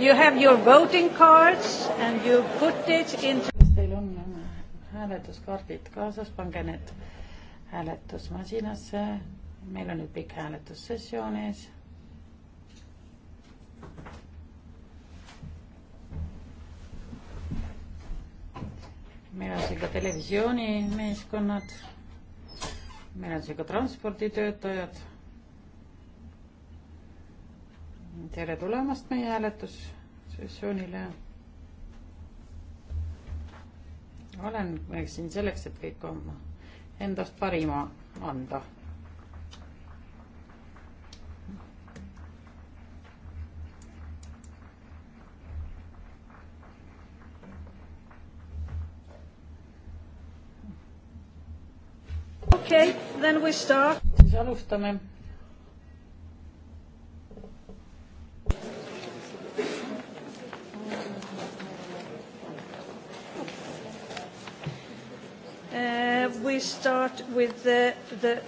You have your voting cards and you put it into kas teil on äh, hääletuskaardid kaasas, pange need hääletusmasinasse. meil on nüüd pikk hääletussessioon ees. meil on siin ka televisioonimeeskonnad, meil on siin ka transporditöötajad tere tulemast meie hääletussessioonile. olen siin selleks, et kõik oma endast parima anda. okei okay,, then we start. siis alustame Uh, the, the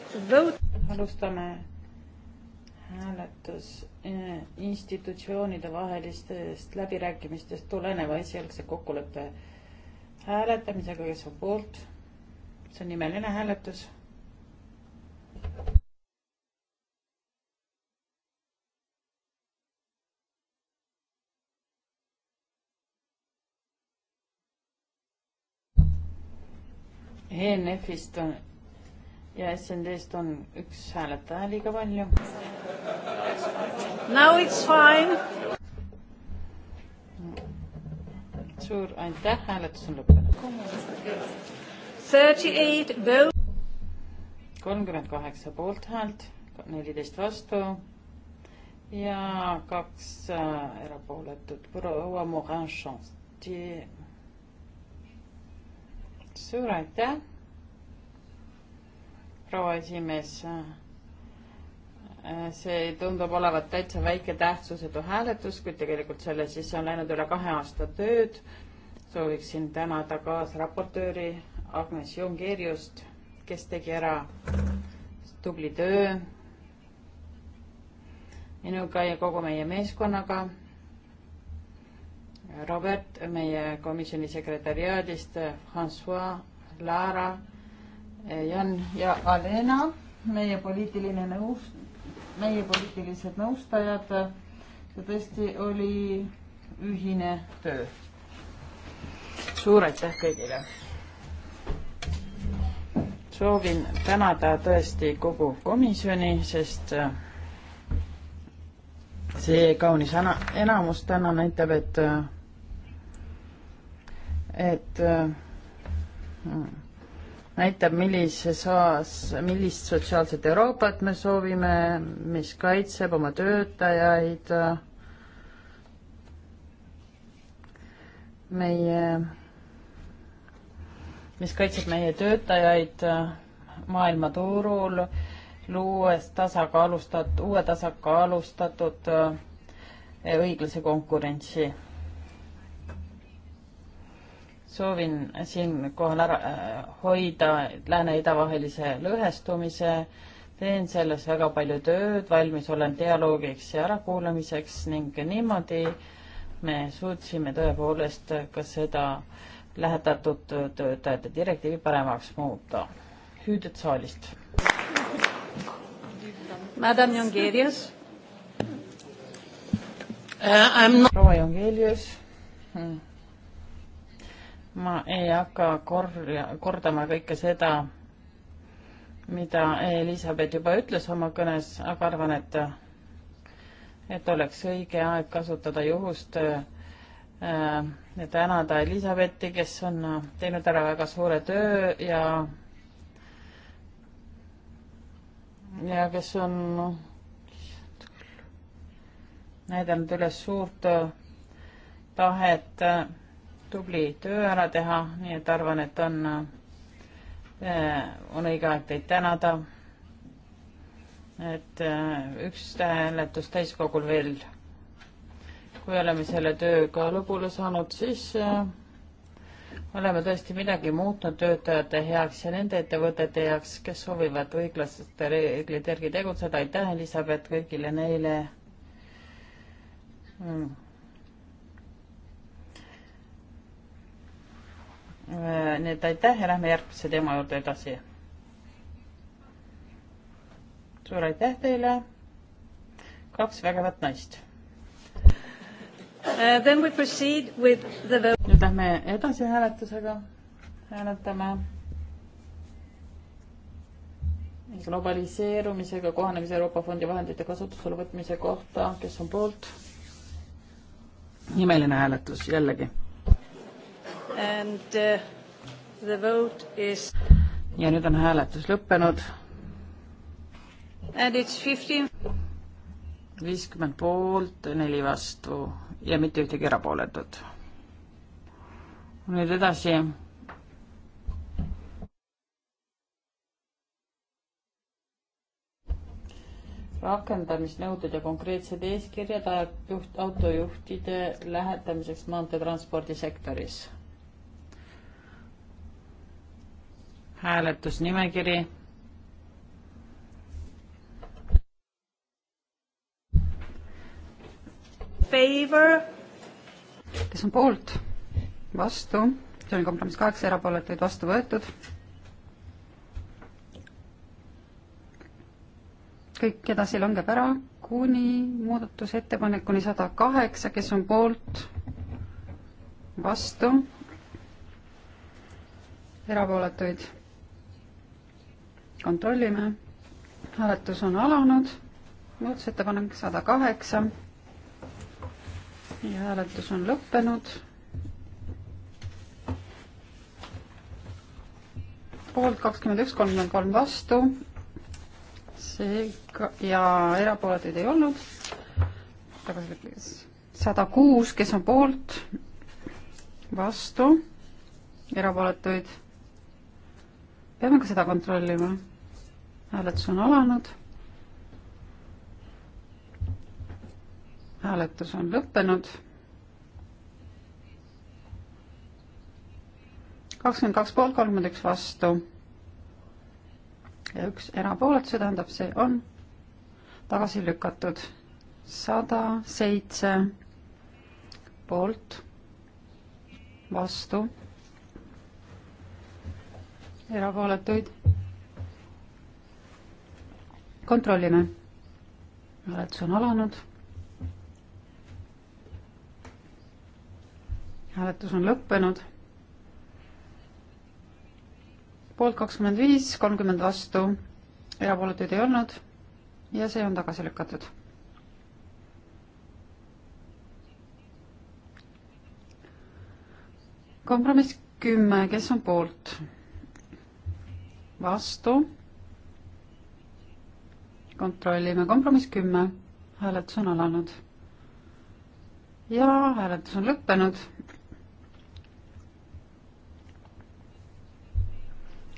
alustame hääletus eh, institutsioonide vahelistest läbirääkimistest tuleneva esialgse kokkuleppe hääletamisega, kes on poolt. see on nimeline hääletus ENF-ist on ja SND-st on üks hääletaja liiga palju. Now it's fine. suur aitäh, hääletus on lõppenud. kolmkümmend kaheksa poolthäält, neliteist vastu ja kaks äh, erapooletut. proua Morin Chantier. suur aitäh proua esimees. Äh, see tundub olevat täitsa väike tähtsusetu hääletus, kuid tegelikult selle sisse on läinud üle kahe aasta tööd. sooviksin tänada kaasraportööri Agnes Jungeriust, kes tegi ära tubli töö minuga ja kogu meie meeskonnaga. Robert meie komisjoni sekretäriaadist, Francois, Lara Jan ja Alena, meie poliitiline nõus, meie poliitilised nõustajad. see tõesti oli ühine töö. suur aitäh kõigile. soovin tänada tõesti kogu komisjoni, sest see kaunis ana, enamus täna näitab, et, et mm, näitab, millises oas, millist sotsiaalset Euroopat me soovime, mis kaitseb oma töötajaid, meie, mis kaitseb meie töötajaid maailmaturul, luues tasakaalustat-, uue tasakaalustatud õiglase konkurentsi soovin siinkohal ära äh, hoida lääne ja ida vahelise lõhestumise, teen selles väga palju tööd, valmis olen dialoogiks ja ärakuulamiseks ning niimoodi me suutsime tõepoolest ka seda lähetatud töötajate direktiivi paremaks muuta. hüüded saalist. Madam Jongerius uh,. proua Jongerius hmm ma ei hakka korja, kordama kõike seda, mida Elizabeth juba ütles oma kõnes, aga arvan, et, et oleks õige aeg kasutada juhust äh, ja tänada Elizabethi, kes on teinud ära väga suure töö ja, ja kes on näidanud üles suurt tahet äh, tubli töö ära teha, nii et arvan, et on, äh, on õige aeg teid tänada. et äh, üks hääletus täiskogul veel. kui oleme selle tööga lõpule saanud, siis äh, oleme tõesti midagi muutnud töötajate heaks ja nende ettevõtete heaks, kes soovivad õiglaste reeglite järgi tegutseda. aitäh, Elisabeth, kõigile neile mm Äh, nii et aitäh ja lähme järgmise teema juurde edasi. suur aitäh teile, kaks vägevat naist uh,. Then we proceed with the vote. nüüd lähme edasi hääletusega, hääletame globaliseerumisega kohanemise Euroopa Fondi vahendite kasutusele võtmise kohta, kes on poolt? nimeline hääletus jällegi And uh, the vote is ja nüüd on hääletus lõppenud. And it's fifteen. viiskümmend poolt, neli vastu ja mitte ühtegi erapooletut. nüüd edasi. rakendamisnõuded ja konkreetsed eeskirjad ajab juht, autojuhtide lähetamiseks maanteetranspordisektoris hääletusnimekiri. Favor. kes on poolt? vastu, see oli kompromiss kaheksa, erapooletuid vastu võetud. kõik edasi langeb ära kuni muudatusettepanekuni sada kaheksa, kes on poolt, vastu, erapooletuid kontrollime. hääletus on alanud. muudatusettepanek sada kaheksa. ja hääletus on lõppenud. poolt kakskümmend üks, kolmkümmend kolm vastu. seega ja erapooletuid ei olnud. tagasi sada kuus, kes on poolt, vastu, erapooletuid. peame ka seda kontrollima hääletus on alanud. hääletus on lõppenud. kakskümmend kaks poolt, kolmkümmend üks vastu ja üks erapooletu, see tähendab, see on tagasi lükatud. sada seitse poolt, vastu, erapooletuid kontrollime. hääletus on alanud. hääletus on lõppenud. poolt kakskümmend viis, kolmkümmend vastu, erapooletuid ei olnud ja see on tagasi lükatud kompromiss kümme, kes on poolt? vastu, kontrollime, kompromiss kümme, hääletus on alanud. ja hääletus on lõppenud.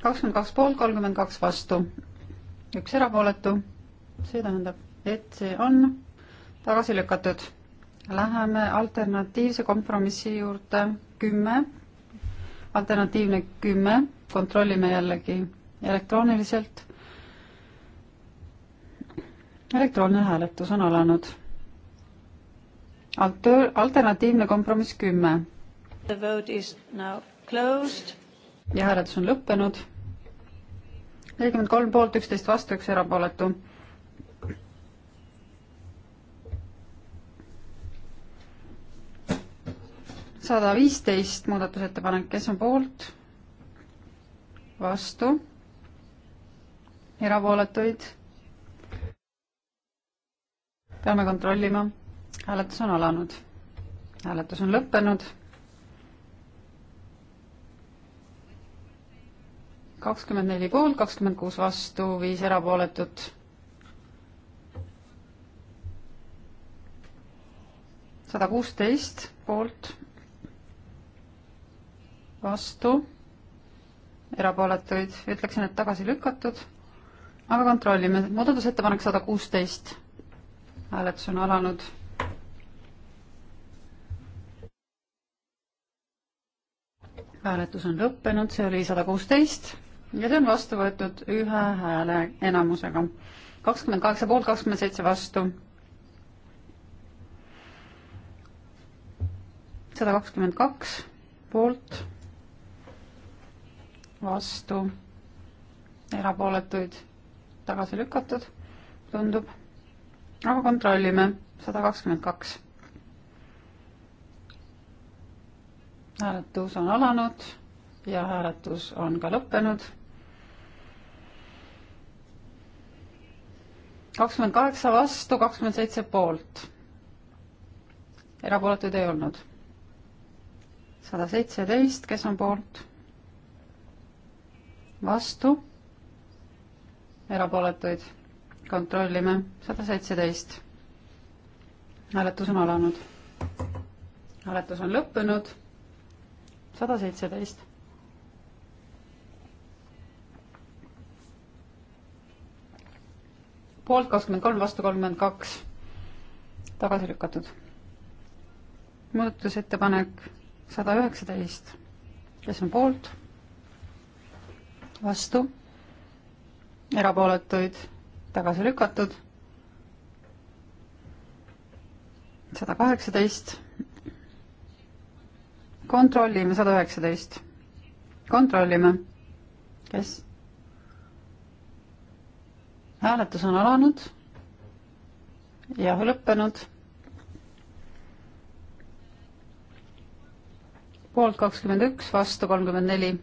kakskümmend kaks poolt, kolmkümmend kaks vastu, üks erapooletu, see tähendab, et see on tagasi lükatud. Läheme alternatiivse kompromissi juurde kümme, alternatiivne kümme, kontrollime jällegi elektrooniliselt elektrooniline hääletus on alanud. Alter-, alternatiivne kompromiss kümme. The vote is now closed. ja hääletus on lõppenud. nelikümmend kolm poolt, üksteist vastu, üks erapooletu. sada viisteist muudatusettepanek, kes on poolt? vastu? erapooletuid peame kontrollima. hääletus on alanud. hääletus on lõppenud. kakskümmend neli poolt, kakskümmend kuus vastu, viis erapooletut. sada kuusteist poolt, vastu, erapooletuid, ütleksin, et tagasi lükatud, aga kontrollime, muudatusettepanek sada kuusteist hääletus on alanud. hääletus on lõppenud, see oli sada kuusteist ja see on vastu võetud ühe hääle enamusega. kakskümmend kaheksa poolt, kakskümmend seitse vastu. sada kakskümmend kaks poolt, vastu, erapooletuid tagasi lükatud, tundub aga kontrollime, sada kakskümmend kaks. hääletus on alanud ja hääletus on ka lõppenud. kakskümmend kaheksa vastu, kakskümmend seitse poolt. erapooletuid ei olnud. sada seitseteist, kes on poolt? vastu. erapooletuid kontrollime, sada seitseteist. hääletus on alanud. hääletus on lõppenud, sada seitseteist. poolt kakskümmend kolm, vastu kolmkümmend kaks, tagasi lükatud. muudatusettepanek sada üheksateist, kes on poolt, vastu erapooletuid tagasi lükatud. sada kaheksateist. kontrollime sada üheksateist. kontrollime. kes? hääletus on alanud ja lõppenud. poolt kakskümmend üks, vastu kolmkümmend neli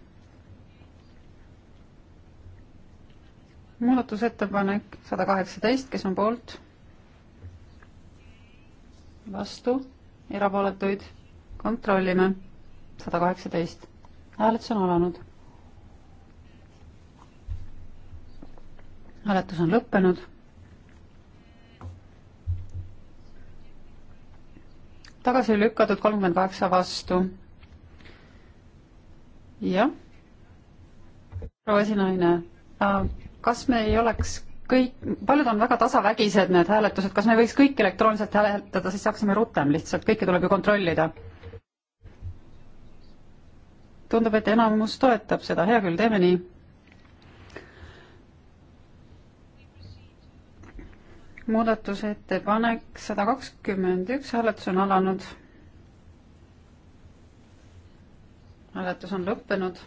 muudatusettepanek sada kaheksateist, kes on poolt? vastu, erapooletuid kontrollime. sada kaheksateist, hääletus on alanud. hääletus on lõppenud. tagasi lükatud kolmkümmend kaheksa vastu. jah, proua esinaine äh, kas me ei oleks kõik, paljud on väga tasavägised, need hääletused, kas me võiks kõik elektrooniliselt hääletada, siis saaksime rutem lihtsalt, kõike tuleb ju kontrollida. tundub, et enamus toetab seda, hea küll, teeme nii. muudatusettepanek sada kakskümmend üks, hääletus on alanud. hääletus on lõppenud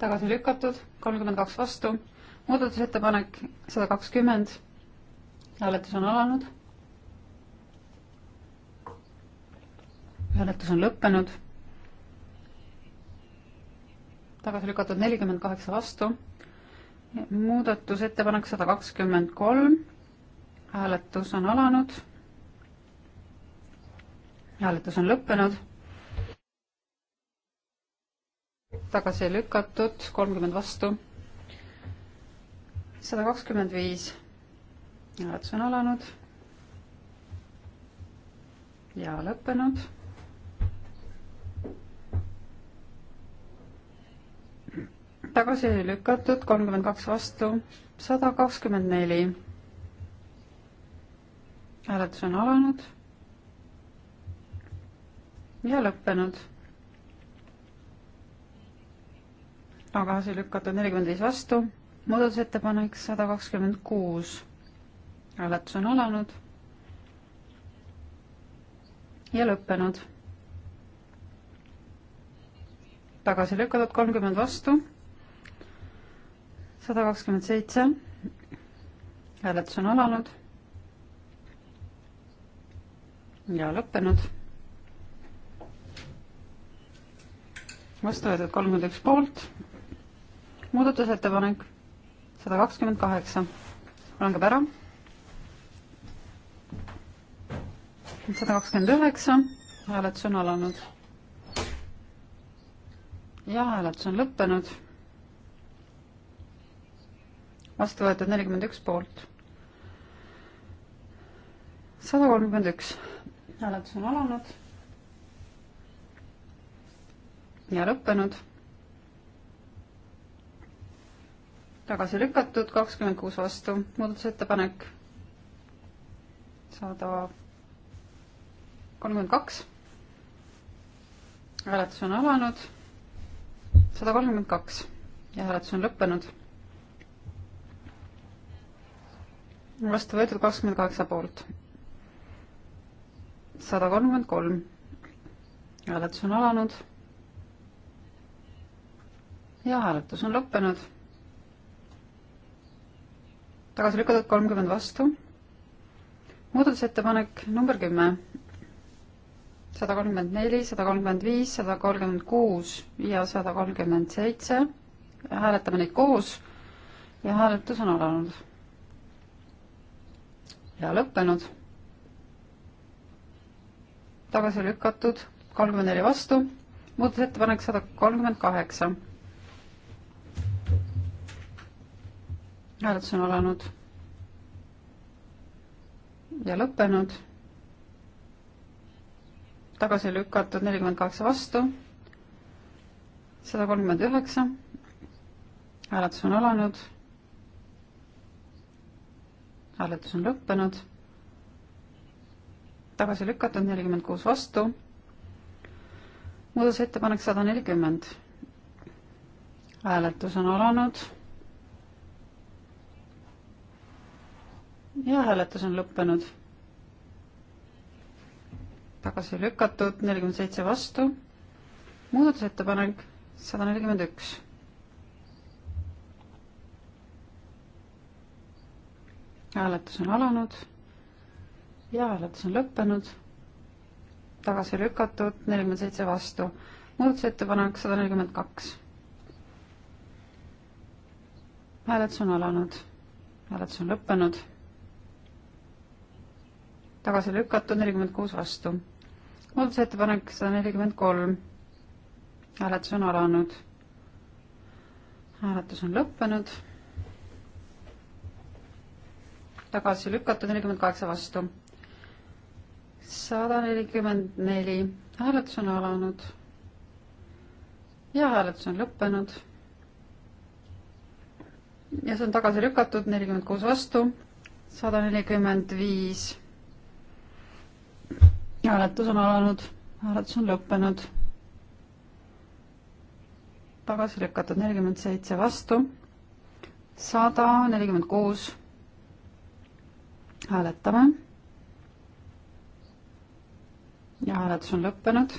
tagasi lükatud, kolmkümmend kaks vastu, muudatusettepanek sada kakskümmend, hääletus on alanud. hääletus on lõppenud. tagasi lükatud nelikümmend kaheksa vastu, muudatusettepanek sada kakskümmend kolm, hääletus on alanud. hääletus on lõppenud tagasi lükatud, kolmkümmend vastu. sada kakskümmend viis. hääletus on alanud. ja lõppenud. tagasi lükatud, kolmkümmend kaks vastu, sada kakskümmend neli. hääletus on alanud ja lõppenud tagasi lükatud nelikümmend viis vastu, muudatusettepanek sada kakskümmend kuus. hääletus on alanud ja lõppenud. tagasi lükatud kolmkümmend vastu, sada kakskümmend seitse, hääletus on alanud ja lõppenud. vastu võetud kolmkümmend üks poolt muudatusettepanek sada kakskümmend kaheksa langeb ära. sada kakskümmend üheksa, hääletus on alanud. ja hääletus on lõppenud. vastu võetud nelikümmend üks poolt. sada kolmkümmend üks, hääletus on alanud. ja lõppenud tagasi lükatud, kakskümmend kuus vastu, muudatusettepanek sada kolmkümmend kaks. hääletus on alanud, sada kolmkümmend kaks ja hääletus on lõppenud. vastu võetud kakskümmend kaheksa poolt, sada kolmkümmend kolm. hääletus on alanud ja hääletus on lõppenud tagasi lükatud, kolmkümmend vastu. muudatusettepanek number kümme, sada kolmkümmend neli, sada kolmkümmend viis, sada kolmkümmend kuus ja sada kolmkümmend seitse. hääletame neid koos ja hääletus on alanud ja lõppenud. tagasi lükatud, kolmkümmend neli vastu, muudatusettepanek sada kolmkümmend kaheksa hääletus on alanud ja lõppenud. tagasi lükatud nelikümmend kaheksa vastu, sada kolmkümmend üheksa. hääletus on alanud. hääletus on lõppenud. tagasi lükatud nelikümmend kuus vastu. muudatusettepanek sada nelikümmend. hääletus on alanud ja hääletus on lõppenud. tagasi lükatud, nelikümmend seitse vastu. muudatusettepanek sada nelikümmend üks. hääletus on alanud ja hääletus on lõppenud. tagasi lükatud, nelikümmend seitse vastu. muudatusettepanek sada nelikümmend kaks. hääletus on alanud, hääletus on lõppenud tagasi lükatud, nelikümmend kuus vastu. muudatusettepanek sada nelikümmend kolm. hääletus on alanud. hääletus on lõppenud. tagasi lükatud, nelikümmend kaheksa vastu. sada nelikümmend neli, hääletus on alanud. ja hääletus on lõppenud. ja see on tagasi lükatud, nelikümmend kuus vastu, sada nelikümmend viis hääletus on alanud, hääletus on lõppenud. tagasi lükatud nelikümmend seitse vastu, sada nelikümmend kuus. hääletame. ja hääletus on lõppenud.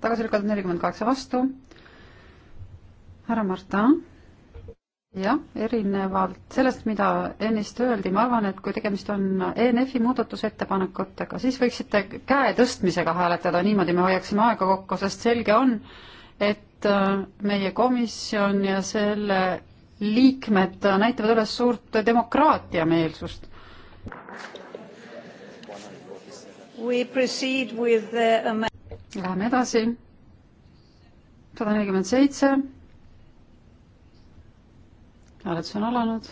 tagasi lükatud nelikümmend kaheksa vastu. härra Marta jah, erinevalt sellest, mida ennist öeldi, ma arvan, et kui tegemist on ENF-i muudatusettepanekutega, siis võiksite käe tõstmisega hääletada, niimoodi me hoiaksime aega kokku, sest selge on, et äh, meie komisjon ja selle liikmed näitavad üles suurt demokraatiameelsust. Läheme edasi. sada nelikümmend seitse hääletus on alanud.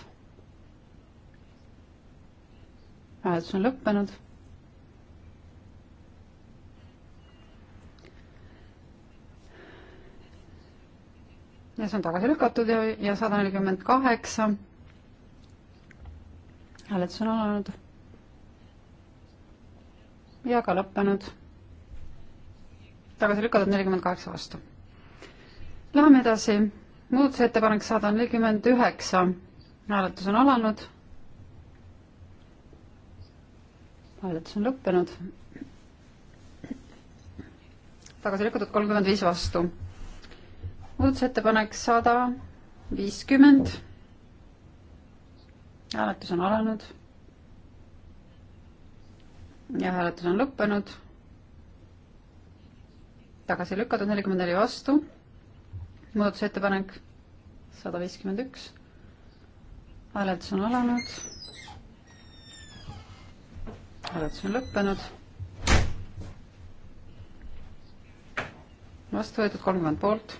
hääletus on lõppenud. ja see on tagasi lükatud ja, ja sada nelikümmend kaheksa. hääletus on alanud. ja ka lõppenud. tagasi lükatud nelikümmend kaheksa vastu. Läheme edasi muudatusettepanek sada nelikümmend üheksa, hääletus on alanud. hääletus on lõppenud. tagasi lükatud kolmkümmend viis vastu. muudatusettepanek sada viiskümmend. hääletus on alanud. ja hääletus on lõppenud. tagasi lükatud nelikümmend neli vastu muudatusettepanek sada viiskümmend üks. hääletus on alanud. hääletus on lõppenud. vastu võetud kolmkümmend poolt.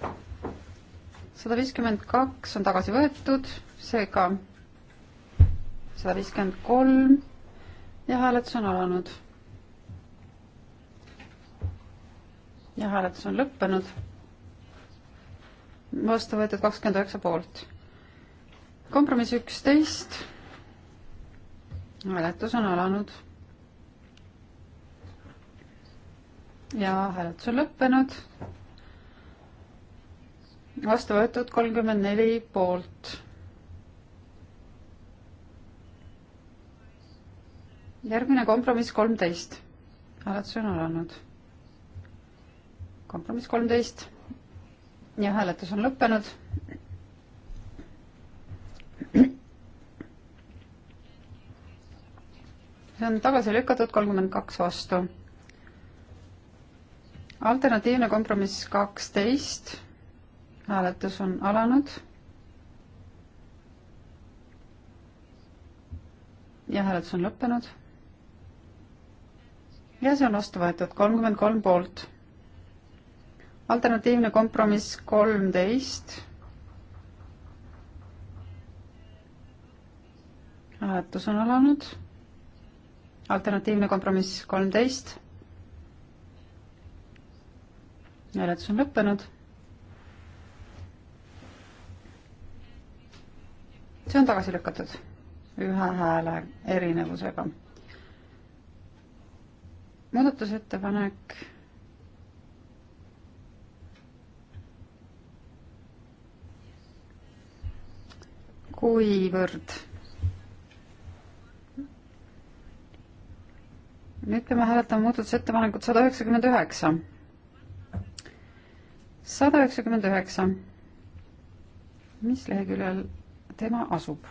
sada viiskümmend kaks on tagasi võetud, seega sada viiskümmend kolm ja hääletus on alanud. ja hääletus on lõppenud vastu võetud kakskümmend üheksa poolt. kompromiss üksteist. hääletus on alanud. ja hääletus on lõppenud. vastu võetud kolmkümmend neli poolt. järgmine kompromiss kolmteist. hääletus on alanud. kompromiss kolmteist ja hääletus on lõppenud. see on tagasi lükatud, kolmkümmend kaks vastu. alternatiivne kompromiss kaksteist. hääletus on alanud. ja hääletus on lõppenud. ja see on vastu võetud, kolmkümmend kolm poolt alternatiivne kompromiss kolmteist. hääletus on alanud. alternatiivne kompromiss kolmteist. hääletus on lõppenud. see on tagasi lükatud ühe hääle erinevusega. muudatusettepanek kuivõrd nüüd peame hääletama muudatusettepanekut sada üheksakümmend üheksa. sada üheksakümmend üheksa. mis leheküljel tema asub?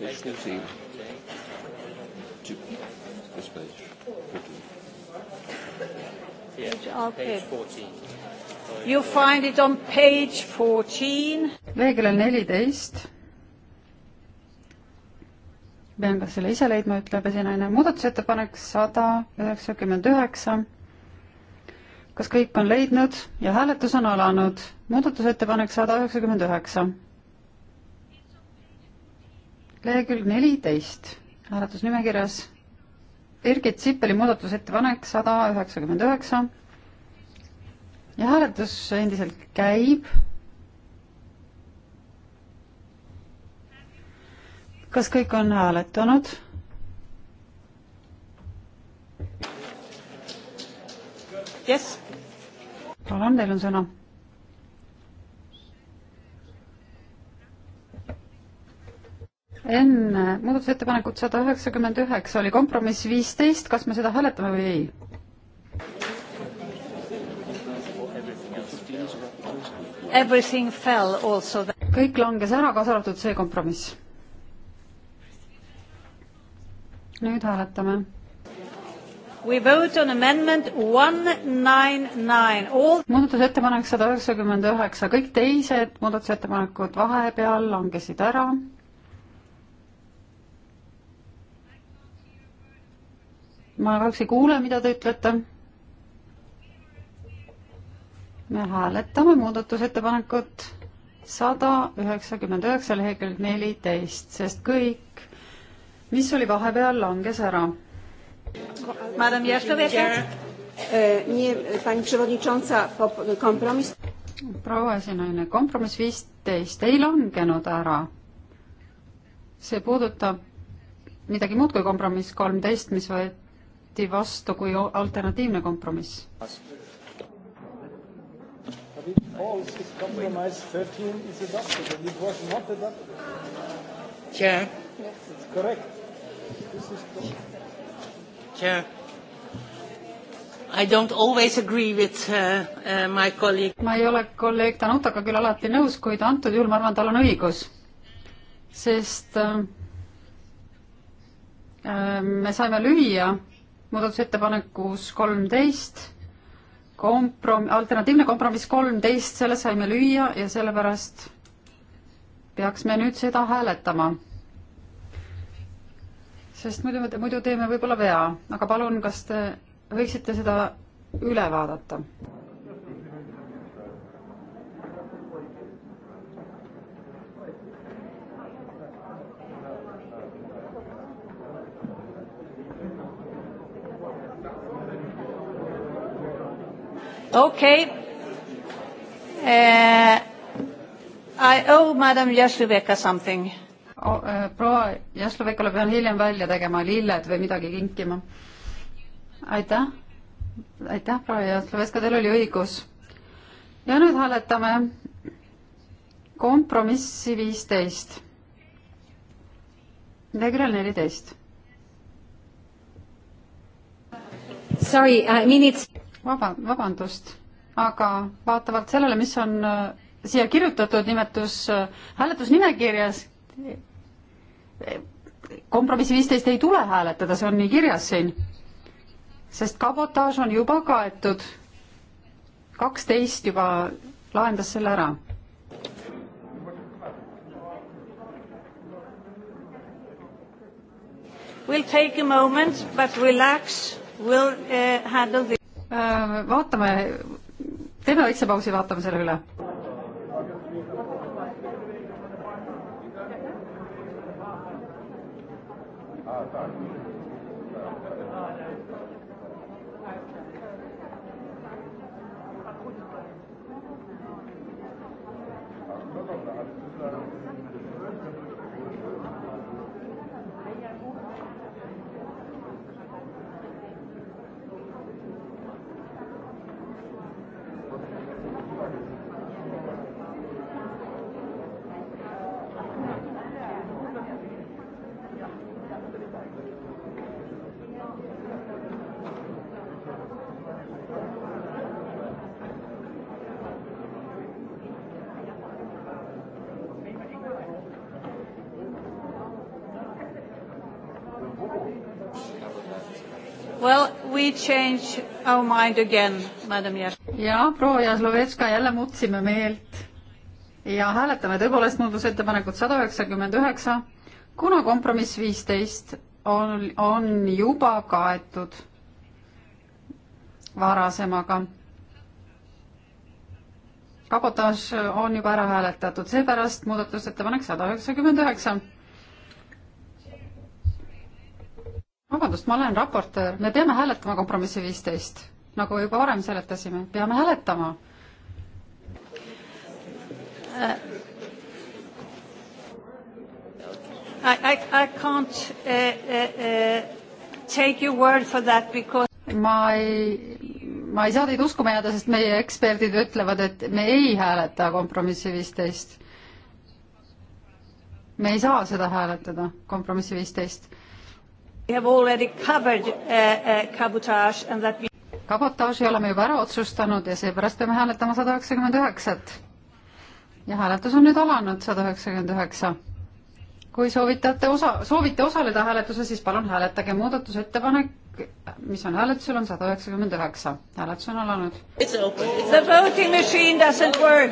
This page, 14 page, okay. page 14. You find it on page 14. leheküljel neliteist. pean ka selle ise leidma, ütleb esinaine. muudatusettepanek sada üheksakümmend üheksa. kas kõik on leidnud ja hääletus on alanud? muudatusettepanek sada üheksakümmend üheksa. lehekülg neliteist hääletusnimekirjas Birgit Sippeli muudatusettepanek sada üheksakümmend üheksa ja hääletus endiselt käib. kas kõik on hääletanud? jah yes.. palun, teil on sõna enne muudatusettepanekut sada üheksakümmend üheksa oli kompromiss viisteist, kas me seda hääletame või ei? kõik langes ära, kaasa arvatud see kompromiss. nüüd hääletame. We vote on amendment one nine nine all. muudatusettepanek sada üheksakümmend üheksa, kõik teised muudatusettepanekud vahepeal langesid ära ma kahjuks ei kuule, mida te ütlete. me hääletame muudatusettepanekut sada üheksakümmend üheksa lehekülg neliteist, sest kõik, mis oli vahepeal, langes ära. Madam Jaštovetšev. Nie, pani przewodnicząca, kompromiss. proua esinaine, kompromiss viisteist ei langenud ära. see puudutab midagi muud kui kompromiss kolmteist, mis võeti võeti vastu kui alternatiivne kompromiss. Chair. It's correct. This is correct. Chair. I don't always agree with uh, uh, my colleague. ma ei ole kolleeg Danutaga küll alati nõus, kuid antud juhul ma arvan, tal on õigus, sest ähm, äh, me saime lüüa muudatusettepanekus kolmteist, komprom-, alternatiivne kompromiss kolmteist, selle saime lüüa ja sellepärast peaks me nüüd seda hääletama. sest muidu, muidu teeme võib-olla vea, aga palun, kas te võiksite seda üle vaadata? Okay. Uh, I owe Madam Jasluveka something. Uh, proua Jasluvekale pean hiljem välja tegema lilled või midagi kinkima. aitäh, aitäh, proua Jasluveska, teil oli õigus. ja nüüd hääletame kompromissi viisteist. leheküljel neliteist. Sorry, I mean it's vaba, vabandust, aga vaatavalt sellele, mis on äh, siia kirjutatud nimetus äh, hääletusnimekirjas, kompromissi viisteist ei tule hääletada, see on nii kirjas siin, sest kabotaaž on juba kaetud, kaksteist juba lahendas selle ära We'll take a moment, but relax. We'll uh, handle this. Äh, vaatame, teeme väikse pausi, vaatame selle üle. Ah, sorry. we change our mind again, madam Jas-? jaa, proua Jaslovetska, jälle muutsime meelt ja hääletame tõepoolest muudatusettepanekut sada üheksakümmend üheksa, kuna kompromiss viisteist on, on juba kaetud varasemaga. kabotaaž on juba ära hääletatud, seepärast muudatusettepanek sada üheksakümmend üheksa vabandust, ma olen raportöör, me peame hääletama kompromissi viisteist, nagu juba varem seletasime, peame hääletama uh,. I, I, I can't uh, uh, uh, take your word for that because ma ei, ma ei saa teid uskuma jääda, sest meie eksperdid ütlevad, et me ei hääleta kompromissi viisteist. me ei saa seda hääletada, kompromissi viisteist Uh, uh, kabotaaži oleme juba ära otsustanud ja seepärast peame hääletama sada üheksakümmend üheksat. ja hääletus on nüüd alanud, sada üheksakümmend üheksa. kui soovitate osa, soovite osaleda hääletuses, siis palun hääletage muudatusettepanek, mis on hääletusel, on sada üheksakümmend üheksa. hääletus on alanud. The voting machine doesn't work.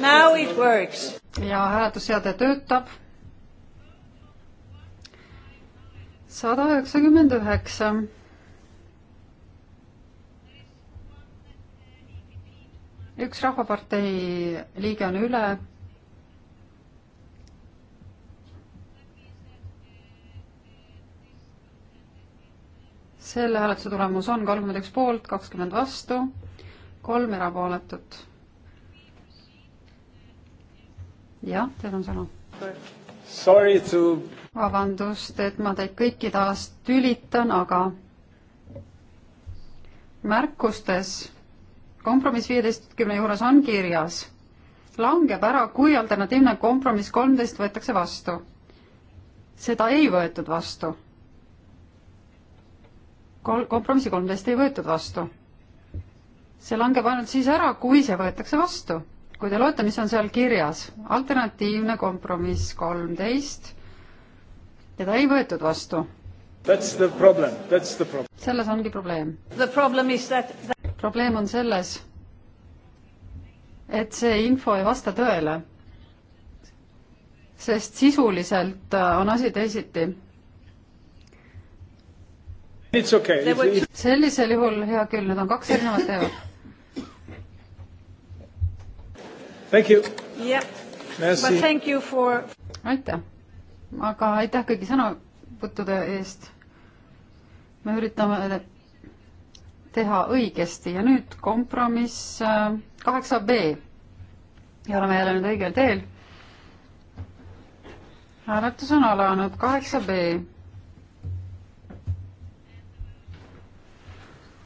Now it works. ja hääletusseade töötab sada üheksakümmend üheksa. üks Rahvapartei liige on üle. selle hääletuse tulemus on kolmkümmend üks poolt, kakskümmend vastu, kolm erapooletut. jah, teil on sõna. Sorry to vabandust, et ma teid kõiki taas tülitan, aga märkustes kompromiss viieteistkümne juures on kirjas, langeb ära, kui alternatiivne kompromiss kolmteist võetakse vastu. seda ei võetud vastu. Kol-, kompromissi kolmteist ei võetud vastu. see langeb ainult siis ära, kui see võetakse vastu. kui te loete, mis on seal kirjas, alternatiivne kompromiss kolmteist teda ei võetud vastu. selles ongi probleem. That... probleem on selles, et see info ei vasta tõele. sest sisuliselt äh, on asi teisiti. Okay. Will... sellisel juhul, hea küll, need on kaks erinevat teemat. Thank you. Yep. Merci. But thank you for... aitäh aga aitäh kõigi sõnavõttude eest. me üritame teha õigesti ja nüüd kompromiss äh, kaheksa B. ja oleme jälle nüüd õigel teel. hääletus on alanud, kaheksa B.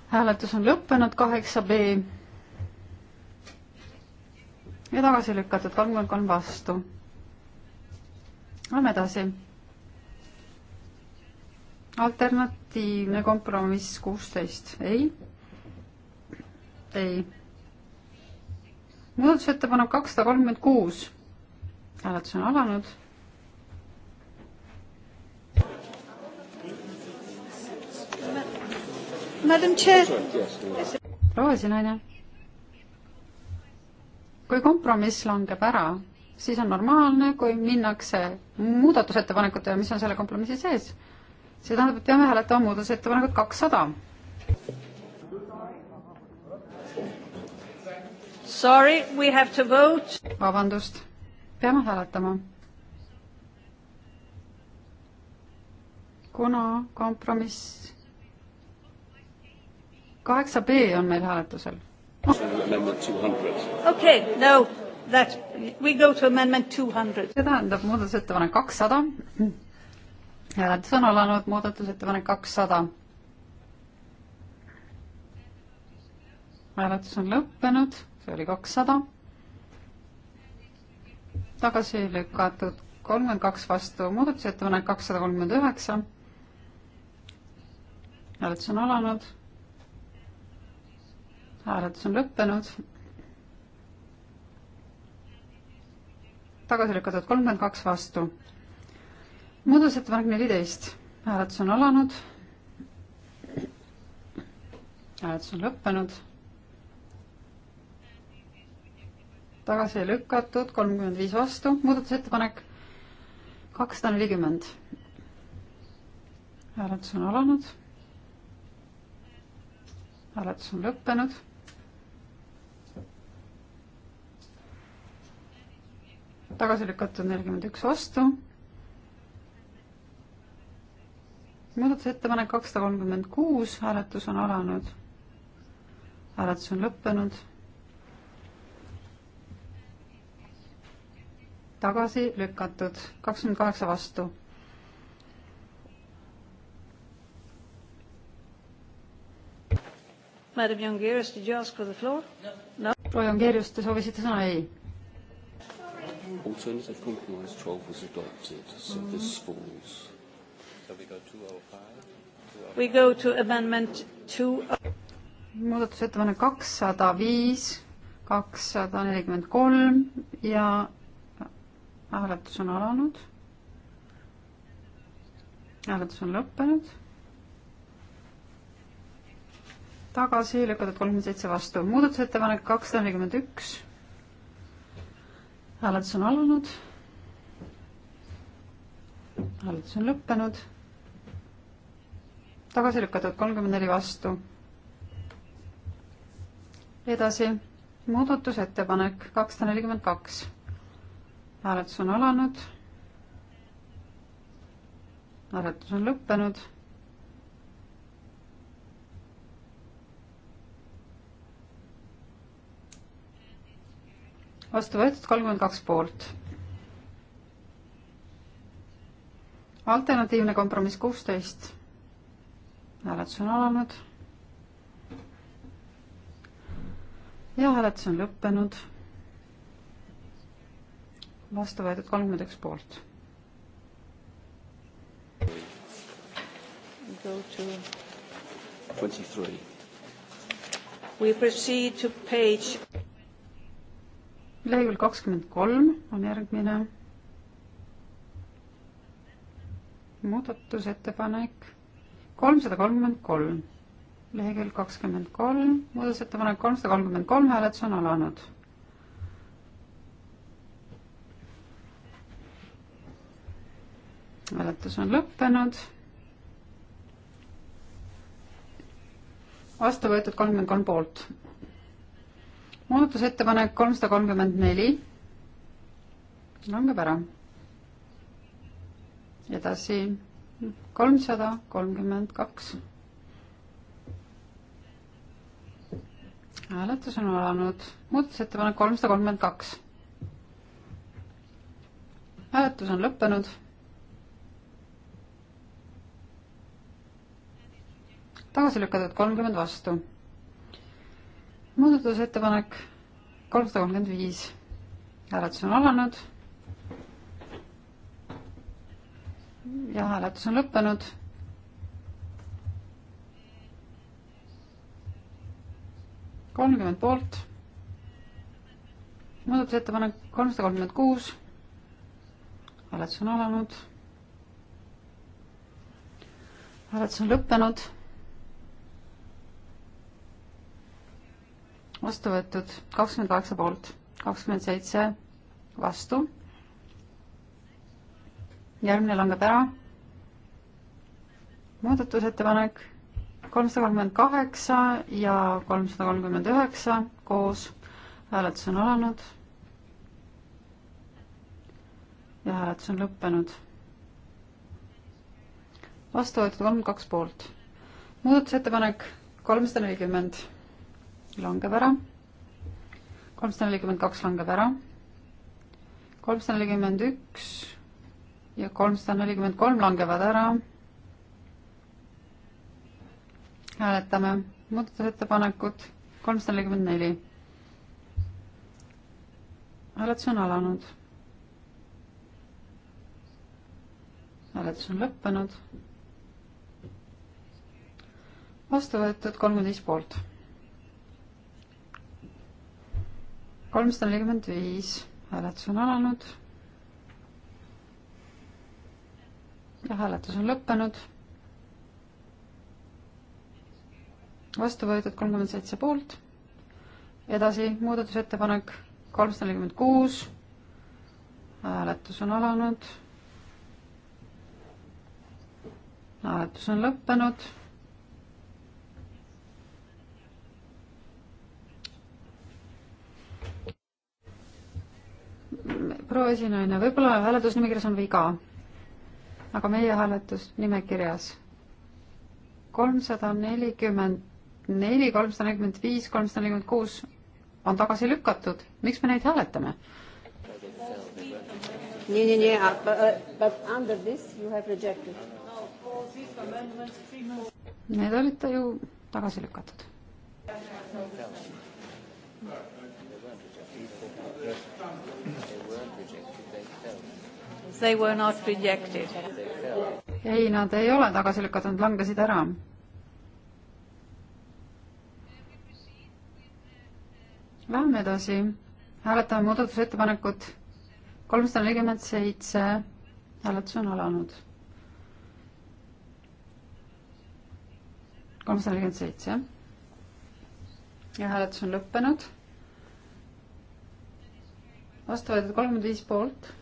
hääletus on lõppenud, kaheksa B. ja tagasi lükatud, kolmkümmend kolm vastu Lähme edasi. alternatiivne kompromiss kuusteist, ei? ei. muudatusettepanek kakssada kolmkümmend kuus. hääletus on alanud Madam Chair. proua esinaine, kui kompromiss langeb ära, siis on normaalne, kui minnakse muudatusettepanekutele, mis on selle kompromissi sees. see tähendab, et peame hääletama muudatusettepanekut kakssada. Sorry, we have to vote. vabandust, peame hääletama. kuna kompromiss kaheksa B on meil hääletusel. okei okay,, no That we go to amendment two hundred. see tähendab muudatusettepanek kakssada. hääletus on alanud, muudatusettepanek kakssada. hääletus on lõppenud, see oli kakssada. tagasi lükatud kolmkümmend kaks vastu, muudatusettepanek kakssada kolmkümmend üheksa. hääletus on alanud. hääletus on lõppenud tagasi lükatud kolmkümmend kaks vastu. muudatusettepanek neliteist, hääletus on alanud. hääletus on lõppenud. tagasi lükatud kolmkümmend viis vastu, muudatusettepanek kakssada nelikümmend. hääletus on alanud. hääletus on lõppenud tagasi lükatud nelikümmend üks vastu. muudatusettepanek kakssada kolmkümmend kuus, hääletus on alanud. hääletus on lõppenud. tagasi lükatud, kakskümmend kaheksa vastu. Madam Jongeerus, did you ask for the floor no.? proua Jongeerus, te soovisite sõna ei? Alternative compromise 12 was adopted, so mm-hmm. this falls. So we go 205. We go to amendment 2. muudatusettepanek kakssada viis, kakssada nelikümmend kolm ja hääletus on alanud. hääletus on lõppenud. tagasi lükatud kolmkümmend seitse vastu, muudatusettepanek kakssada nelikümmend üks hääletus on alanud. hääletus on lõppenud. tagasi lükatud kolmkümmend neli vastu. edasi muudatusettepanek kakssada nelikümmend kaks. hääletus on alanud. hääletus on lõppenud vastu võetud kolmkümmend kaks poolt. alternatiivne kompromiss kuusteist. hääletus on alanud. ja hääletus on lõppenud. vastu võetud kolmkümmend üks poolt. Go to 23. We proceed to page lehekülg kakskümmend kolm on järgmine muudatusettepanek kolmsada kolmkümmend kolm, lehekülg kakskümmend kolm, muudatusettepanek kolmsada kolmkümmend kolm, hääletus on alanud. hääletus on lõppenud. vastu võetud kolmkümmend kolm poolt muudatusettepanek kolmsada kolmkümmend neli langeb ära. edasi kolmsada kolmkümmend kaks. hääletus on alanud, muudatusettepanek kolmsada kolmkümmend kaks. hääletus on lõppenud. tagasi lükatud kolmkümmend vastu muudatusettepanek kolmsada kolmkümmend viis, hääletus on alanud. ja hääletus on lõppenud. kolmkümmend poolt. muudatusettepanek kolmsada kolmkümmend kuus. hääletus on alanud. hääletus on lõppenud vastu võetud kakskümmend kaheksa poolt, kakskümmend seitse vastu. järgmine langeb ära. muudatusettepanek kolmsada kolmkümmend kaheksa ja kolmsada kolmkümmend üheksa koos. hääletus on alanud. ja hääletus on lõppenud. vastu võetud kolmkümmend kaks poolt. muudatusettepanek kolmsada nelikümmend langeb ära. kolmsada nelikümmend kaks langeb ära. kolmsada nelikümmend üks ja kolmsada nelikümmend kolm langevad ära. hääletame muudatusettepanekut kolmsada nelikümmend neli. hääletus on alanud. hääletus on lõppenud. vastu võetud kolmteist poolt kolmsada nelikümmend viis, hääletus on alanud. ja hääletus on lõppenud. vastu võetud kolmkümmend seitse poolt. edasi muudatusettepanek kolmsada nelikümmend kuus. hääletus on alanud. hääletus on lõppenud proua esinaine, võib-olla hääletusnimekirjas on viga, aga meie hääletusnimekirjas kolmsada nelikümmend neli, kolmsada nelikümmend viis, kolmsada nelikümmend kuus on tagasi lükatud, miks me neid hääletame? nii, nii, nii, but under this you have rejected. Need olid ju tagasi lükatud. Yes they were not rejected. ei, nad ei ole tagasi lükatud, langesid ära. Läheme edasi, hääletame muudatusettepanekut kolmsada nelikümmend seitse, hääletus on alanud. kolmsada nelikümmend seitse ja hääletus on lõppenud. vastu võetud kolmkümmend viis poolt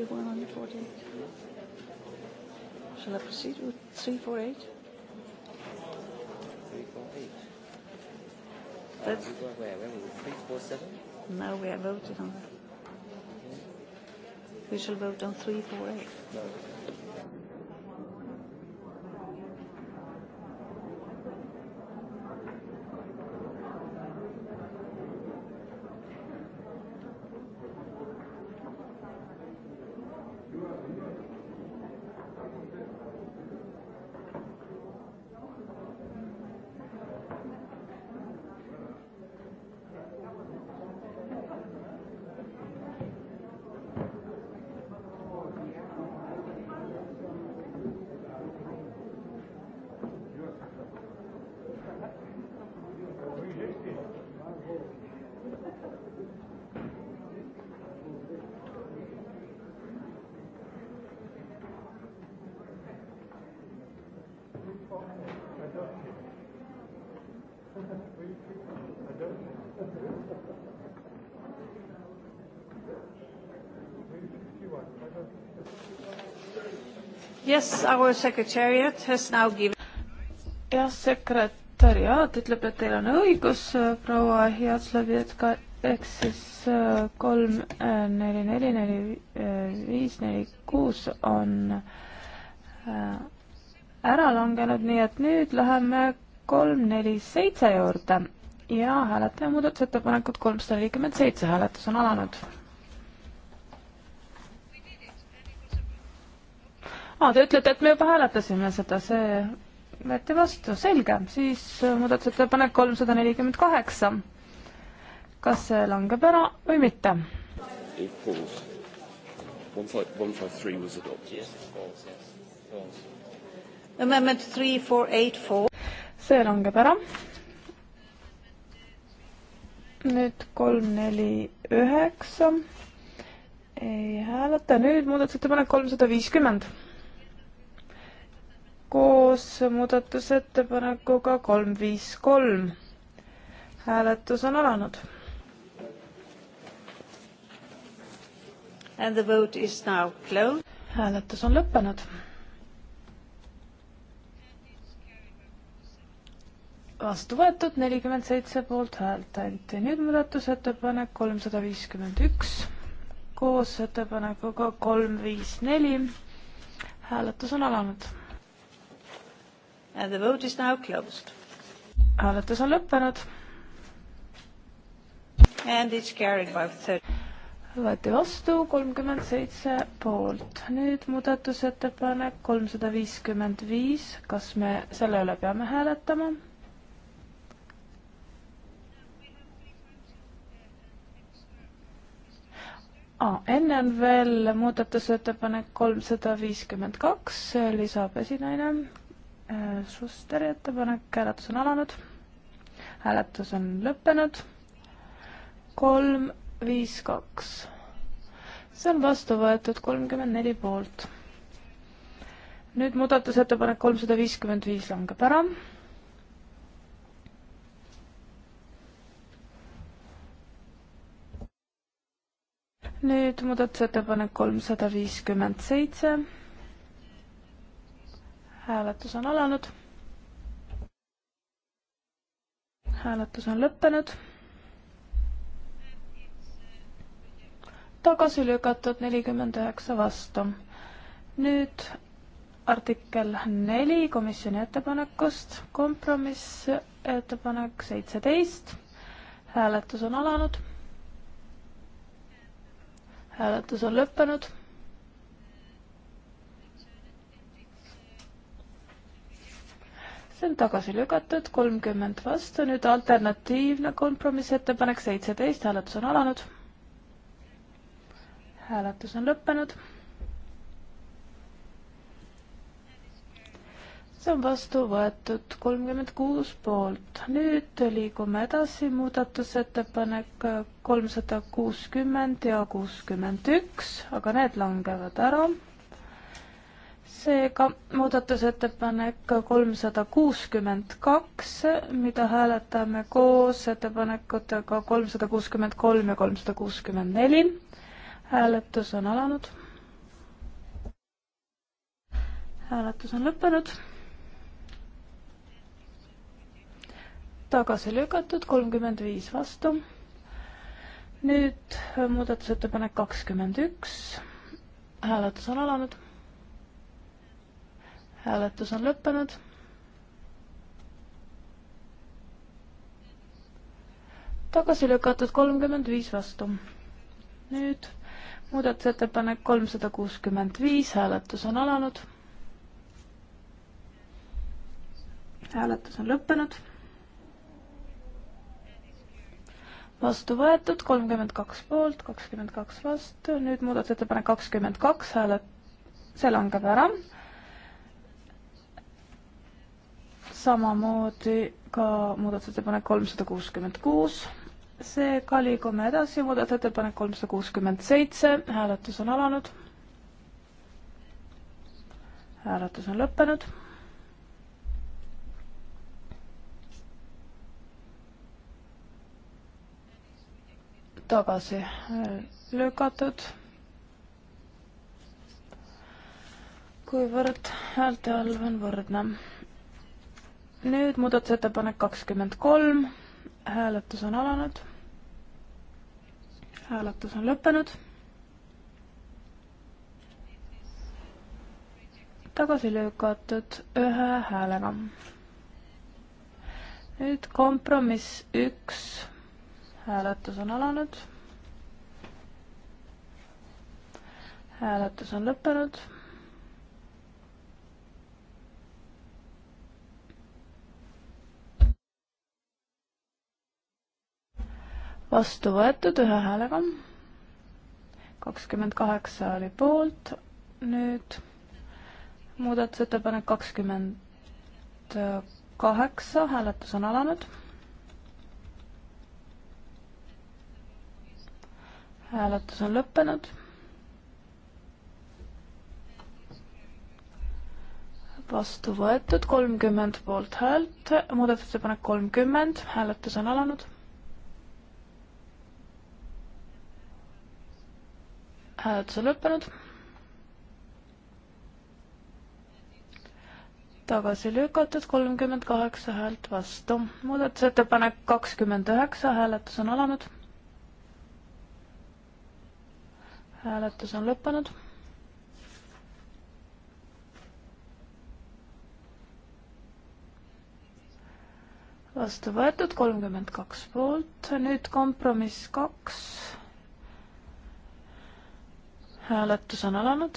3148. Shall I proceed with 348? 348. That's uh, we were where? Where were we? 347? No, we are voting on that. We shall vote on 348. No. Yes, our secretariat has now given. jah, sekretäriaat ütleb, et teil on õigus, proua Jatslavetka, ehk siis äh, kolm, äh, neli, neli, neli, äh, viis, neli, kuus on ära langenud, nii et nüüd läheme kolm, neli, seitse juurde ja hääletame muudatusettepanekut kolmsada nelikümmend seitse, hääletus on alanud aa, te ütlete, et me juba hääletasime seda, see võeti vastu, selge, siis äh, muudatusettepanek kolmsada nelikümmend kaheksa. kas see langeb ära või mitte? Amendment three four eight four. see langeb ära. nüüd kolm, neli, üheksa ei hääleta, nüüd muudatusettepanek kolmsada viiskümmend koos muudatusettepanekuga kolm viis kolm. hääletus on alanud. And the vote is now closed. hääletus on lõppenud. vastu võetud nelikümmend seitse poolthäält anti. nüüd muudatusettepanek kolmsada viiskümmend üks koos ettepanekuga kolm viis neli. hääletus on alanud And the vote is now closed. hääletus on lõppenud. And it's carried by thirty. võeti vastu kolmkümmend seitse poolt. nüüd muudatusettepanek kolmsada viiskümmend viis. kas me selle üle peame hääletama? Ah, enne on veel muudatusettepanek kolmsada viiskümmend kaks, lisab esinaine, Äh, Schusteri ettepanek, hääletus on alanud. hääletus on lõppenud. kolm, viis, kaks. see on vastu võetud kolmkümmend neli poolt. nüüd muudatusettepanek kolmsada viiskümmend viis langeb ära. nüüd muudatusettepanek kolmsada viiskümmend seitse hääletus on alanud. hääletus on lõppenud. tagasi lükatud nelikümmend üheksa vastu. nüüd artikkel neli komisjoni ettepanekust, kompromiss ettepanek seitseteist. hääletus on alanud. hääletus on lõppenud see on tagasi lükatud, kolmkümmend vastu, nüüd alternatiivne kompromissettepanek seitseteist, hääletus on alanud. hääletus on lõppenud. see on vastu võetud kolmkümmend kuus poolt. nüüd liigume edasi, muudatusettepanek kolmsada kuuskümmend ja kuuskümmend üks, aga need langevad ära seega muudatusettepanek kolmsada kuuskümmend kaks, mida hääletame koos ettepanekutega kolmsada kuuskümmend kolm ja kolmsada kuuskümmend neli. hääletus on alanud. hääletus on lõppenud. tagasi lükatud, kolmkümmend viis vastu. nüüd muudatusettepanek kakskümmend üks. hääletus on alanud hääletus on lõppenud. tagasi lükatud kolmkümmend viis vastu. nüüd muudatusettepanek kolmsada kuuskümmend viis, hääletus on alanud. hääletus on lõppenud. vastu võetud kolmkümmend kaks poolt, kakskümmend kaks vastu, nüüd muudatusettepanek kakskümmend kaks, hääle-, see langeb ära samamoodi ka muudatusettepanek kolmsada kuuskümmend kuus. seega liigume edasi, muudatusettepanek kolmsada kuuskümmend seitse, hääletus on alanud. hääletus on lõppenud. tagasi lükatud kuivõrd häälte all on võrdne nüüd muudatusettepanek kakskümmend kolm, hääletus on alanud. hääletus on lõppenud. tagasi lükatud ühe häälega. nüüd kompromiss üks, hääletus on alanud. hääletus on lõppenud vastu võetud ühe häälega. kakskümmend kaheksa oli poolt, nüüd muudatusettepanek kakskümmend kaheksa, hääletus on alanud. hääletus on lõppenud. vastu võetud kolmkümmend poolthäält, muudatusettepanek kolmkümmend, hääletus on alanud hääletus on lõppenud. tagasi lükatud kolmkümmend kaheksa häält vastu. muudatusettepanek kakskümmend üheksa, hääletus on alanud. hääletus on lõppenud. vastu võetud kolmkümmend kaks poolt, nüüd kompromiss kaks hääletus on alanud.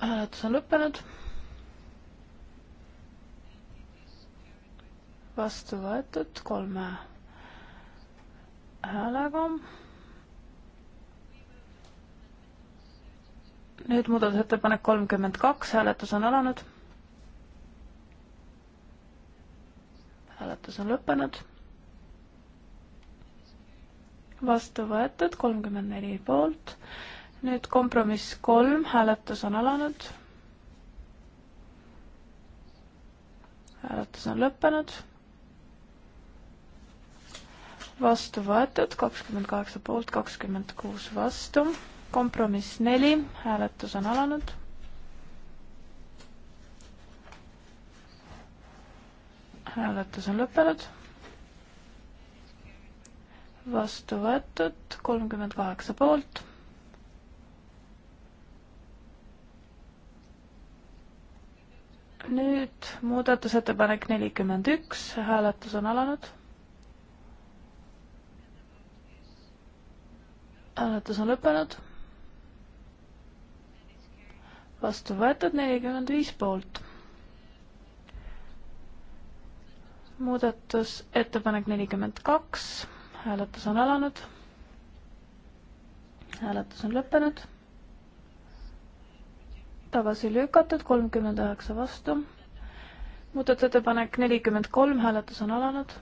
hääletus on lõppenud. vastu võetud kolme häälega. nüüd muudatusettepanek kolmkümmend kaks, hääletus on alanud. hääletus on lõppenud vastu võetud, kolmkümmend neli poolt. nüüd kompromiss kolm, hääletus on alanud. hääletus on lõppenud. vastu võetud, kakskümmend kaheksa poolt, kakskümmend kuus vastu. kompromiss neli, hääletus on alanud hääletus on lõppenud vastu võetud, kolmkümmend kaheksa poolt. nüüd muudatusettepanek nelikümmend üks, hääletus on alanud. hääletus on lõppenud. vastu võetud nelikümmend viis poolt. muudatusettepanek nelikümmend kaks hääletus on alanud. hääletus on lõppenud. tagasi lükatud, kolmkümmend üheksa vastu. muudatusettepanek nelikümmend kolm, hääletus on alanud.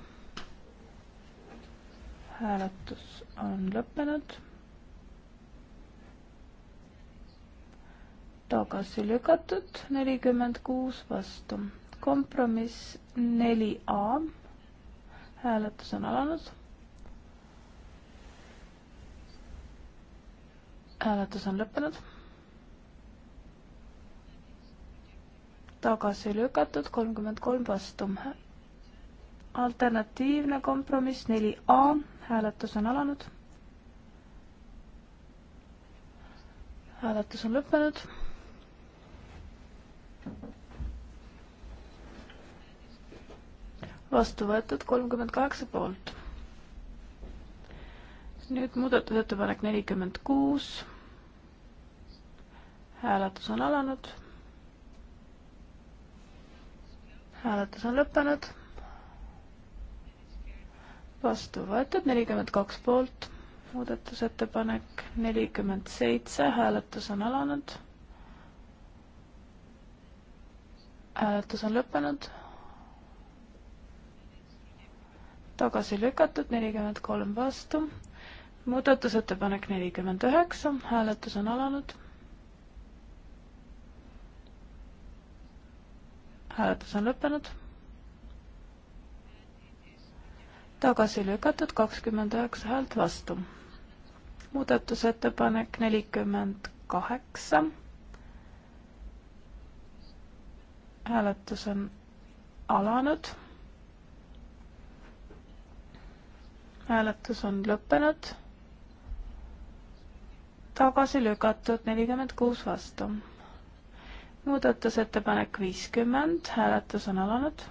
hääletus on lõppenud. tagasi lükatud, nelikümmend kuus vastu. kompromiss neli A. hääletus on alanud hääletus on lõppenud. tagasi lükatud, kolmkümmend kolm vastu. alternatiivne kompromiss neli A, hääletus on alanud. hääletus on lõppenud. vastu võetud kolmkümmend kaheksa poolt nüüd muudatusettepanek nelikümmend kuus. hääletus on alanud. hääletus on lõppenud. vastu võetud nelikümmend kaks poolt, muudatusettepanek nelikümmend seitse, hääletus on alanud. hääletus on lõppenud. tagasi lükatud nelikümmend kolm vastu muudatusettepanek nelikümmend üheksa, hääletus on alanud. hääletus on lõppenud. tagasi lükatud kakskümmend üheksa häält vastu. muudatusettepanek nelikümmend kaheksa. hääletus on alanud. hääletus on lõppenud tagasi lükatud, nelikümmend kuus vastu. muudatusettepanek viiskümmend, hääletus on alanud.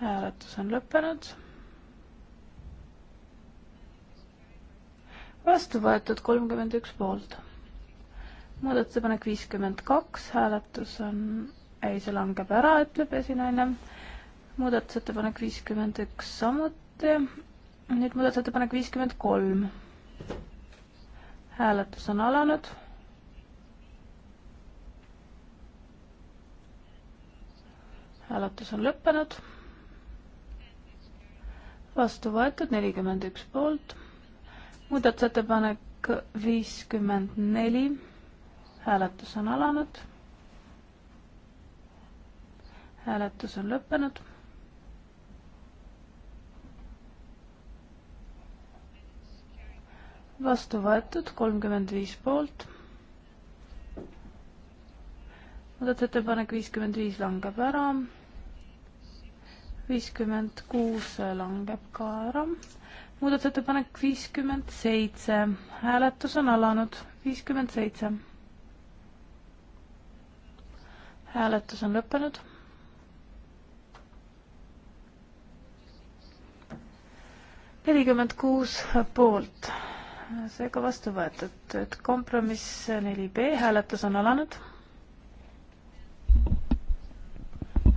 hääletus on lõppenud. vastu võetud kolmkümmend üks poolt. muudatusettepanek viiskümmend kaks, hääletus on, ei, see langeb ära, ütleb esinaine. muudatusettepanek viiskümmend üks samuti. nüüd muudatusettepanek viiskümmend kolm hääletus on alanud. hääletus on lõppenud. vastu võetud nelikümmend üks poolt. muudatusettepanek viiskümmend neli. hääletus on alanud. hääletus on lõppenud vastu võetud kolmkümmend viis poolt. muudatusettepanek viiskümmend viis langeb ära. viiskümmend kuus langeb ka ära. muudatusettepanek viiskümmend seitse, hääletus on alanud, viiskümmend seitse. hääletus on lõppenud nelikümmend kuus poolt, seega vastu võetud, et kompromiss neli B hääletus on alanud.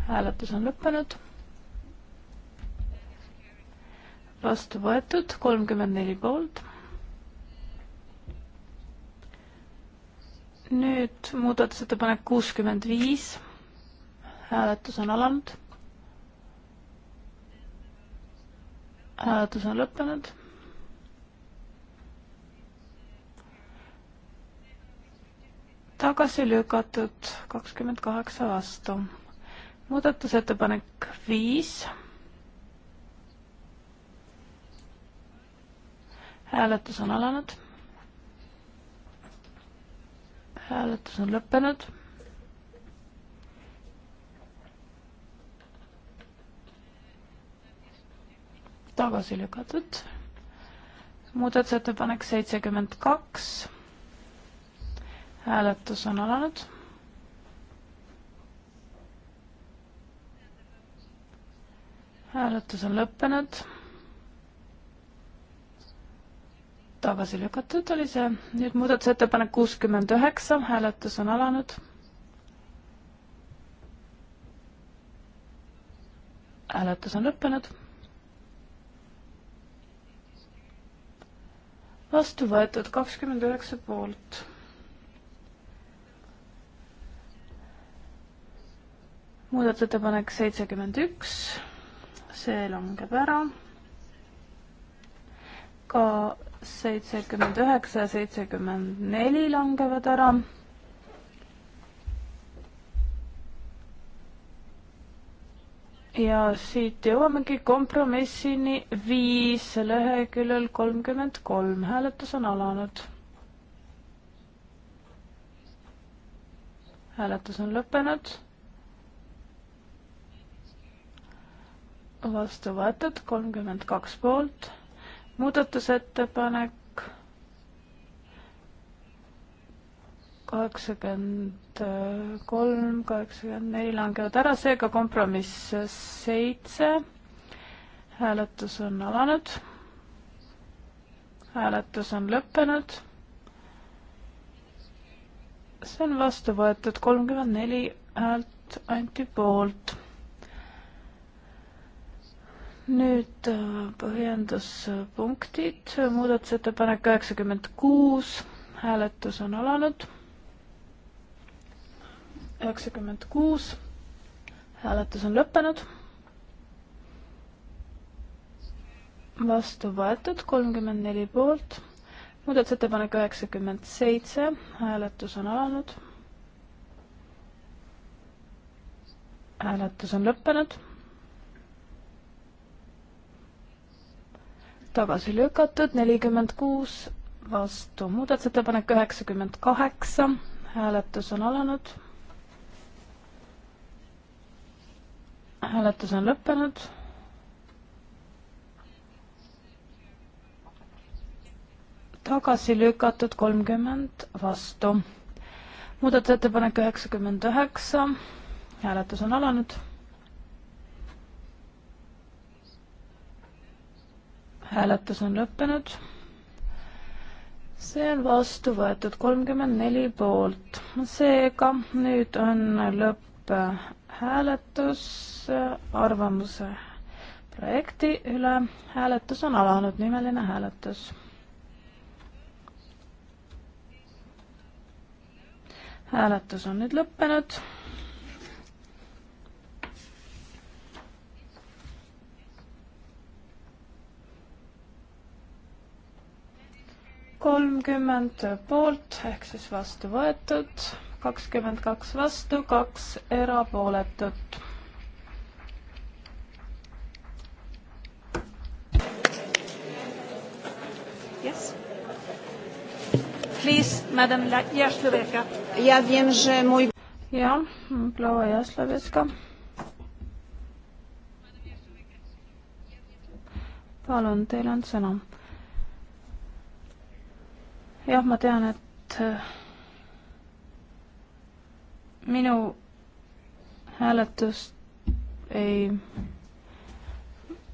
hääletus on lõppenud. vastu võetud kolmkümmend neli poolt. nüüd muudatusettepanek kuuskümmend viis. hääletus on alanud. hääletus on lõppenud tagasi lükatud, kakskümmend kaheksa vastu. muudatusettepanek viis. hääletus on alanud. hääletus on lõppenud. tagasi lükatud. muudatusettepanek seitsekümmend kaks hääletus on alanud. hääletus on lõppenud. tagasi lükatud oli see, nüüd muudatusettepanek kuuskümmend üheksa, hääletus on alanud. hääletus on lõppenud. vastu võetud kakskümmend üheksa poolt muudatusettepanek seitsekümmend üks, see langeb ära. ka seitsekümmend üheksa ja seitsekümmend neli langevad ära. ja siit jõuamegi kompromissini viis leheküljel kolmkümmend kolm, hääletus on alanud. hääletus on lõppenud vastu võetud, kolmkümmend kaks poolt. muudatusettepanek kaheksakümmend kolm, kaheksakümmend neli langevad ära, seega kompromiss seitse. hääletus on alanud. hääletus on lõppenud. see on vastu võetud, kolmkümmend neli häält anti poolt nüüd äh, põhjenduspunktid, muudatusettepanek üheksakümmend kuus, hääletus on alanud. üheksakümmend kuus, hääletus on lõppenud. vastu võetud kolmkümmend neli poolt, muudatusettepanek üheksakümmend seitse, hääletus on alanud. hääletus on lõppenud tagasi lükatud, nelikümmend kuus vastu, muudatusettepanek üheksakümmend kaheksa, hääletus on alanud. hääletus on lõppenud. tagasi lükatud kolmkümmend vastu, muudatusettepanek üheksakümmend üheksa, hääletus on alanud hääletus on lõppenud. see on vastu võetud kolmkümmend neli poolt, seega nüüd on lõpphääletus arvamuse projekti üle. hääletus on alanud, nimeline hääletus. hääletus on nüüd lõppenud kolmkümmend poolt ehk siis vastu võetud, kakskümmend kaks vastu, kaks erapooletut Yes. Please, madam Jaslowiecka. Ja wiem, że mój... Ja, Blaua Jaslowiecka. Palun, teil on sõna jah, ma tean, et äh, minu hääletust ei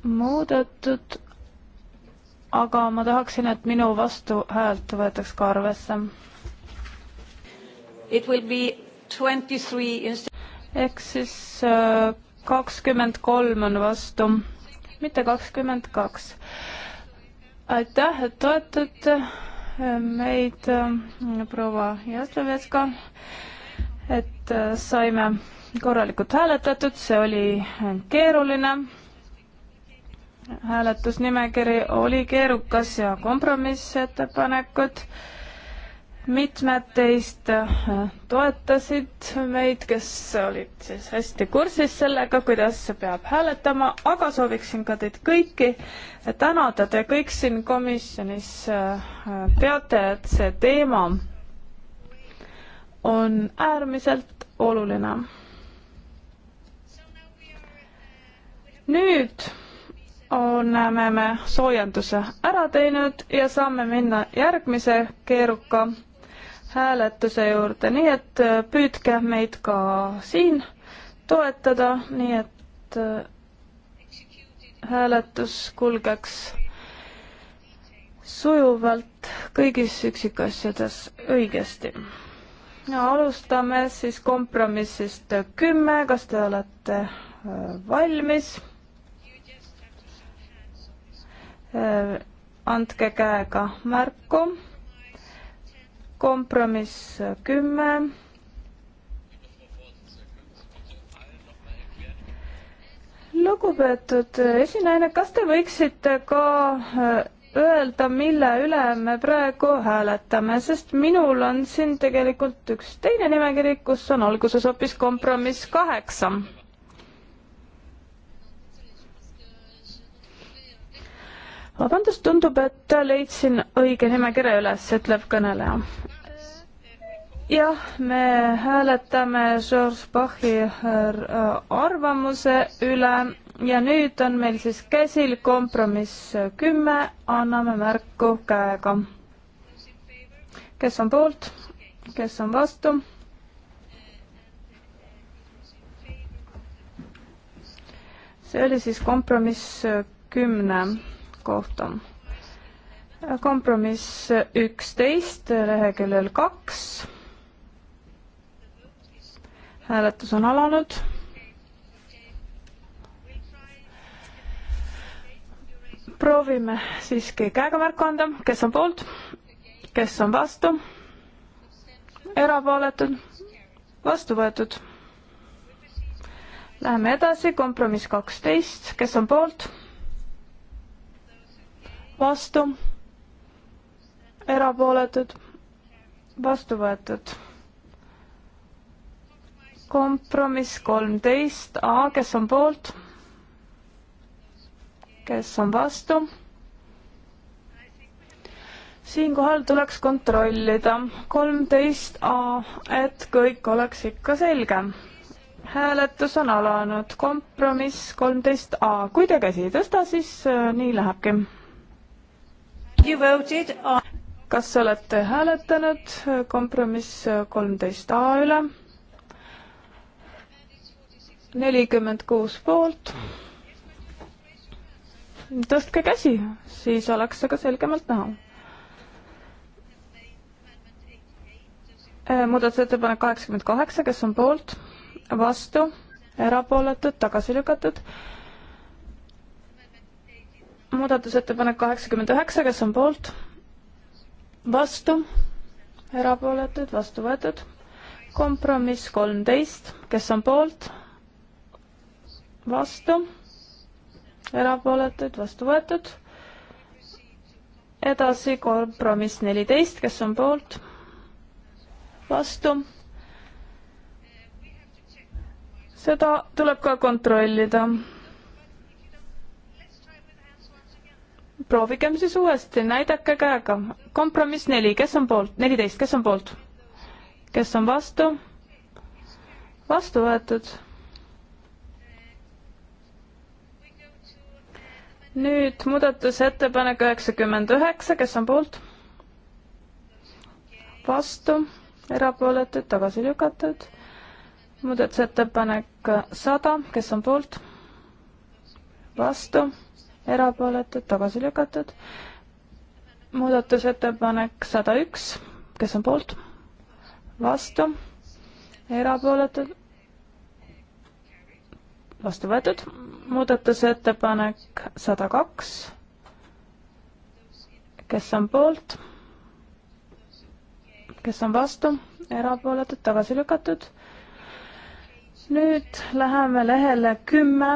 muudetud, aga ma tahaksin, et minu vastuhäält võetaks ka arvesse. ehk siis äh, kakskümmend kolm on vastu, mitte kakskümmend kaks. aitäh, et toetate meid äh, proua Jaslovetska, et äh, saime korralikult hääletatud, see oli äh, keeruline. hääletusnimekiri oli keerukas ja kompromissettepanekud äh, mitmed teist äh, toetasid meid, kes olid siis hästi kursis sellega, kuidas peab hääletama, aga sooviksin ka teid kõiki tänada, te kõik siin komisjonis äh, teate, et see teema on äärmiselt oluline. nüüd oleme me soojenduse ära teinud ja saame minna järgmise keeruka hääletuse juurde, nii et äh, püüdke meid ka siin toetada, nii et äh, hääletus kulgeks sujuvalt kõigis üksikasjades õigesti. ja alustame siis kompromissist kümme, kas te olete äh, valmis? andke käega märku kompromiss kümme. lugupeetud esinaine, kas te võiksite ka äh, öelda, mille üle me praegu hääletame, sest minul on siin tegelikult üks teine nimekiri, kus on alguses hoopis kompromiss kaheksa vabandust, tundub, et leidsin õige nimekirja üles, ütleb kõneleja. jah, me hääletame George Bachi äh, arvamuse üle ja nüüd on meil siis käsil kompromiss kümme, anname märku käega. kes on poolt, kes on vastu? see oli siis kompromiss kümne kohta. kompromiss üksteist, leheküljel kaks. hääletus on alanud. proovime siiski käega märku anda, kes on poolt, kes on vastu, erapooletud, vastu võetud Läheme edasi, kompromiss kaksteist, kes on poolt? vastu, erapooletud, vastu võetud. kompromiss kolmteist, A, kes on poolt, kes on vastu siinkohal tuleks kontrollida kolmteist A, et kõik oleks ikka selge. hääletus on alanud, kompromiss kolmteist A, kui te käsi ei tõsta, siis äh, nii lähebki kas olete hääletanud kompromiss kolmteist A üle? nelikümmend kuus poolt. tõstke käsi, siis oleks see ka selgemalt näha. Äh, muudatusettepanek kaheksakümmend kaheksa, kes on poolt, vastu, erapooletud, tagasi lükatud muudatusettepanek kaheksakümmend üheksa, kes on poolt? vastu, erapooletud, vastu võetud. kompromiss kolmteist, kes on poolt? vastu, erapooletud, vastu võetud. edasi kompromiss neliteist, kes on poolt? vastu. seda tuleb ka kontrollida proovigem siis uuesti, näidake käega. kompromiss neli, kes on poolt, neliteist, kes on poolt? kes on vastu? vastu võetud. nüüd muudatusettepanek üheksakümmend üheksa, kes on poolt? vastu, erapooletud, tagasi lükatud. muudatusettepanek sada, kes on poolt? vastu erapooletud, tagasi lükatud. muudatusettepanek sada üks, kes on poolt, vastu, erapooletud, vastu võetud. muudatusettepanek sada kaks, kes on poolt, kes on vastu, erapooletud, tagasi lükatud. nüüd läheme lehele kümme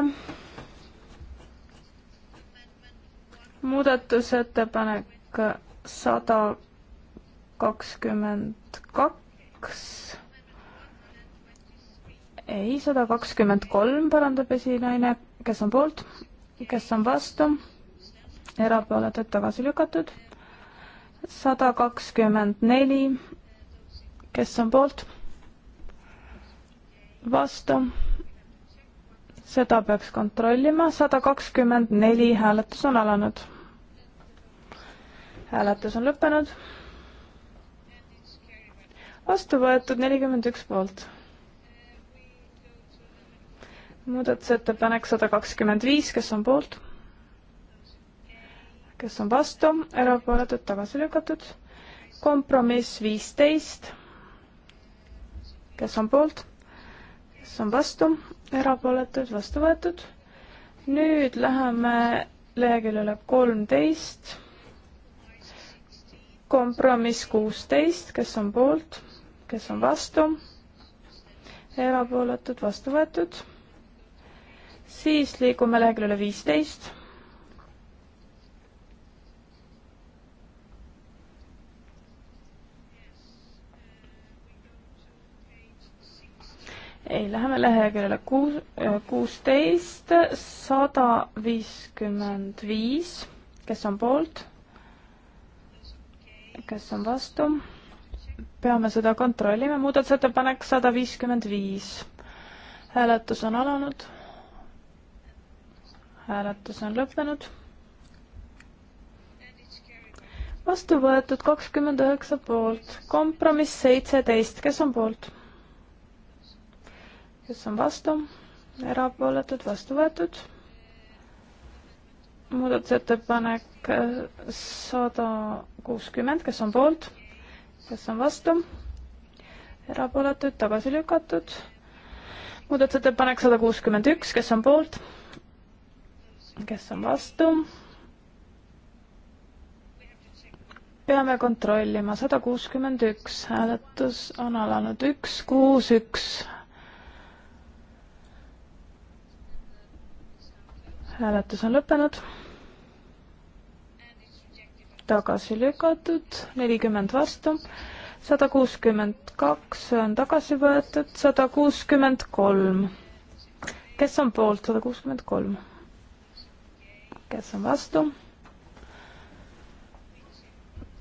muudatusettepanek sada kakskümmend kaks, ei, sada kakskümmend kolm parandab esinaine, kes on poolt, kes on vastu, erapooletud tagasi lükatud, sada kakskümmend neli, kes on poolt, vastu seda peaks kontrollima, sada kakskümmend neli hääletus on alanud. hääletus on lõppenud. vastu võetud nelikümmend üks poolt. muudatusettepanek sada kakskümmend viis, kes on poolt? kes on vastu, erapooletud, tagasi lükatud. kompromiss viisteist, kes on poolt? kes on vastu, erapooletud, vastu võetud. nüüd läheme leheküljele kolmteist, kompromiss kuusteist, kes on poolt, kes on vastu, erapooletud, vastu võetud. siis liigume leheküljele viisteist ei, läheme leheküljele kuus, äh, kuusteist, sada viiskümmend viis, kes on poolt, kes on vastu, peame seda kontrollima, muudatusettepanek sada viiskümmend viis, hääletus on alanud, hääletus on lõppenud, vastu võetud kakskümmend üheksa poolt, kompromiss seitseteist, kes on poolt? kes on vastu, erapooletud, vastu võetud. muudatusettepanek eh, sada kuuskümmend, kes on poolt, kes on vastu, erapooletud, tagasi lükatud. muudatusettepanek sada kuuskümmend üks, kes on poolt, kes on vastu peame kontrollima, sada kuuskümmend üks, hääletus on alanud, üks, kuus, üks. hääletus on lõppenud. tagasi lükatud, nelikümmend vastu, sada kuuskümmend kaks on tagasi võetud, sada kuuskümmend kolm. kes on poolt sada kuuskümmend kolm? kes on vastu?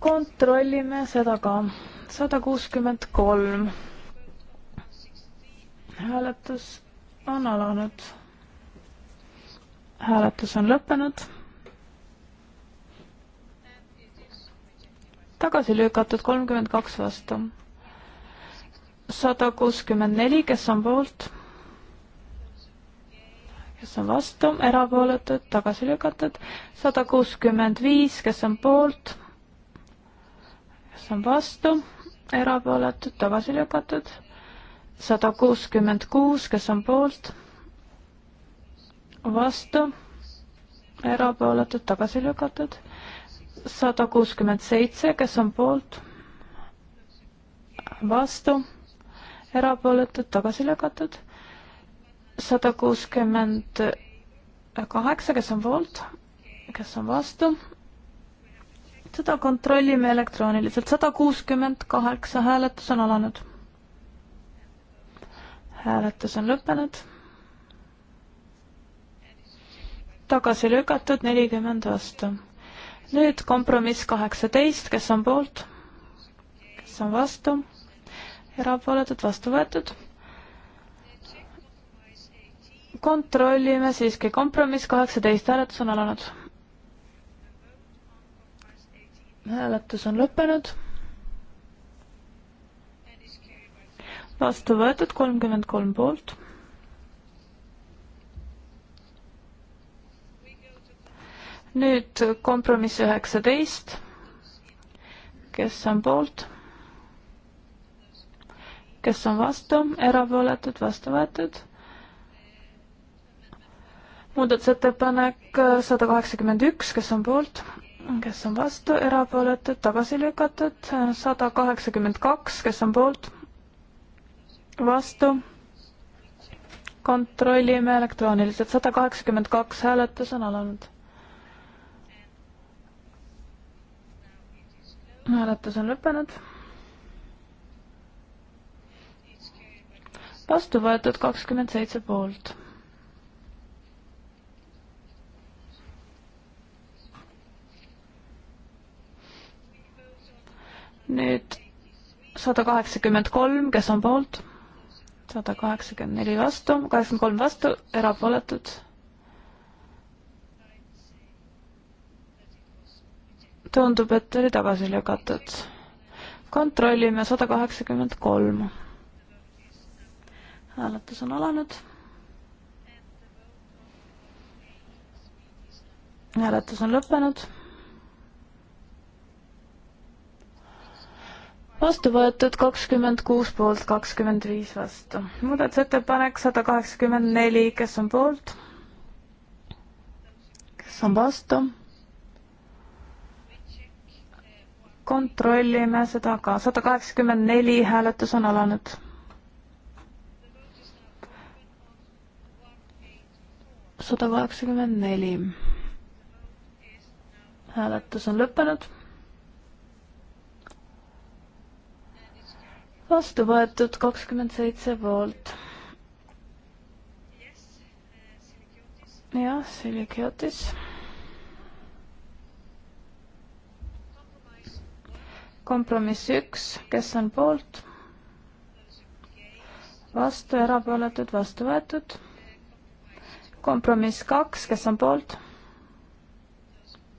kontrollime seda ka, sada kuuskümmend kolm. hääletus on alanud hääletus on lõppenud. tagasi lükatud kolmkümmend kaks vastu. sada kuuskümmend neli, kes on poolt? kes on vastu, erapooletud, tagasi lükatud. sada kuuskümmend viis, kes on poolt? kes on vastu, erapooletud, tagasi lükatud. sada kuuskümmend kuus, kes on poolt? vastu, erapooletud, tagasi lükatud. sada kuuskümmend seitse, kes on poolt, vastu, erapooletud, tagasi lükatud. sada kuuskümmend kaheksa, kes on poolt, kes on vastu. seda kontrollime elektrooniliselt, sada kuuskümmend kaheksa hääletus on alanud. hääletus on lõppenud tagasi lükatud nelikümmend vastu. nüüd kompromiss kaheksateist, kes on poolt, kes on vastu, erapooletud, vastu võetud. kontrollime siiski, kompromiss kaheksateist, hääletus on alanud. hääletus on lõppenud. vastu võetud kolmkümmend kolm poolt nüüd kompromiss üheksateist, kes on poolt? kes on vastu, erapooletud, vastu võetud? muudatusettepanek sada kaheksakümmend üks, kes on poolt? kes on vastu, erapooletud, tagasi lükatud, sada kaheksakümmend kaks, kes on poolt, vastu, kontrollime elektrooniliselt, sada kaheksakümmend kaks hääletus on alanud hääletus on lõppenud. vastu võetud kakskümmend seitse poolt. nüüd sada kaheksakümmend kolm, kes on poolt? sada kaheksakümmend neli vastu, kaheksakümmend kolm vastu, erapooletud tundub, et oli tagasi lükatud. kontrollime sada kaheksakümmend kolm. hääletus on alanud. hääletus on lõppenud. vastu võetud kakskümmend kuus poolt, kakskümmend viis vastu. muudatusettepanek sada kaheksakümmend neli, kes on poolt? kes on vastu? kontrollime seda ka, sada kaheksakümmend neli hääletus on alanud. sada kaheksakümmend neli. hääletus on lõppenud. vastu võetud kakskümmend seitse poolt. jah, Silikiotis kompromiss üks, kes on poolt? vastu, erapooletud, vastu võetud. kompromiss kaks, kes on poolt?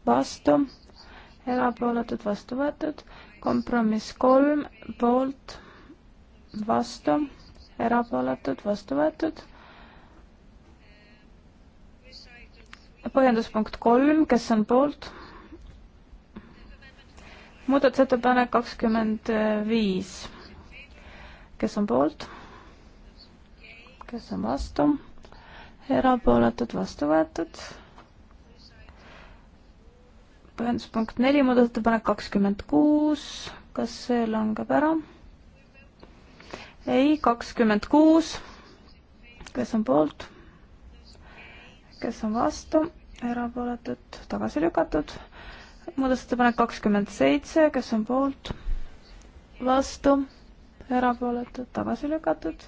vastu, erapooletud, vastu võetud. kompromiss kolm, poolt, vastu, erapooletud, vastu võetud. põhjenduspunkt kolm, kes on poolt? muudatusettepanek kakskümmend viis. kes on poolt? kes on vastu? erapooletud, vastu võetud. põhjenduspunkt neli, muudatusettepanek kakskümmend kuus, kas see langeb ära? ei, kakskümmend kuus. kes on poolt? kes on vastu? erapooletud, tagasi lükatud muudatusettepanek kakskümmend seitse, kes on poolt, vastu, erapooletud, tagasi lükatud.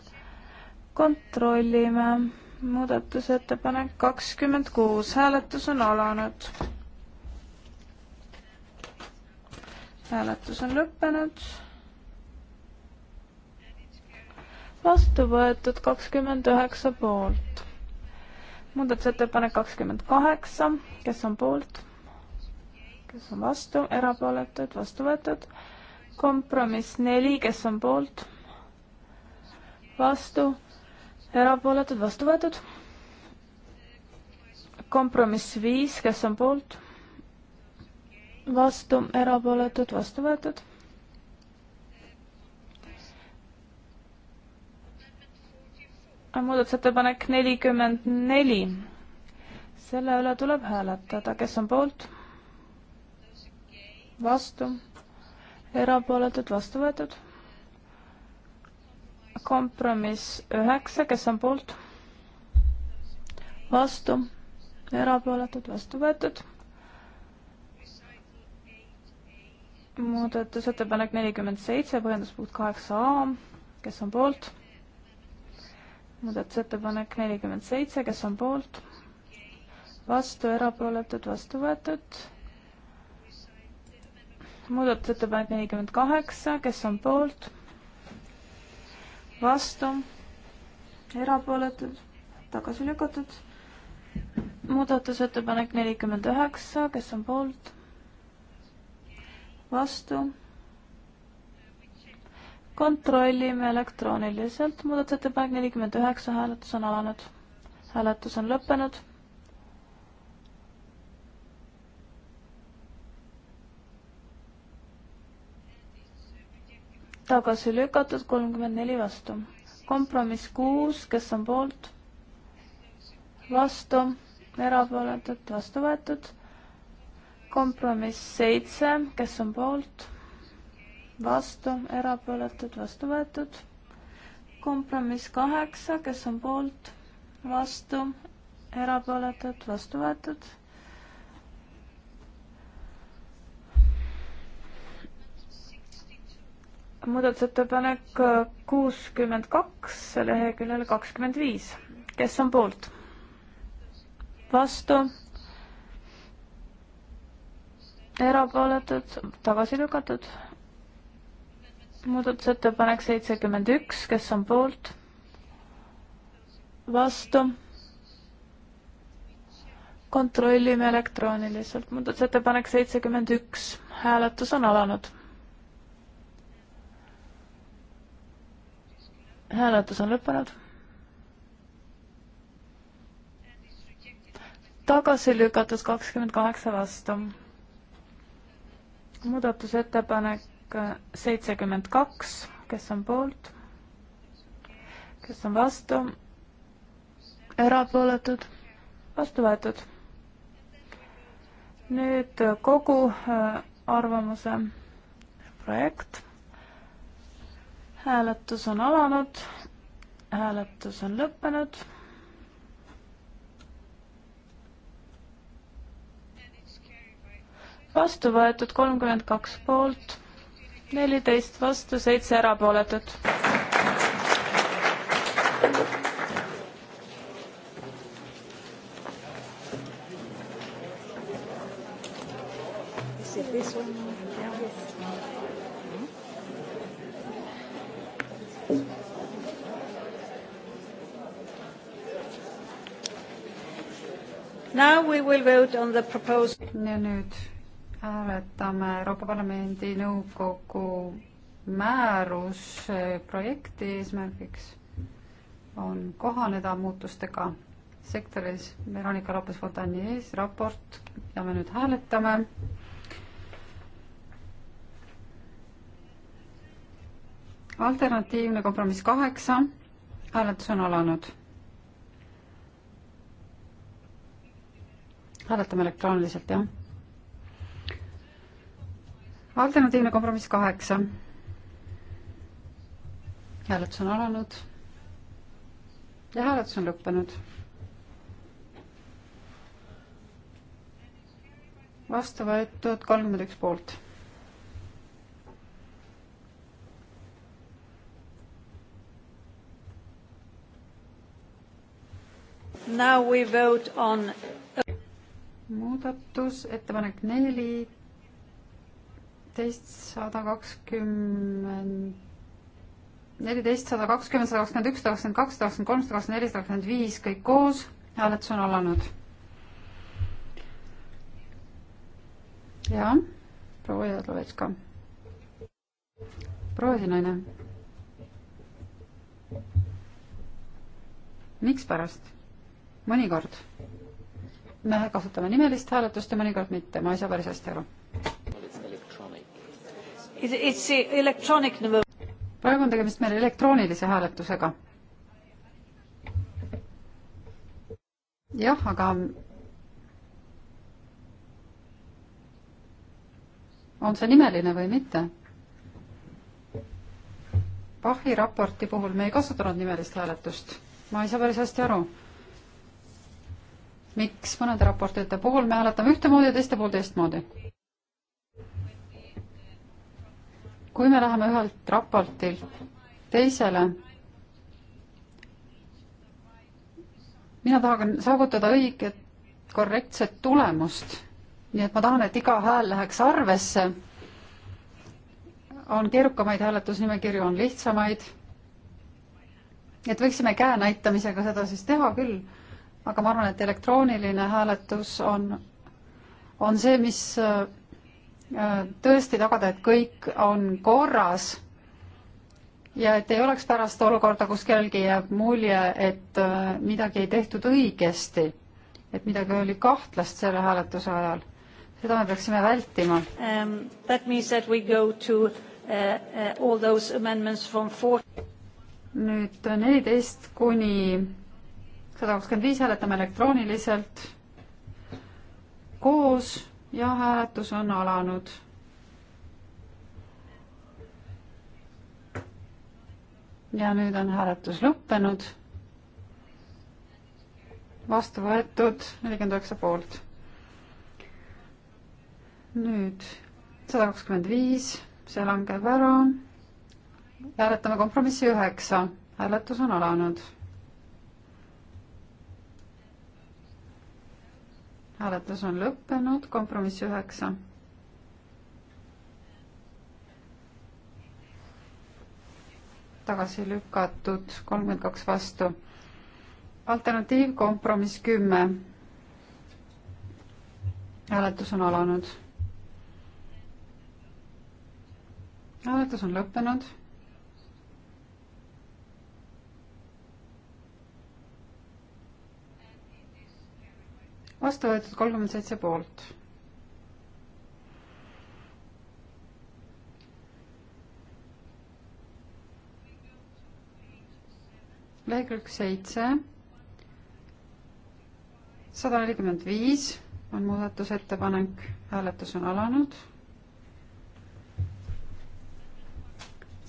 kontrollime, muudatusettepanek kakskümmend kuus, hääletus on alanud. hääletus on lõppenud. vastu võetud kakskümmend üheksa poolt. muudatusettepanek kakskümmend kaheksa, kes on poolt kes on vastu, erapooletud, vastu võetud. kompromiss neli, kes on poolt, vastu, erapooletud, vastu võetud. kompromiss viis, kes on poolt, vastu, erapooletud, vastu võetud. Ah, muudatusettepanek nelikümmend neli. selle üle tuleb hääletada, kes on poolt vastu, erapooletud, vastu võetud. kompromiss üheksa, kes on poolt? vastu, erapooletud, vastu võetud. muudatusettepanek nelikümmend seitse, põhjenduspunkt kaheksa A, kes on poolt? muudatusettepanek nelikümmend seitse, kes on poolt? vastu, erapooletud, vastu võetud muudatusettepanek nelikümmend kaheksa, kes on poolt? vastu? erapooletud? tagasi lükatud? muudatusettepanek nelikümmend üheksa, kes on poolt? vastu? kontrollime elektrooniliselt, muudatusettepanek nelikümmend üheksa, hääletus on alanud. hääletus on lõppenud tagasi lükatud, kolmkümmend neli vastu. kompromiss kuus, kes on poolt? vastu, erapooletud, vastu võetud. kompromiss seitse, kes on poolt? vastu, erapooletud, vastu võetud. kompromiss kaheksa, kes on poolt? vastu, erapooletud, vastu võetud muudatusettepanek äh, kuuskümmend kaks, leheküljel kakskümmend viis. kes on poolt? vastu? erapooletud, tagasi lükatud. muudatusettepanek seitsekümmend üks, kes on poolt? vastu? kontrollime elektrooniliselt, muudatusettepanek seitsekümmend üks, hääletus on alanud hääletus on lõppenud. tagasi lükatud kakskümmend kaheksa vastu. muudatusettepanek seitsekümmend kaks, kes on poolt, kes on vastu, erapooletud, vastu võetud. nüüd kogu äh, arvamuse projekt hääletus on alanud, hääletus on lõppenud. vastu võetud kolmkümmend kaks poolt, neliteist vastu, seitse erapooletut. ja nüüd hääletame Euroopa Parlamendi Nõukogu määruse projekti eesmärgiks on kohaneda muutustega sektoris. Veronika Lopes-Fontani ees raport ja me nüüd hääletame. alternatiivne kompromiss kaheksa, hääletus on alanud hääletame elektrooniliselt, jah. alternatiivne kompromiss kaheksa. hääletus on alanud ja hääletus on lõppenud. vastu võetud kolmkümmend üks poolt Now we vote on muudatus, ettepanek neli, teist sada kakskümmend, neliteist, sada kakskümmend, sada kakskümmend üks, sada kakskümmend kaks, sada kakskümmend kolm, sada kakskümmend neli, sada kakskümmend viis, kõik koos, hääletus on alanud. jah, proua Jadlovetška. proua esinaine. mikspärast? mõnikord me kasutame nimelist hääletust ja mõnikord mitte, ma ei saa päris hästi aru. praegu on tegemist meil elektroonilise hääletusega. jah, aga on see nimeline või mitte? Bachi raporti puhul me ei kasutanud nimelist hääletust. ma ei saa päris hästi aru miks mõnede raportite puhul me hääletame ühtemoodi ja teiste puhul teistmoodi. kui me läheme ühelt raportilt teisele, mina tahan saavutada õiget, korrektset tulemust, nii et ma tahan, et iga hääl läheks arvesse, on keerukamaid hääletusnimekirju, on lihtsamaid, et võiksime käe näitamisega seda siis teha küll aga ma arvan, et elektrooniline hääletus on, on see, mis äh, tõesti tagada, et kõik on korras ja et ei oleks pärast olukorda, kus kellelgi jääb mulje, et äh, midagi ei tehtud õigesti, et midagi oli kahtlast selle hääletuse ajal. seda me peaksime vältima um,. That means that we go to uh, uh, all those amendments from four nüüd neliteist kuni sada kakskümmend viis hääletame elektrooniliselt koos ja hääletus on alanud. ja nüüd on hääletus lõppenud. vastu võetud nelikümmend üheksa poolt. nüüd sada kakskümmend viis, see langeb ära. hääletame kompromissi üheksa, hääletus on alanud hääletus on lõppenud, kompromiss üheksa. tagasi lükatud, kolmkümmend kaks vastu. alternatiivkompromiss kümme. hääletus on alanud. hääletus on lõppenud vastu võetud kolmkümmend seitse poolt. lehekülg seitse, sada nelikümmend viis on muudatusettepanek, hääletus on alanud.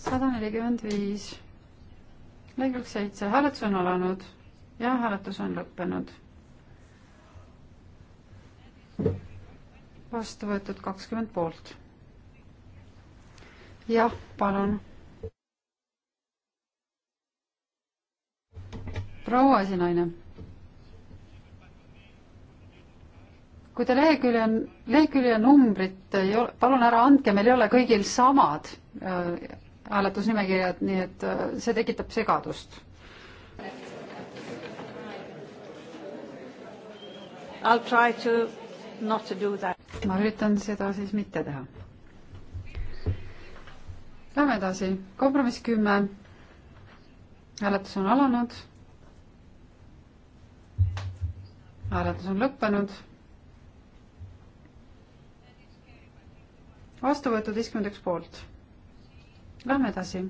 sada nelikümmend viis, lehekülg seitse, hääletus on alanud ja hääletus on lõppenud vastu võetud kakskümmend poolt. jah, palun. proua esinaine. kui te lehekülje, lehekülje numbrit ei ole, palun ära andke, meil ei ole kõigil samad äh, hääletusnimekirjad, nii et äh, see tekitab segadust I'll try to ma üritan seda siis mitte teha. Lähme edasi, kompromiss kümme. hääletus on alanud. hääletus on lõppenud. vastu võetud viiskümmend üks poolt. Lähme edasi.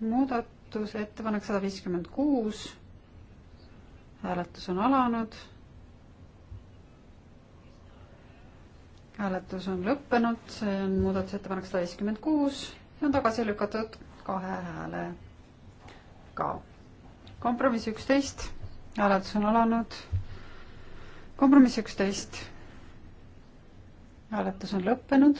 muudatusettepanek sada viiskümmend kuus hääletus on alanud. hääletus on lõppenud, see on muudatusettepanek sada viiskümmend kuus ja on tagasi lükatud kahe hääle ka. kompromiss üksteist, hääletus on alanud. kompromiss üksteist hääletus on lõppenud.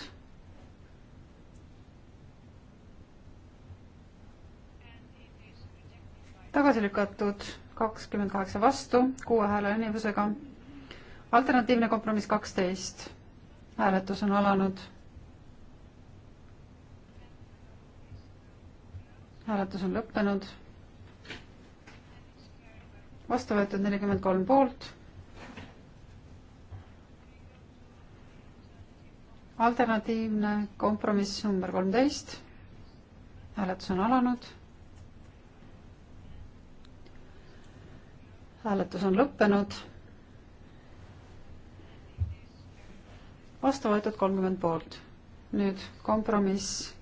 tagasi lükatud kakskümmend kaheksa vastu, kuue hääle erinevusega. alternatiivne kompromiss kaksteist. hääletus on alanud. hääletus on lõppenud. vastu võetud nelikümmend kolm poolt. alternatiivne kompromiss number kolmteist. hääletus on alanud hääletus on lõppenud. vastu võetud kolmkümmend poolt. nüüd kompromiss.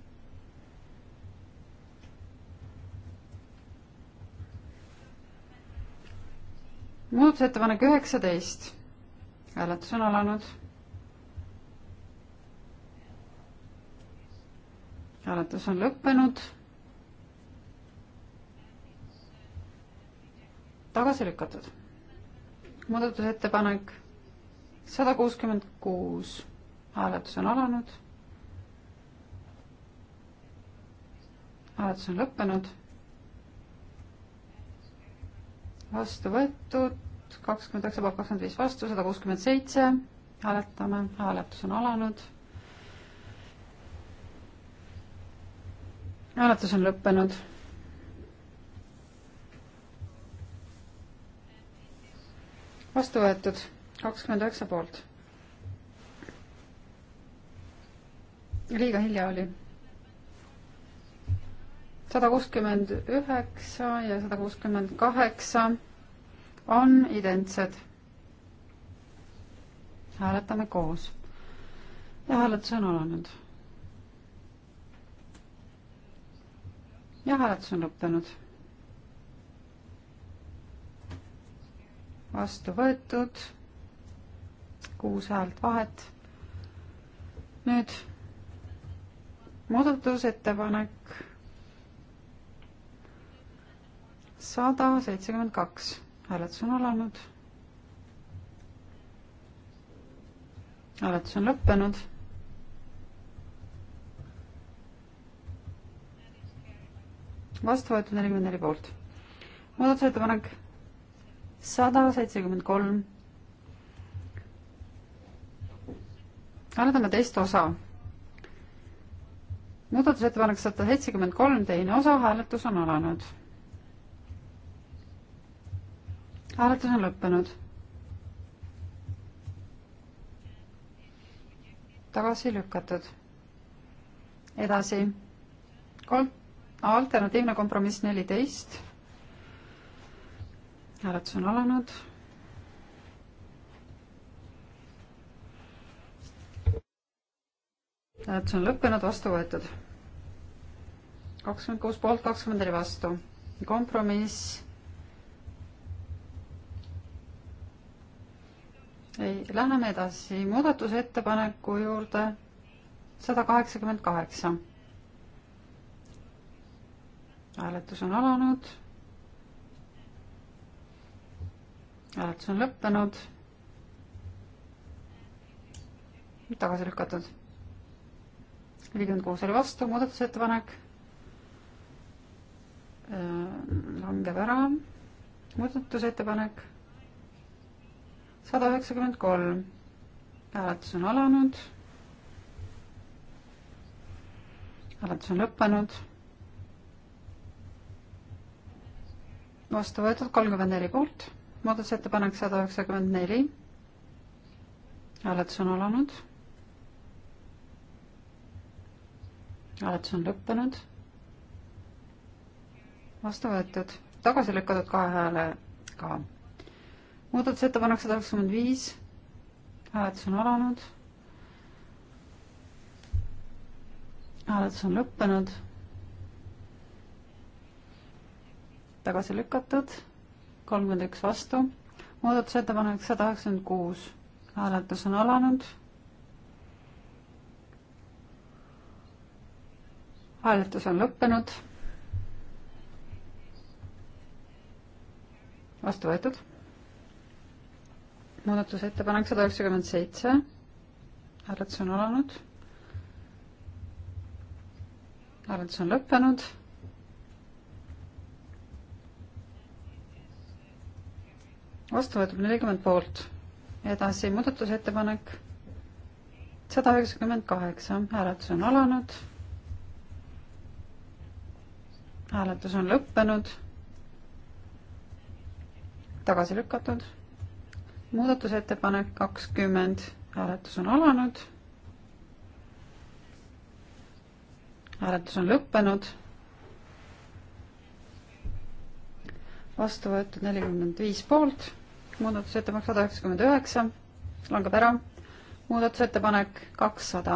muudatusettepanek üheksateist. hääletus on alanud. hääletus on lõppenud tagasi lükatud. muudatusettepanek sada kuuskümmend kuus, hääletus on alanud. hääletus on lõppenud. vastu võetud kakskümmend üheksa, kakskümmend viis vastu, sada kuuskümmend seitse, hääletame, hääletus on alanud hääletus on lõppenud vastu võetud kakskümmend üheksa poolt. liiga hilja oli. sada kuuskümmend üheksa ja sada kuuskümmend kaheksa on identsed. hääletame koos. ja hääletus on alanud. ja hääletus on lõppenud vastu võetud, kuus häält vahet. nüüd muudatusettepanek sada seitsekümmend kaks, hääletus on alanud. hääletus on lõppenud vastu võetud nelikümmend neli poolt. muudatusettepanek sada seitsekümmend kolm. hääletame teist osa. muudatusettepanek sada seitsekümmend kolm, teine osa, hääletus on alanud. hääletus on lõppenud. tagasi lükatud. edasi. kolm, alternatiivne kompromiss neliteist hääletus on alanud. hääletus on lõppenud, vastu võetud. kakskümmend kuus poolt, kakskümmend neli vastu. kompromiss ei, lähneme edasi muudatusettepaneku juurde sada kaheksakümmend kaheksa. hääletus on alanud hääletus on lõppenud. tagasi lükatud. nelikümmend kuus oli vastu, muudatusettepanek langeb ära. muudatusettepanek sada üheksakümmend kolm. hääletus on alanud. hääletus on lõppenud. vastu võetud kolmkümmend neli poolt muudatusettepanek sada üheksakümmend neli. hääletus on alanud. hääletus on lõppenud. vastu võetud, tagasi lükatud kahe häälega ka.. muudatusettepanek sada üheksakümmend viis. hääletus on alanud. hääletus on lõppenud. tagasi lükatud kolmkümmend üks vastu, muudatusettepanek sada üheksakümmend kuus, hääletus on alanud. hääletus on lõppenud. vastu võetud. muudatusettepanek sada üheksakümmend seitse, hääletus on alanud. hääletus on lõppenud vastu võetud nelikümmend poolt. edasi muudatusettepanek sada üheksakümmend kaheksa, hääletus on alanud. hääletus on lõppenud. tagasi lükatud. muudatusettepanek kakskümmend, hääletus on alanud hääletus on lõppenud vastu võetud nelikümmend viis poolt, muudatusettepanek sada üheksakümmend üheksa, langeb ära, muudatusettepanek kakssada,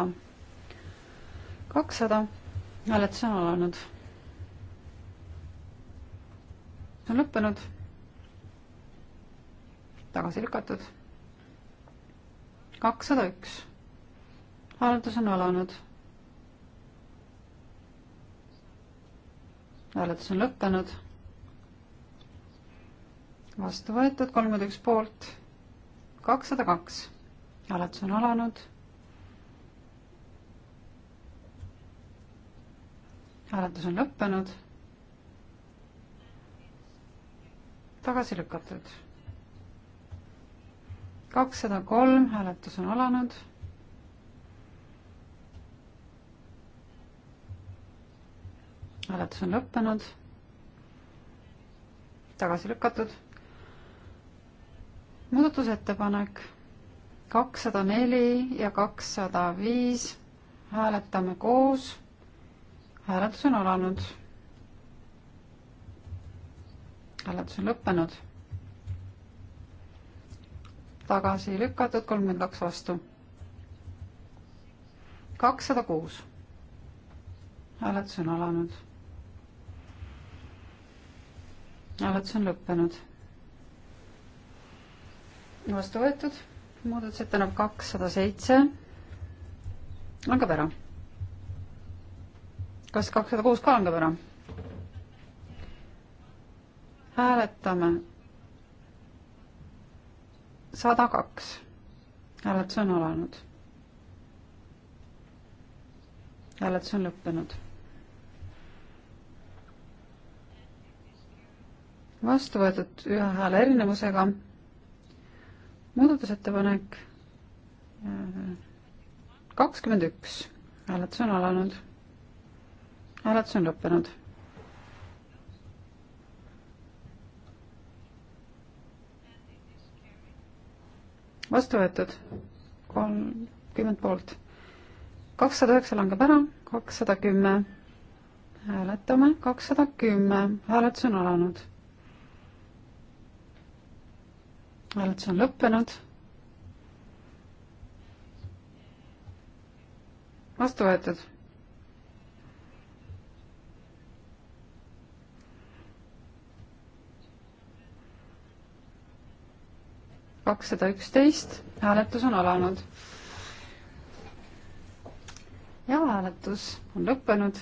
kakssada, hääletus on alanud. on lõppenud, tagasi lükatud, kakssada üks, hääletus on alanud. hääletus on lõppenud vastu võetud, kolmkümmend üks poolt, kakssada kaks. hääletus on alanud. hääletus on lõppenud. tagasi lükatud. kakssada kolm, hääletus on alanud. hääletus on lõppenud tagasi lükatud muudatusettepanek kakssada neli ja kakssada viis hääletame koos. hääletus on alanud. hääletus on lõppenud. tagasi lükatud, kolmkümmend kaks vastu. kakssada kuus. hääletus on alanud. hääletus on lõppenud vastu võetud, muudatusettepanek kakssada seitse langeb ära. kas kakssada kuus ka langeb ära? hääletame sada kaks. hääletus on alanud. hääletus on lõppenud. vastu võetud ühe hääle erinevusega muudatusettepanek äh, kakskümmend üks, hääletus on alanud. hääletus on lõppenud. vastu võetud kolmkümmend poolt. kakssada üheksa langeb ära, kakssada kümme hääletame, kakssada kümme, hääletus on alanud hääletus on lõppenud. vastu võetud. kakssada üksteist, hääletus on alanud. ja hääletus on lõppenud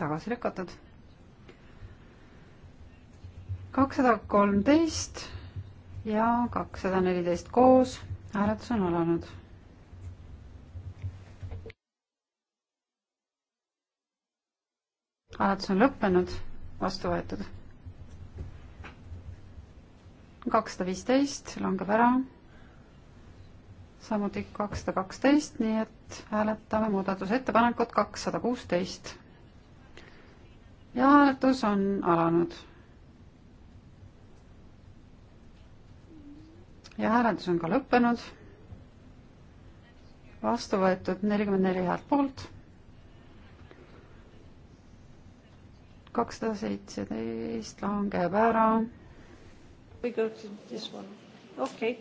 tagasi lükatud. kakssada kolmteist ja kakssada neliteist koos, hääletus on alanud hääletus on lõppenud, vastu võetud. kakssada viisteist langeb ära, samuti kakssada kaksteist, nii et hääletame muudatusettepanekut kakssada kuusteist ja hääletus on alanud. ja hääletus on ka lõppenud. vastu võetud nelikümmend neli häält poolt. kakssada seitseteist langeb ära. We go to this one. Okay.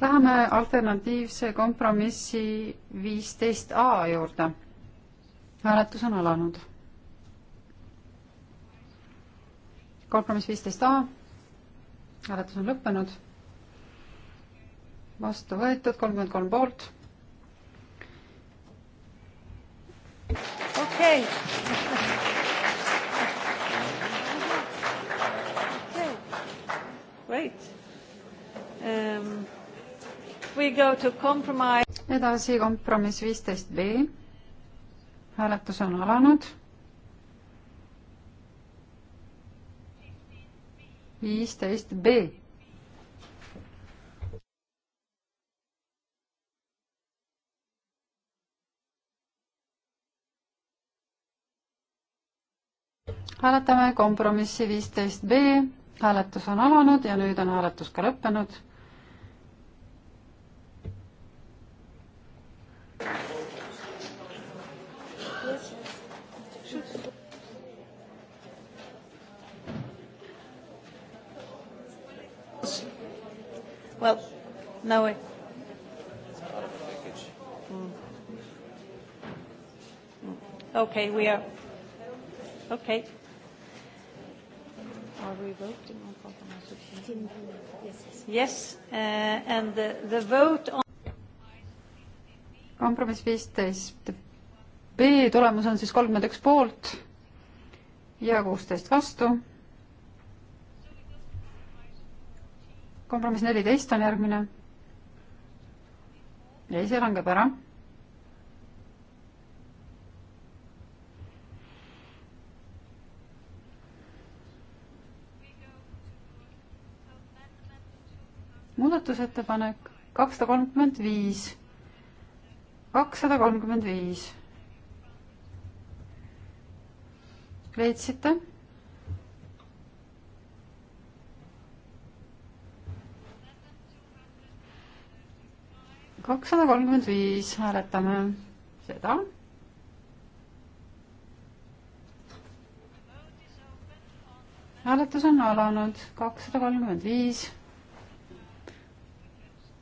Läheme alternatiivse kompromissi viisteist A juurde. hääletus on alanud. kompromiss viisteist A. hääletus on lõppenud. vastu võetud kolmkümmend kolm poolt. okei okay Great um,. We go to compromise. edasi kompromiss viisteist B. hääletus on alanud. viisteist B. hääletame kompromissi viisteist B hääletus on alanud ja nüüd on hääletus ka lõppenud. Well, no way. Mm. mm. Okay, we are. Okay. Are we voting on compromise 15? Yes. Yes. Uh, and the, the vote on kompromiss viisteist B tulemus on siis kolmkümmend üks poolt ja kuusteist vastu. kompromiss neliteist on järgmine. ei, see langeb ära muudatusettepanek kakssada kolmkümmend viis, kakssada kolmkümmend viis. leidsite? kakssada kolmkümmend viis, hääletame seda. hääletus on alanud, kakssada kolmkümmend viis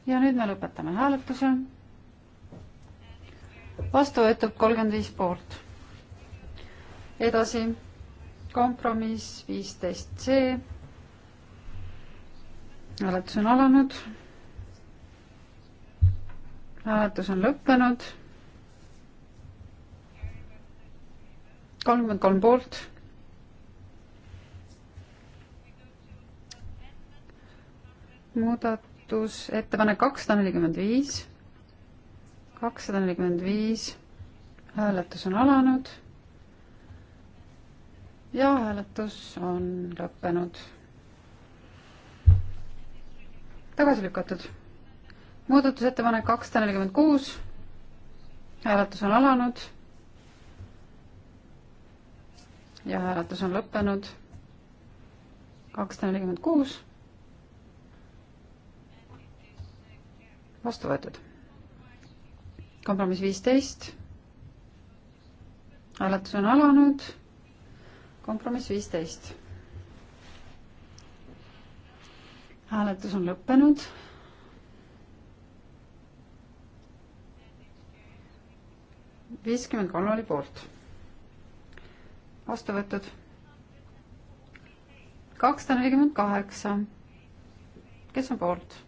ja nüüd me lõpetame hääletuse. vastu võetud kolmkümmend viis poolt. edasi kompromiss viisteist C. hääletus on alanud. hääletus on lõppenud. kolmkümmend kolm poolt muudat-, muudatusettepanek kakssada nelikümmend viis, kakssada nelikümmend viis, hääletus on alanud ja hääletus on lõppenud. tagasi lükatud. muudatusettepanek kakssada nelikümmend kuus, hääletus on alanud ja hääletus on lõppenud. kakssada nelikümmend kuus vastu võetud. kompromiss viisteist. hääletus on alanud. kompromiss viisteist. hääletus on lõppenud. viiskümmend kolm oli poolt. vastu võetud. kakssada nelikümmend kaheksa. kes on poolt?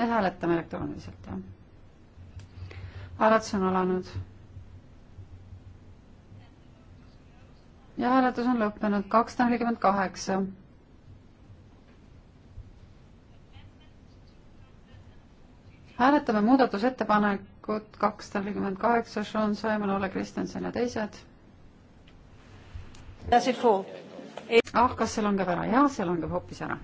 nüüd hääletame elektrooniliselt, jah. hääletus on alanud. ja hääletus on lõppenud, kakssada nelikümmend kaheksa. hääletame muudatusettepanekut kakssada nelikümmend kaheksa, Sean Simon, Olle Kristjanson ja teised. ah, kas see langeb ära? jah, see langeb hoopis ära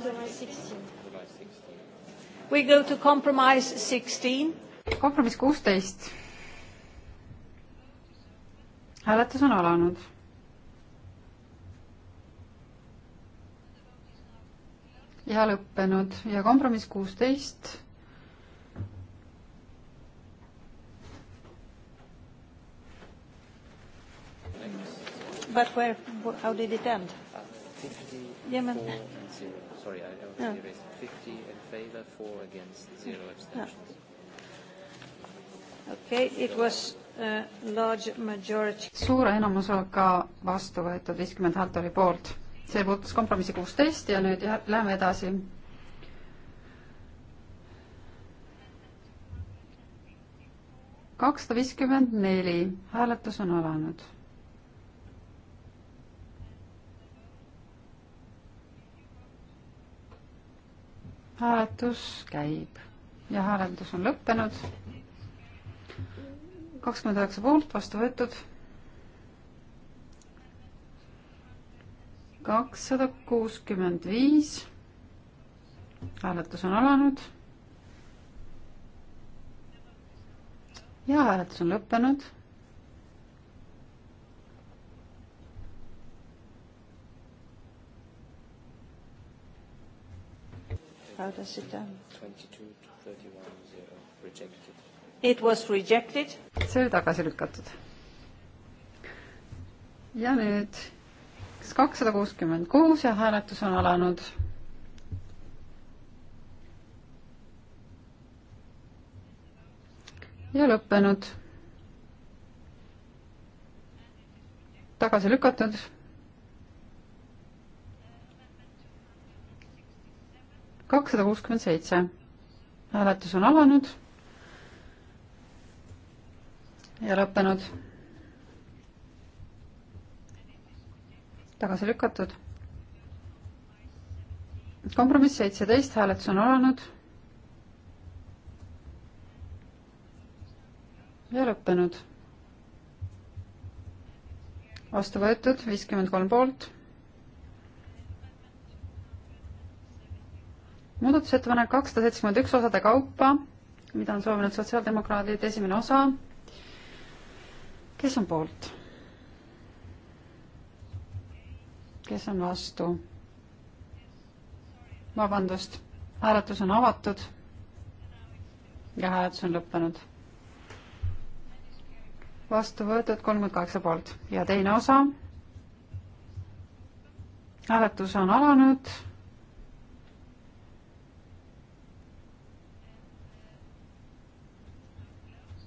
compromise 16. We go to compromise 16. kompromiss kuusteist. hääletus on alanud. ja lõppenud ja kompromiss kuusteist but where how did it end? Yemen. Yeah, sorry, I was yeah. erased. 50 in favor, 4 against, 0 abstentions. Yeah. Okay, it was uh, large majority. suure enamusega vastu võetud, viiskümmend häält oli poolt. see puudutas kompromissi kuusteist ja nüüd jää, läheme edasi. kakssada viiskümmend neli, hääletus on alanud hääletus käib ja hääletus on lõppenud. kakskümmend üheksa poolt, vastu võetud. kakssada kuuskümmend viis. hääletus on alanud. ja hääletus on lõppenud How does it um... 22 to 31 rejected. It was rejected. see oli tagasi lükatud. ja nüüd kas kakssada kuuskümmend kuus ja hääletus on alanud. ja lõppenud. tagasi lükatud kakssada kuuskümmend seitse. hääletus on alanud ja lõppenud. tagasi lükatud. kompromiss seitseteist, hääletus on alanud. ja lõppenud. vastu võetud viiskümmend kolm poolt muudatusettepanek kakssada seitsekümmend üks osade kaupa, mida on soovinud sotsiaaldemokraadid, esimene osa. kes on poolt? kes on vastu? vabandust, hääletus on avatud ja hääletus on lõppenud. vastu võetud kolmkümmend kaheksa poolt ja teine osa. hääletus on alanud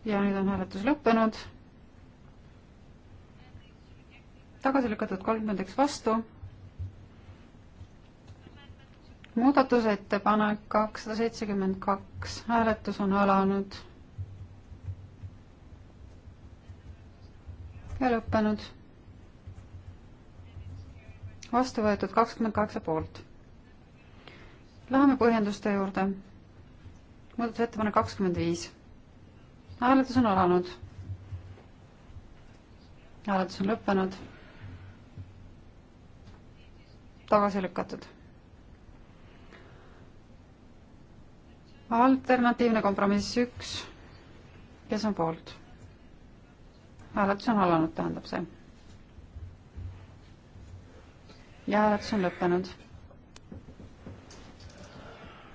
ja nüüd on hääletus lõppenud. tagasi lükatud kolmkümmend üks vastu. muudatusettepanek kakssada seitsekümmend kaks, hääletus on alanud. ja lõppenud. vastu võetud kakskümmend kaheksa poolt. Läheme põhjenduste juurde. muudatusettepanek kakskümmend viis hääletus on alanud. hääletus on lõppenud. tagasi lükatud. alternatiivne kompromiss üks. kes on poolt? hääletus on alanud, tähendab see. ja hääletus on lõppenud.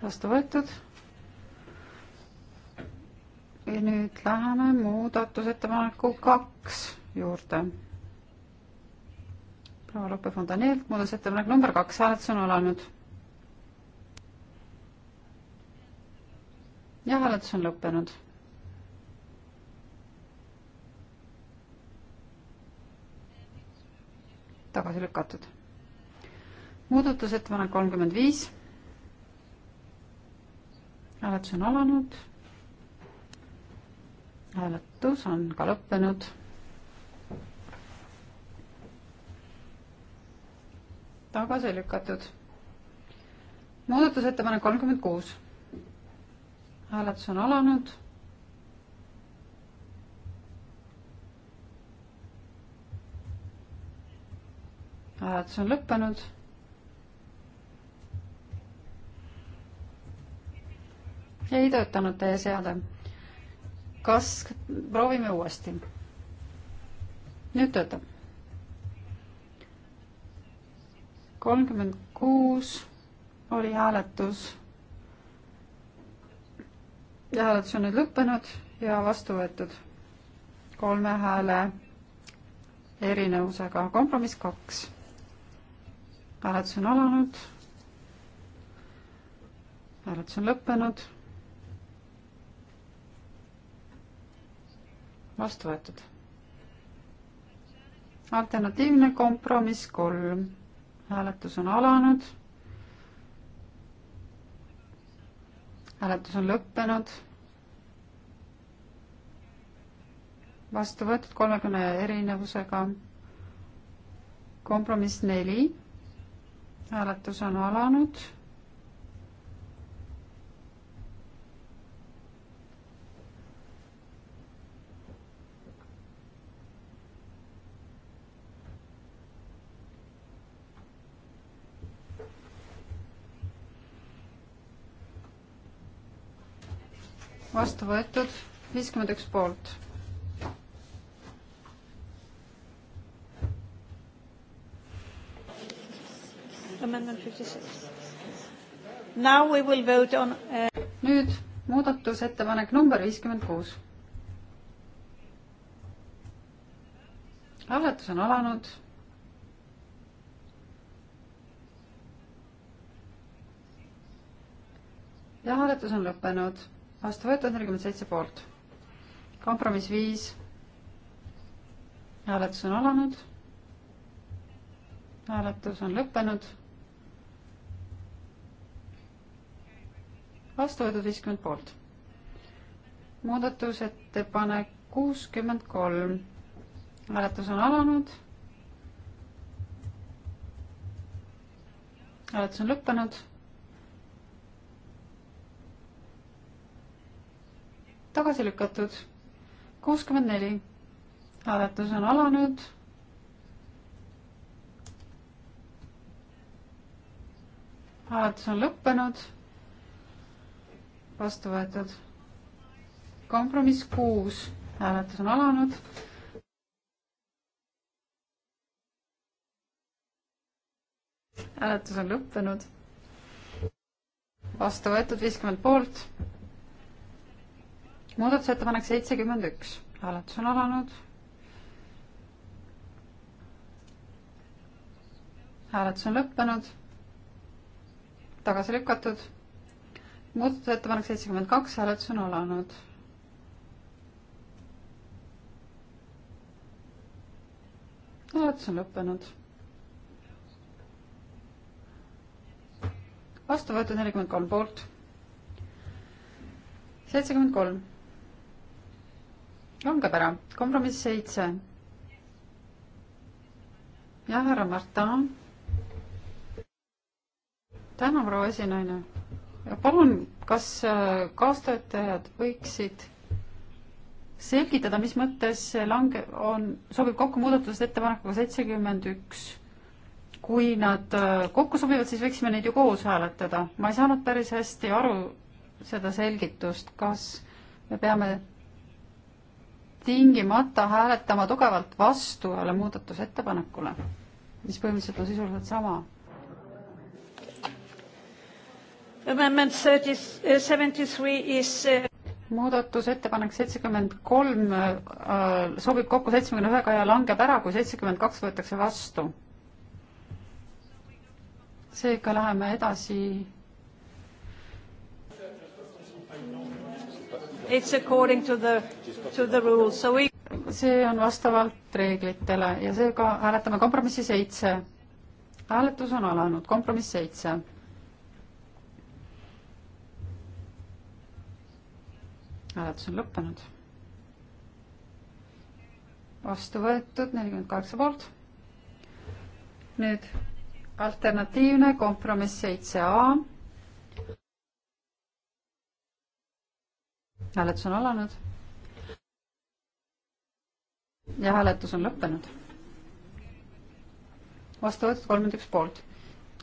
vastu võetud ja nüüd läheme muudatusettepaneku kaks juurde. proua Lope-Fontanelt, muudatusettepanek number kaks, hääletus on alanud. ja hääletus on lõppenud. tagasi lükatud. muudatusettepanek kolmkümmend viis. hääletus on alanud hääletus on ka lõppenud. tagasi lükatud. muudatusettepanek kolmkümmend kuus. hääletus on alanud. hääletus on lõppenud. ei töötanud teie seade kas proovime uuesti? nüüd töötab. kolmkümmend kuus oli hääletus. ja hääletus on nüüd lõppenud ja vastu võetud kolme hääle erinevusega. kompromiss kaks. hääletus on alanud. hääletus on lõppenud vastu võetud. alternatiivne kompromiss kolm, hääletus on alanud. hääletus on lõppenud. vastu võetud kolmekümne erinevusega. kompromiss neli, hääletus on alanud vastu võetud, viiskümmend üks poolt. Uh, nüüd muudatusettepanek number viiskümmend kuus. hääletus on alanud ja hääletus on lõppenud vastu võetud, nelikümmend seitse poolt. kompromiss viis. hääletus on alanud. hääletus on lõppenud. vastu võetud viiskümmend poolt. muudatusettepanek kuuskümmend kolm. hääletus on alanud. hääletus on lõppenud tagasi lükatud. kuuskümmend neli. hääletus on alanud. hääletus on lõppenud. vastu võetud. kompromiss kuus, hääletus on alanud. hääletus on lõppenud. vastu võetud viiskümmend poolt muudatusettepanek seitsekümmend üks, hääletus on alanud. hääletus on lõppenud, tagasi lükatud. muudatusettepanek seitsekümmend kaks, hääletus on alanud. hääletus on lõppenud. vastu võetud nelikümmend kolm poolt seitsekümmend kolm langeb ära. kompromiss seitse. jah, härra Marta. tänan, proua esinaine. palun, kas äh, kaastöötajad võiksid selgitada, mis mõttes see lange, on, sobib kokku muudatusettepanekuga seitsekümmend üks. kui nad äh, kokku sobivad, siis võiksime neid ju koos hääletada. ma ei saanud päris hästi aru seda selgitust, kas me peame tingimata hääletama tugevalt vastu ühele muudatusettepanekule, mis põhimõtteliselt on sisuliselt sama. Amendment uh, seventy three is uh, muudatusettepanek seitsekümmend kolm uh, sobib kokku seitsmekümne ühega ja langeb ära, kui seitsekümmend kaks võetakse vastu. seega läheme edasi It's according to the, to the rules, so we see on vastavalt reeglitele ja seega hääletame kompromissi seitse. hääletus on alanud, kompromiss seitse. hääletus on lõppenud. vastu võetud nelikümmend kaheksa poolt. nüüd alternatiivne kompromiss seitse A hääletus on alanud. ja hääletus on lõppenud. vastu võetud kolmkümmend üks poolt.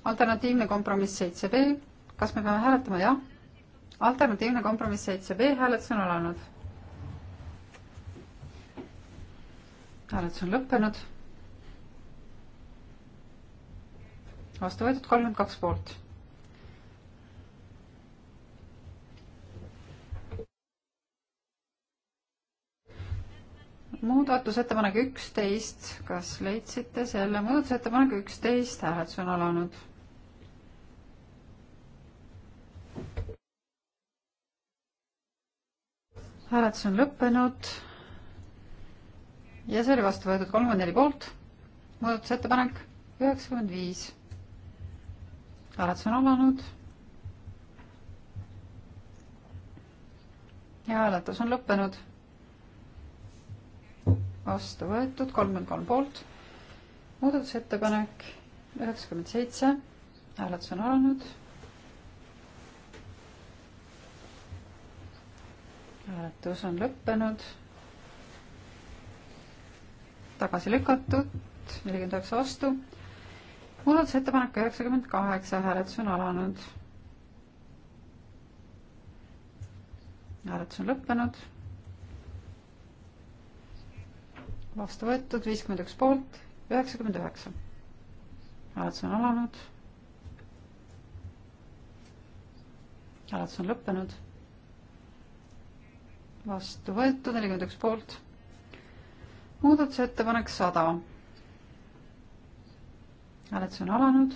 alternatiivne kompromiss seitse B. kas me peame hääletama? jah. alternatiivne kompromiss seitse B, hääletus on alanud. hääletus on lõppenud. vastu võetud kolmkümmend kaks poolt muudatusettepanek üksteist, kas leidsite selle muudatusettepaneku üksteist, hääletus on alanud. hääletus on lõppenud ja see oli vastu võetud kolmkümmend neli poolt. muudatusettepanek üheksakümmend viis. hääletus on alanud. ja hääletus on lõppenud vastu võetud, kolmkümmend kolm poolt. muudatusettepanek üheksakümmend seitse, hääletus on alanud. hääletus on lõppenud. tagasi lükatud, nelikümmend üheksa vastu. muudatusettepanek üheksakümmend kaheksa, hääletus on alanud. hääletus on lõppenud vastu võetud, viiskümmend üks poolt, üheksakümmend üheksa. hääletus on alanud. hääletus on lõppenud. vastu võetud, nelikümmend üks poolt. muudatusettepanek sada. hääletus on alanud.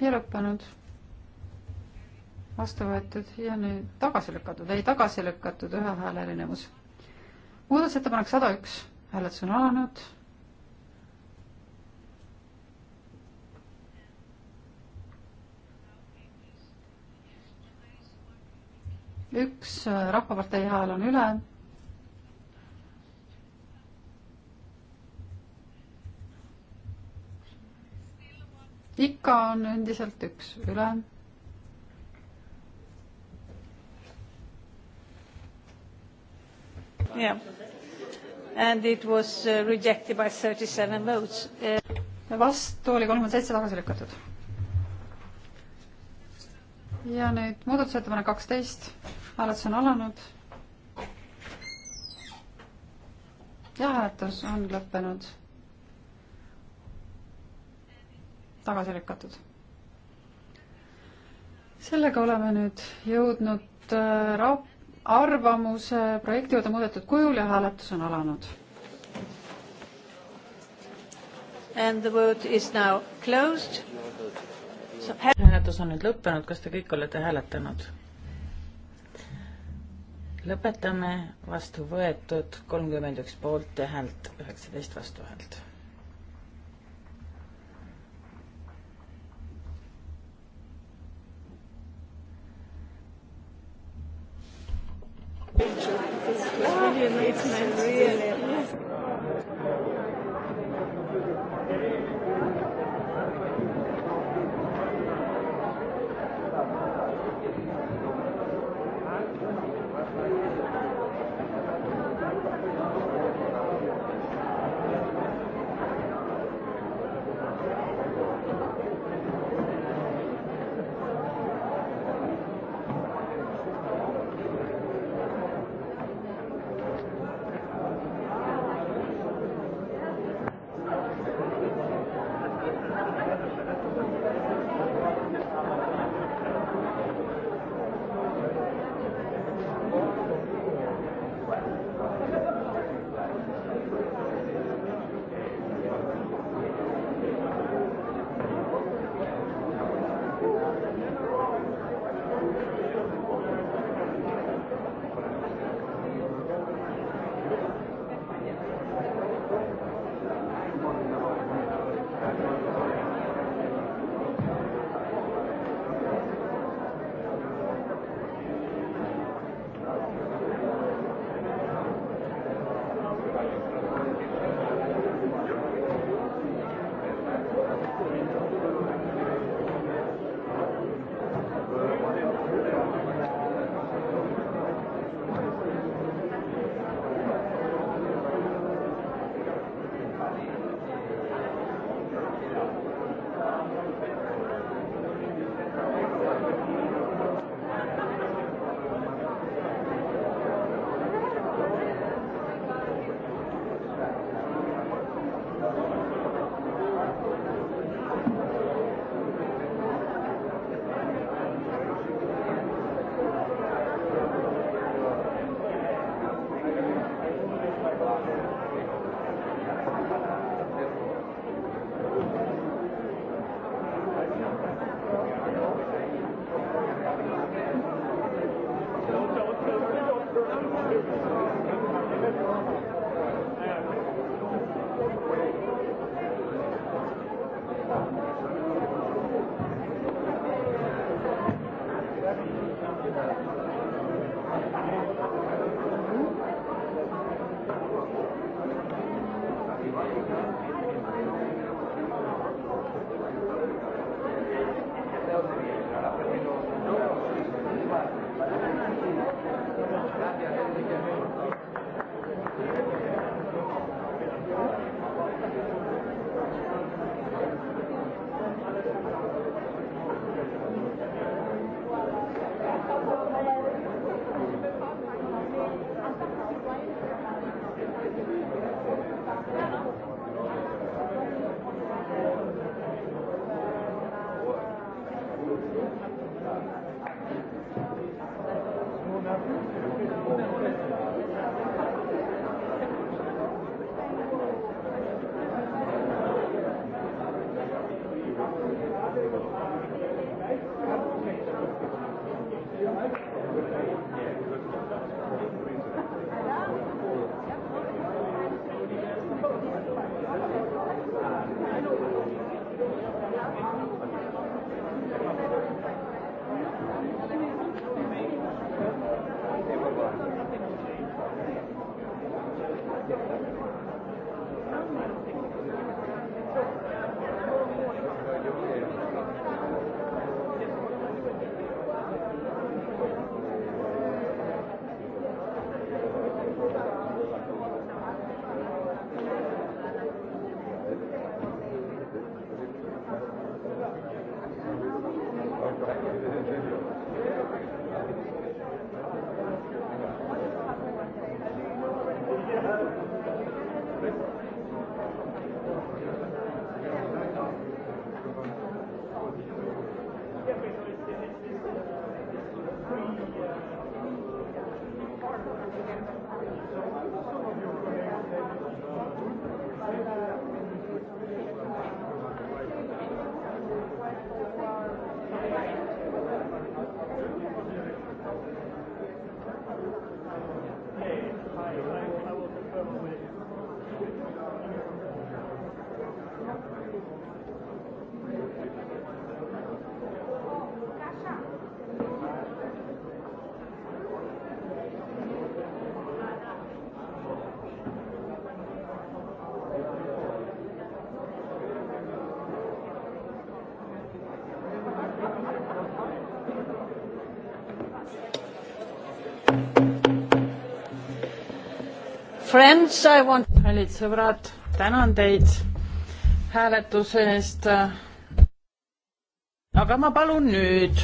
ja lõppenud vastu võetud ja nüüd tagasi lükatud, ei tagasi lükatud ühehääleline enamus muudatusettepanek sada üks, hääletus on alanud. üks äh, Rahvapartei hääl on üle. ikka on endiselt üks üle Yeah. And it was uh, rejected by 37 votes. Uh, vastu oli kolmkümmend seitse tagasi lükatud. ja nüüd muudatusettepanek kaksteist, hääletus on alanud. ja hääletus on lõppenud. tagasi lükatud. sellega oleme nüüd jõudnud äh, rap-, arvamuse projekti juurde muudetud kujul ja hääletus on alanud. And the vote is now closed. hääletus on nüüd lõppenud, kas te kõik olete hääletanud? lõpetame vastu võetud kolmkümmend üks poolt ja häält, üheksateist vastuhäält picture because it was really a nightmare. friends, I want. kallid sõbrad, tänan teid hääletuse eest. aga ma palun nüüd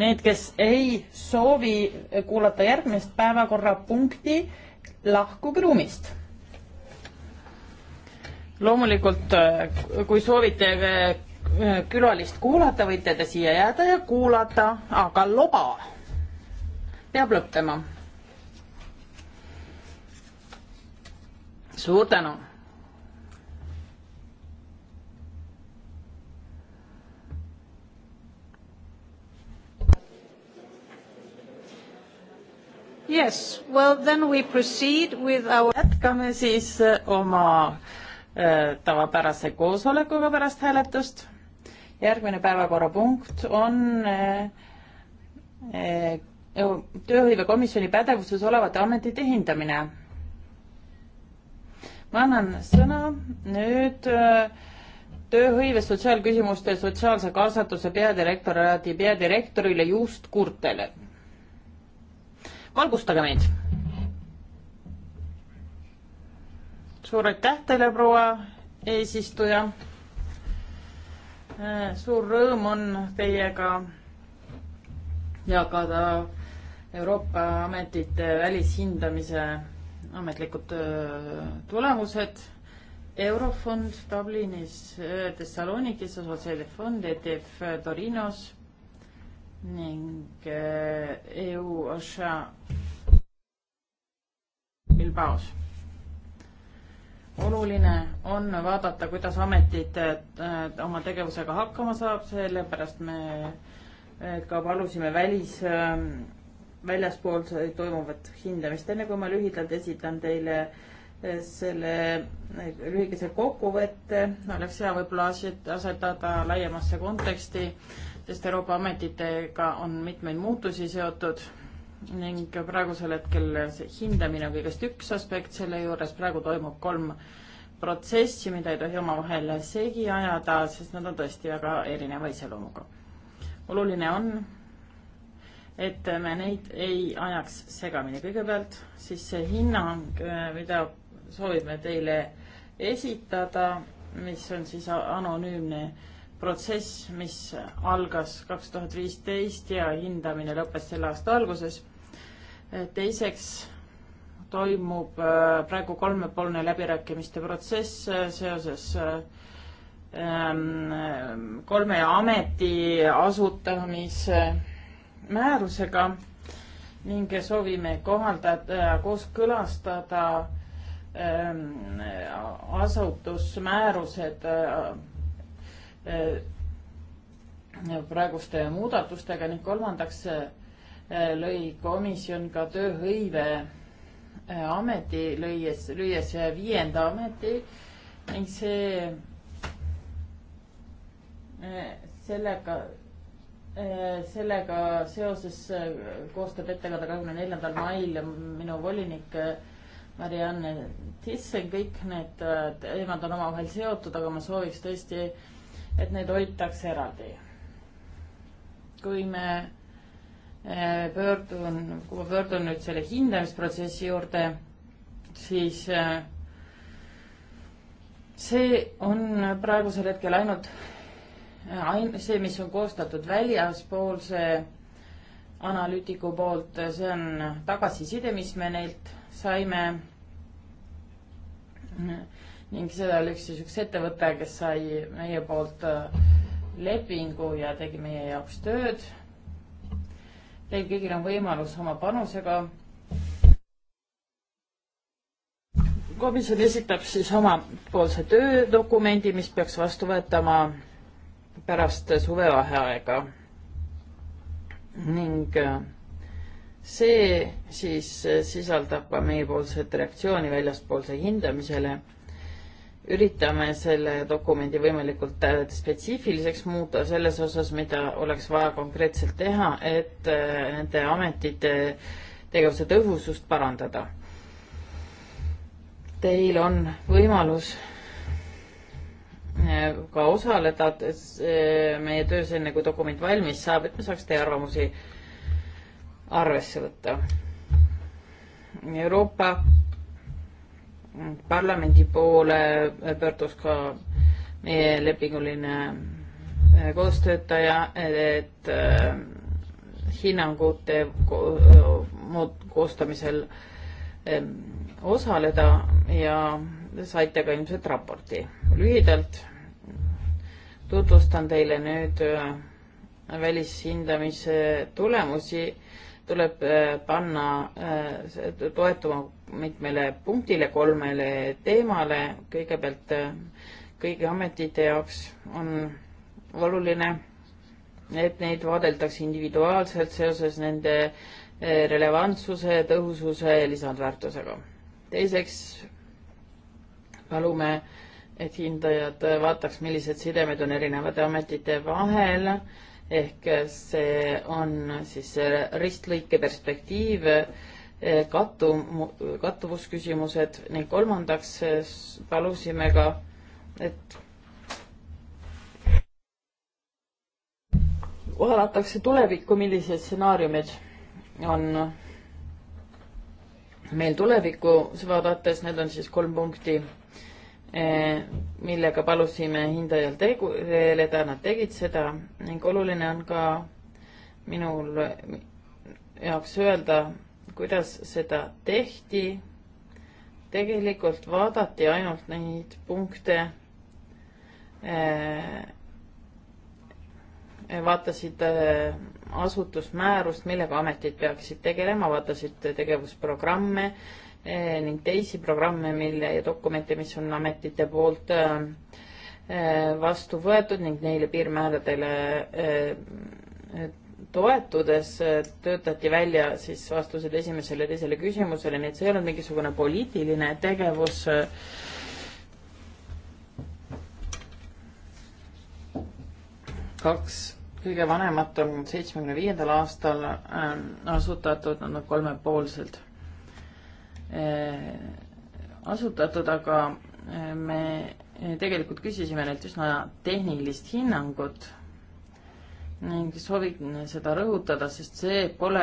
need, kes ei soovi kuulata järgmist päevakorrapunkti, lahkuge ruumist loomulikult, kui soovite eh, külalist kuulata, võite te siia jääda ja kuulata, aga loba peab lõppema suur tänu. Yes, well then we proceed with our. jätkame siis äh, oma äh, tavapärase koosolekuga pärast hääletust. järgmine päevakorrapunkt on äh, tööhõivekomisjoni pädevuses olevate ametite hindamine ma annan sõna nüüd äh, tööhõive sotsiaalküsimuste sotsiaalse kaasatuse peadirektoraadi peadirektorile Juust Kurtele. valgustage meid. suur aitäh teile, proua eesistuja. Äh, suur rõõm on teiega jagada Euroopa Ametite välishindamise ametlikud tulemused. Eurofond Dublinis, Thessalonikis, Sotsiaalfond, ETF Torinos ning EU OSHA Bilbaos. oluline on vaadata, kuidas ametid oma tegevusega hakkama saab, sellepärast me ka palusime välis äh, väljaspool toimuvat hindamist. enne kui ma lühidalt esitan teile eh, selle eh, lühikese kokkuvõtte, oleks hea võib-olla asetada laiemasse konteksti, sest Euroopa ametitega on mitmeid muutusi seotud ning praegusel hetkel see hindamine on kõigest üks aspekt selle juures, praegu toimub kolm protsessi, mida ei tohi omavahel segi ajada, sest nad on tõesti väga erineva iseloomuga. oluline on, et me neid ei ajaks segamini. kõigepealt siis see hinnang, äh, mida soovime teile esitada, mis on siis anonüümne protsess, mis algas kaks tuhat viisteist ja hindamine lõppes selle aasta alguses. Äh, teiseks toimub äh, praegu kolmepoolne läbirääkimiste protsess seoses ähm, kolme ameti asutamise määrusega ning soovime kohaldada, kooskõlastada ähm, asutusmäärused äh, äh, praeguste muudatustega ning kolmandaks äh, lõi komisjon ka tööhõive ameti, lüües, lüües viienda ameti ning see, sellega Äh, sellega seoses äh, koostab ettekande kahekümne neljandal mail minu volinik äh, Marianne Tissen, kõik need teemad on omavahel seotud, aga ma sooviks tõesti, et need hoitakse eraldi. kui me pöördun, kui ma pöördun nüüd selle hindamisprotsessi juurde, siis see on praegusel hetkel ainult ain-, see, mis on koostatud väljaspoolse analüütiku poolt, see on tagasiside, mis me neilt saime. ning seda oli üks siis üks ettevõte, kes sai meie poolt äh, lepingu ja tegi meie jaoks tööd. Teil kõigil on võimalus oma panusega. komisjon esitab siis omapoolse töödokumendi, mis peaks vastu võetama pärast suvevaheaega. ning äh, see siis äh, sisaldab ka meiepoolset reaktsiooni väljaspoolse hindamisele. üritame selle dokumendi võimalikult äh, spetsiifiliseks muuta selles osas, mida oleks vaja konkreetselt teha, et nende ametite tegevuse tõhusust parandada. Teil on võimalus ka osaleda eh, meie töös, enne kui dokument valmis saab, et me saaks teie arvamusi arvesse võtta. Euroopa Parlamendi poole pöördus ka meie lepinguline eh, koostöötaja, et eh, hinnangute koostamisel osaleda ja saite ka ilmselt raporti. lühidalt tutvustan teile nüüd äh, välishindamise tulemusi, tuleb äh, panna äh, toetuma mitmele punktile, kolmele teemale, kõigepealt kõigi ametite jaoks on oluline, et neid vaadeldakse individuaalselt seoses nende relevantsuse, tõhususe ja lisandväärtusega. teiseks palume, et hindajad vaataks, millised sidemed on erinevate ametite vahel, ehk see on siis ristlõike perspektiiv, kattu, kattuvusküsimused ning kolmandaks palusime ka, et vaadatakse tulevikku, millised stsenaariumid on meil tulevikku vaadates, need on siis kolm punkti Eh, millega palusime hindajal tegeleda, nad tegid seda ning oluline on ka minul jaoks öelda, kuidas seda tehti. tegelikult vaadati ainult neid punkte, eh, vaatasid eh, asutusmäärust, millega ametid peaksid tegelema, vaatasid tegevusprogramme Eh, ning teisi programme, mille ja dokumente, mis on ametite poolt eh, eh, vastu võetud ning neile piirmääradele toetudes töötati välja siis vastused esimesele ja teisele küsimusele, nii et see ei olnud mingisugune poliitiline tegevus. kaks kõige vanemat on seitsmekümne viiendal aastal asutatud, nad on kolmepoolsed Eh, asutatud, aga eh, me tegelikult küsisime neilt üsna tehnilist hinnangut ning soovin seda rõhutada, sest see pole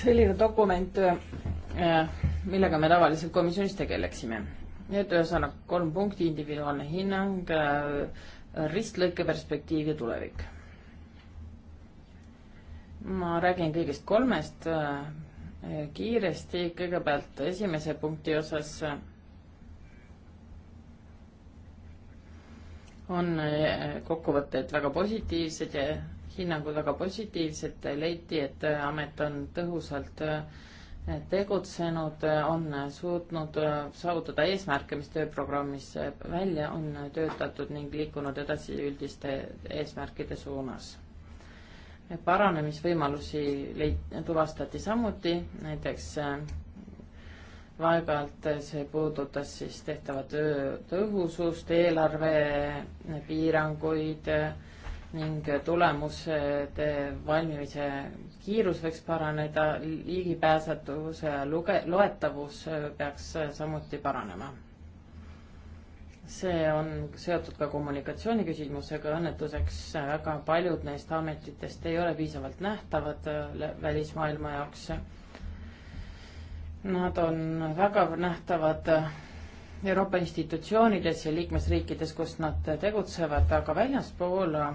selline dokument, eh, millega me tavaliselt komisjonis tegeleksime. nii et ühesõnaga kolm punkti, individuaalne hinnang, ristlõike perspektiiv ja tulevik ma räägin kõigist kolmest äh, kiiresti, kõigepealt esimese punkti osas äh, on äh, kokkuvõtted väga positiivsed ja hinnangud väga positiivsed, leiti, et amet on tõhusalt tegutsenud, on suutnud saavutada eesmärke, mis tööprogrammis välja on töötatud ning liikunud edasi üldiste eesmärkide suunas paranemisvõimalusi leid-, tuvastati samuti, näiteks äh, vaevalt äh, see puudutas siis tehtava töö tõhusust, eelarve äh, piiranguid ning tulemuste valmimise kiirus võiks paraneda, ligipääsetavuse luge-, loetavus peaks samuti paranema see on seotud ka kommunikatsiooni küsimusega, õnnetuseks väga paljud neist ametitest ei ole piisavalt nähtavad äh, välismaailma jaoks. Nad on väga nähtavad äh, Euroopa institutsioonides ja liikmesriikides, kus nad tegutsevad, aga väljaspool äh,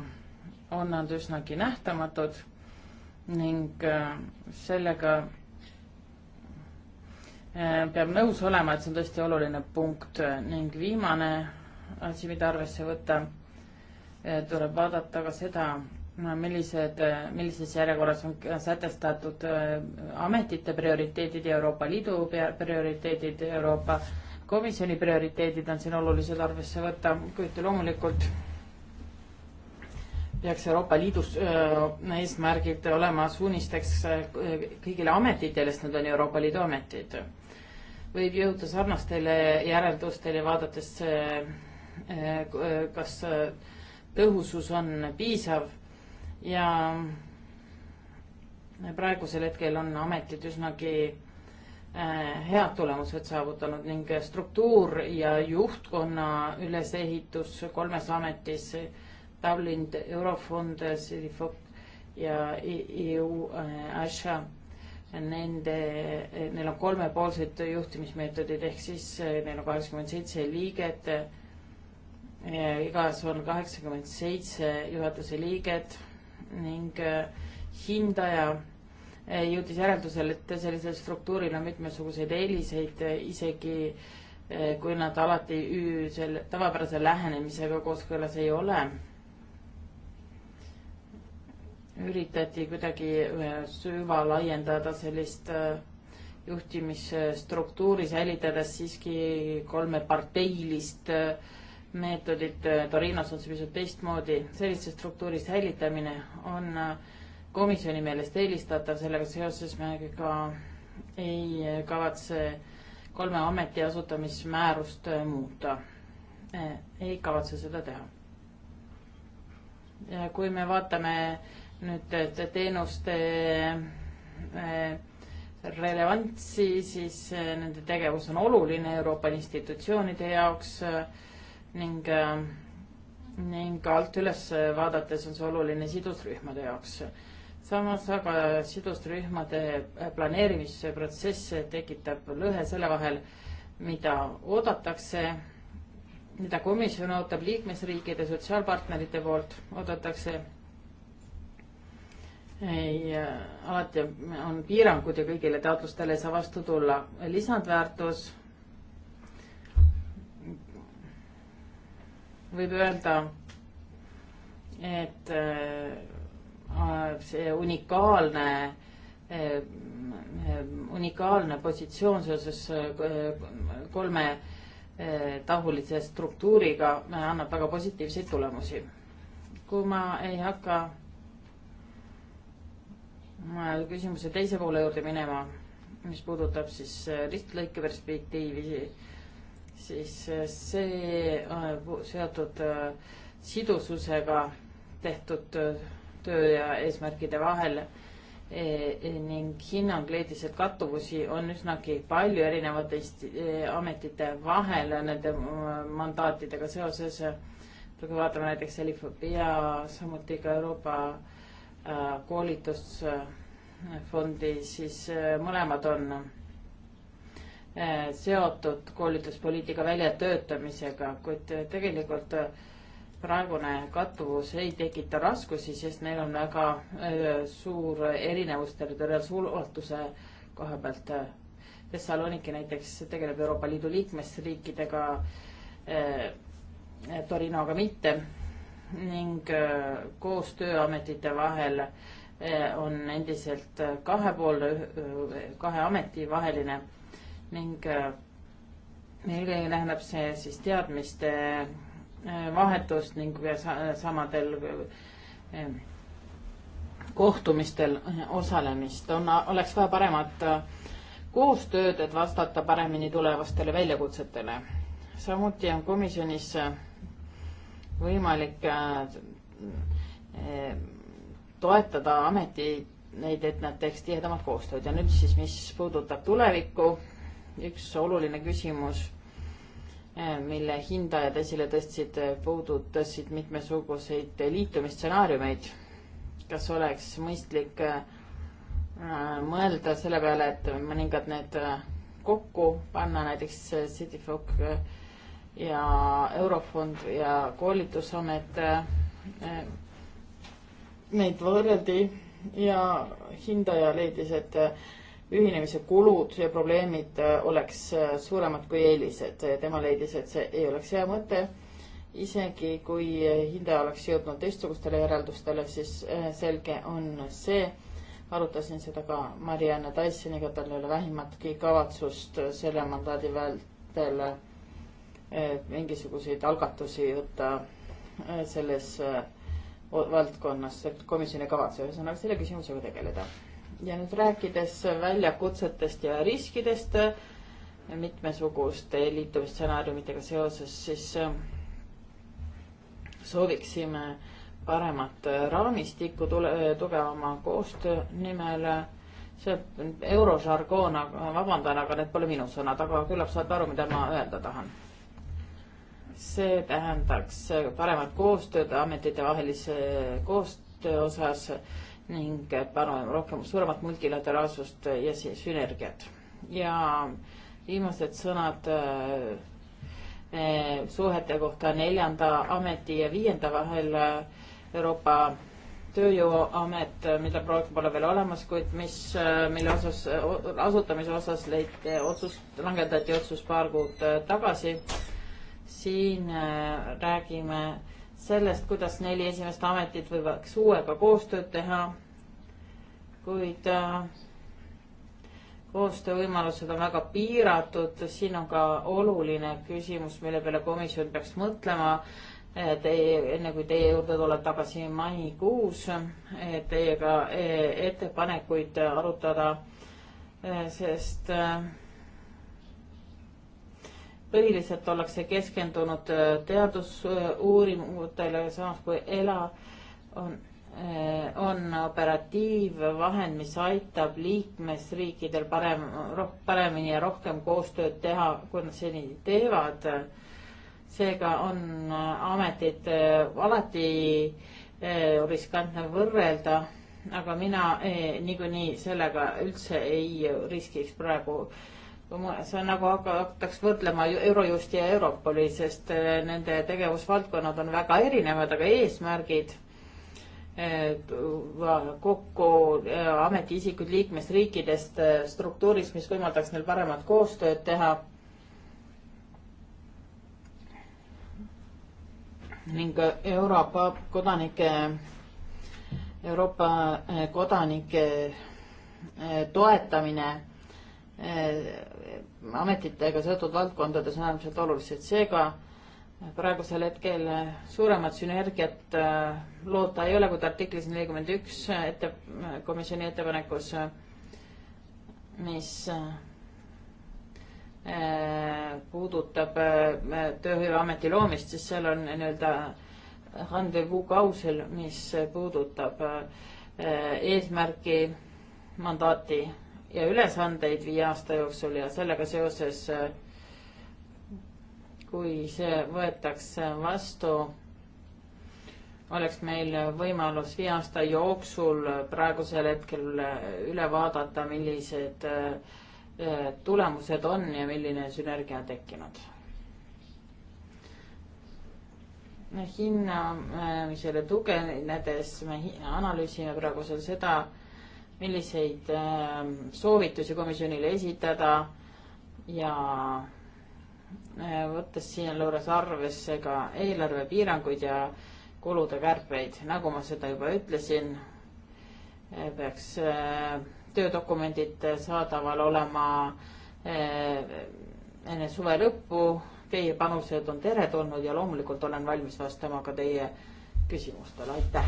on nad üsnagi nähtamatud ning sellega Äh, peab nõus olema, et see on tõesti oluline punkt ning viimane asi, mida arvesse võtta, äh, tuleb vaadata ka seda, millised, äh, millises järjekorras on sätestatud ametite prioriteedid ja Euroopa Liidu prioriteedid, Euroopa Komisjoni prioriteedid on siin olulised arvesse võtta, kuid loomulikult peaks Euroopa Liidus eesmärgid olema suunisteks kõigile ametitele, sest nad on Euroopa Liidu ametid võib jõuda sarnastele järeldustele, vaadates äh, äh, kas äh, tõhusus on piisav ja praegusel hetkel on ametid üsnagi head tulemused saavutanud ning struktuur ja juhtkonna ülesehitus kolmes ametis, Dublin, Eurofond, ja EU, e Asha nende, neil on kolmepoolsed juhtimismeetodid, ehk siis eh, neil on kaheksakümmend seitse liiget, eh, igas on kaheksakümmend seitse juhatuse liiget ning eh, hindaja jõudis järeldusele, et sellisel struktuuril on mitmesuguseid eeliseid, isegi kui nad alati selle tavapärase lähenemisega kooskõlas ei ole üritati kuidagi äh, süva laiendada sellist äh, juhtimisstruktuuri, säilitades siiski kolmeparteilist äh, meetodit. Torinos on see pisut teistmoodi. sellise struktuuri säilitamine on komisjoni meelest eelistatav, sellega seoses me ka ei kavatse kolme ameti asutamismäärust muuta. ei kavatse seda teha. ja kui me vaatame äh, nüüd teenuste äh, relevantsi, siis äh, nende tegevus on oluline Euroopa institutsioonide jaoks äh, ning, ning alt üles vaadates on see oluline sidusrühmade jaoks. samas aga sidusrühmade planeerimisprotsess tekitab lõhe selle vahel, mida oodatakse, mida komisjon ootab liikmesriikide sotsiaalpartnerite poolt, oodatakse ei, äh, alati on piirangud ja kõigile taotlustele ei saa vastu tulla. lisandväärtus võib öelda, et äh, äh, see unikaalne, unikaalne positsioon seoses kolme tahulise struktuuriga annab väga positiivseid tulemusi. kui ma ei hakka ma küsimuse teise poole juurde minema, mis puudutab siis äh, ristlõike perspektiivi, siis äh, see äh, seotud sidususega tehtud töö ja eesmärkide vahel e, e, ning hinnang leidis, et kattuvusi on üsnagi palju erinevate e, ametite vahel nende mandaatidega seoses. kui vaatame näiteks Elifabi ja samuti ka Euroopa äh, Äh, koolitusfondi, siis äh, mõlemad on äh, seotud koolituspoliitika väljatöötamisega, kuid tegelikult praegune kattuvus ei tekita raskusi, sest neil on väga suur erinevus territoriaalse ulatuse koha pealt. Thessaloniki näiteks tegeleb Euroopa Liidu liikmesriikidega, Torinoga mitte ning äh, koos tööametite vahel äh, on endiselt äh, kahepoolne, kahe ameti vaheline ning meile tähendab see siis teadmiste vahetust ning samadel kohtumistel osalemist. on, oleks vaja paremat koostööd, et vastata paremini tulevastele väljakutsetele. samuti on komisjonis võimalik äh, toetada ameteid, et nad teeks tihedamat koostööd ja nüüd siis, mis puudutab tulevikku, üks oluline küsimus, äh, mille hindajad esile tõstsid, puudutasid mitmesuguseid liitumisstsenaariumeid. kas oleks mõistlik äh, mõelda selle peale, et mõningad need kokku panna, näiteks Cityfolk ja Eurofond ja koolitusamet, eh, neid võrreldi ja hindaja leidis, et eh, ühinemise kulud ja probleemid eh, oleks suuremad kui eelised. tema leidis, et see ei oleks hea mõte. isegi kui hindaja oleks jõudnud teistsugustele järeldustele, siis selge on see, arutasin seda ka Marianne Tassiniga, tal ei ole vähimatki kavatsust selle mandaadi vältel mingisuguseid algatusi võtta äh, selles äh, valdkonnas, et komisjon ei kavatse ühesõnaga selle küsimusega tegeleda. ja nüüd rääkides väljakutsetest ja riskidest äh, mitmesuguste liitumisstsenaariumitega seoses, siis sooviksime paremat raamistikku tule-, tugevama koostöö nimel see eurožargoon, vabandan, aga need pole minu sõnad, aga küllap saate aru, mida ma öelda tahan see tähendaks paremat koostööd ametitevahelise koostöö osas ning parem, rohkem, suuremat multilateraalsust ja sünergiat. ja viimased sõnad äh, äh, suhete kohta neljanda ameti ja viienda vahel äh, Euroopa Tööjõuamet, äh, mida praegu pole veel olemas, kuid mis, mille osas, asutamise osas leiti otsus, langetati otsus paar kuud tagasi äh, siin äh, räägime sellest, kuidas neli esimest ametit võivad uuega koostööd teha, kuid äh, koostöövõimalused on väga piiratud, siin on ka oluline küsimus, mille peale komisjon peaks mõtlema. Äh, teie, enne kui teie juurde tuleb tagasi maikuus, teiega ettepanekuid arutada, sest äh, põhiliselt ollakse keskendunud äh, teadusuuringutele, samas kui ELA on, äh, on operatiivvahend, mis aitab liikmesriikidel parem, paremini ja rohkem koostööd teha, kui nad seni teevad. seega on äh, ametid alati riskantne võrrelda, aga mina niikuinii sellega üldse ei riskiks praegu äh, see on nagu hakataks võrdlema Eurojusti ja Europoli, sest äh, nende tegevusvaldkonnad on väga erinevad, aga eesmärgid kokku äh, ametiisikud liikmesriikidest äh, struktuuris, mis võimaldaks neil paremat koostööd teha ning Euroopa kodanike, Euroopa kodanike toetamine Äh, ametitega seotud valdkondades on äärmiselt olulised, seega äh, praegusel hetkel äh, suuremat sünergiat loota ei ole, kuid artiklis nelikümmend üks ette, komisjoni ettepanekus, mis puudutab Tööhõiveameti loomist, siis seal on nii-öelda rendezvous klausel, mis puudutab eesmärki, mandaati ja ülesandeid viie aasta jooksul ja sellega seoses, äh, kui see võetakse vastu, oleks meil võimalus viie aasta jooksul praegusel hetkel üle vaadata, millised äh, tulemused on ja milline sünergia on tekkinud. hinnamisele äh, tuginedes me analüüsime praegusel seda, milliseid ähm, soovitusi komisjonile esitada ja äh, võttes siinjuures arvesse ka eelarvepiiranguid ja kulude kärpeid, nagu ma seda juba ütlesin, äh, peaks äh, töödokumendid saadaval olema enne suve lõppu. Teie panused on teretulnud ja loomulikult olen valmis vastama ka teie küsimustele, aitäh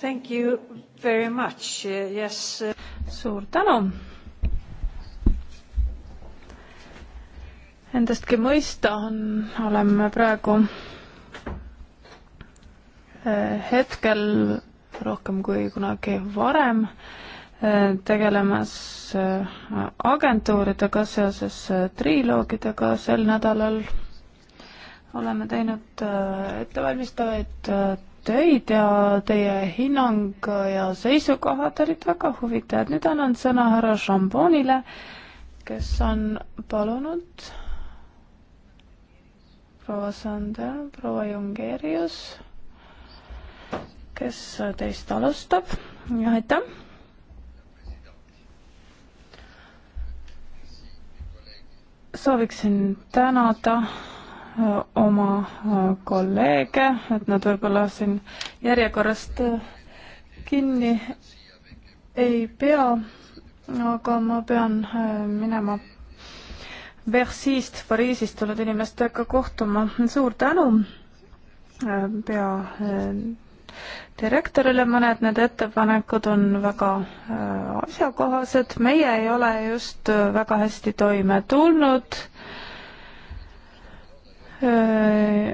Thank you very much. Yes. Uh, suur tänu. Endastki mõista on, oleme praegu äh, hetkel rohkem kui kunagi varem äh, tegelemas äh, agentuuridega seoses triloogidega sel nädalal oleme teinud ettevalmistavaid töid ja teie hinnang ja seisukohad olid väga huvitavad. nüüd annan sõna härra Šambonile, kes on palunud proua Sander, proua Jungerius, kes teist alustab. aitäh sooviksin tänada Äh, oma äh, kolleege, et nad võib-olla siin järjekorrast äh, kinni ei pea, aga ma pean minema Versiist, Pariisist tulnud inimestega kohtuma. suur tänu peadirektorile, mõned need ettepanekud on väga asjakohased, meie ei ole just väga hästi toime tulnud Äh,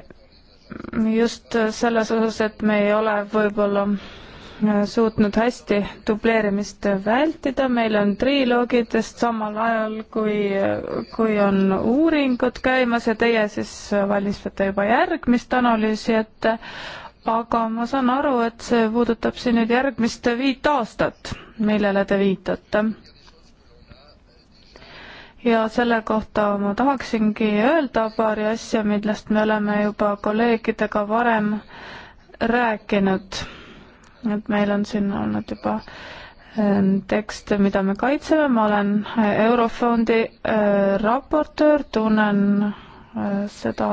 just selles osas, et me ei ole võib-olla äh, suutnud hästi dubleerimist vältida, meil on triloogidest samal ajal, kui, kui on uuringud käimas ja teie siis valmistate juba järgmist analüüsi ette, aga ma saan aru, et see puudutab siin nüüd järgmist viit aastat, millele te viitate ja selle kohta ma tahaksingi öelda paari asja, millest me oleme juba kolleegidega varem rääkinud. et meil on siin olnud juba ähm, tekste, mida me kaitseme, ma olen äh, Eurofondi äh, raportöör, tunnen äh, seda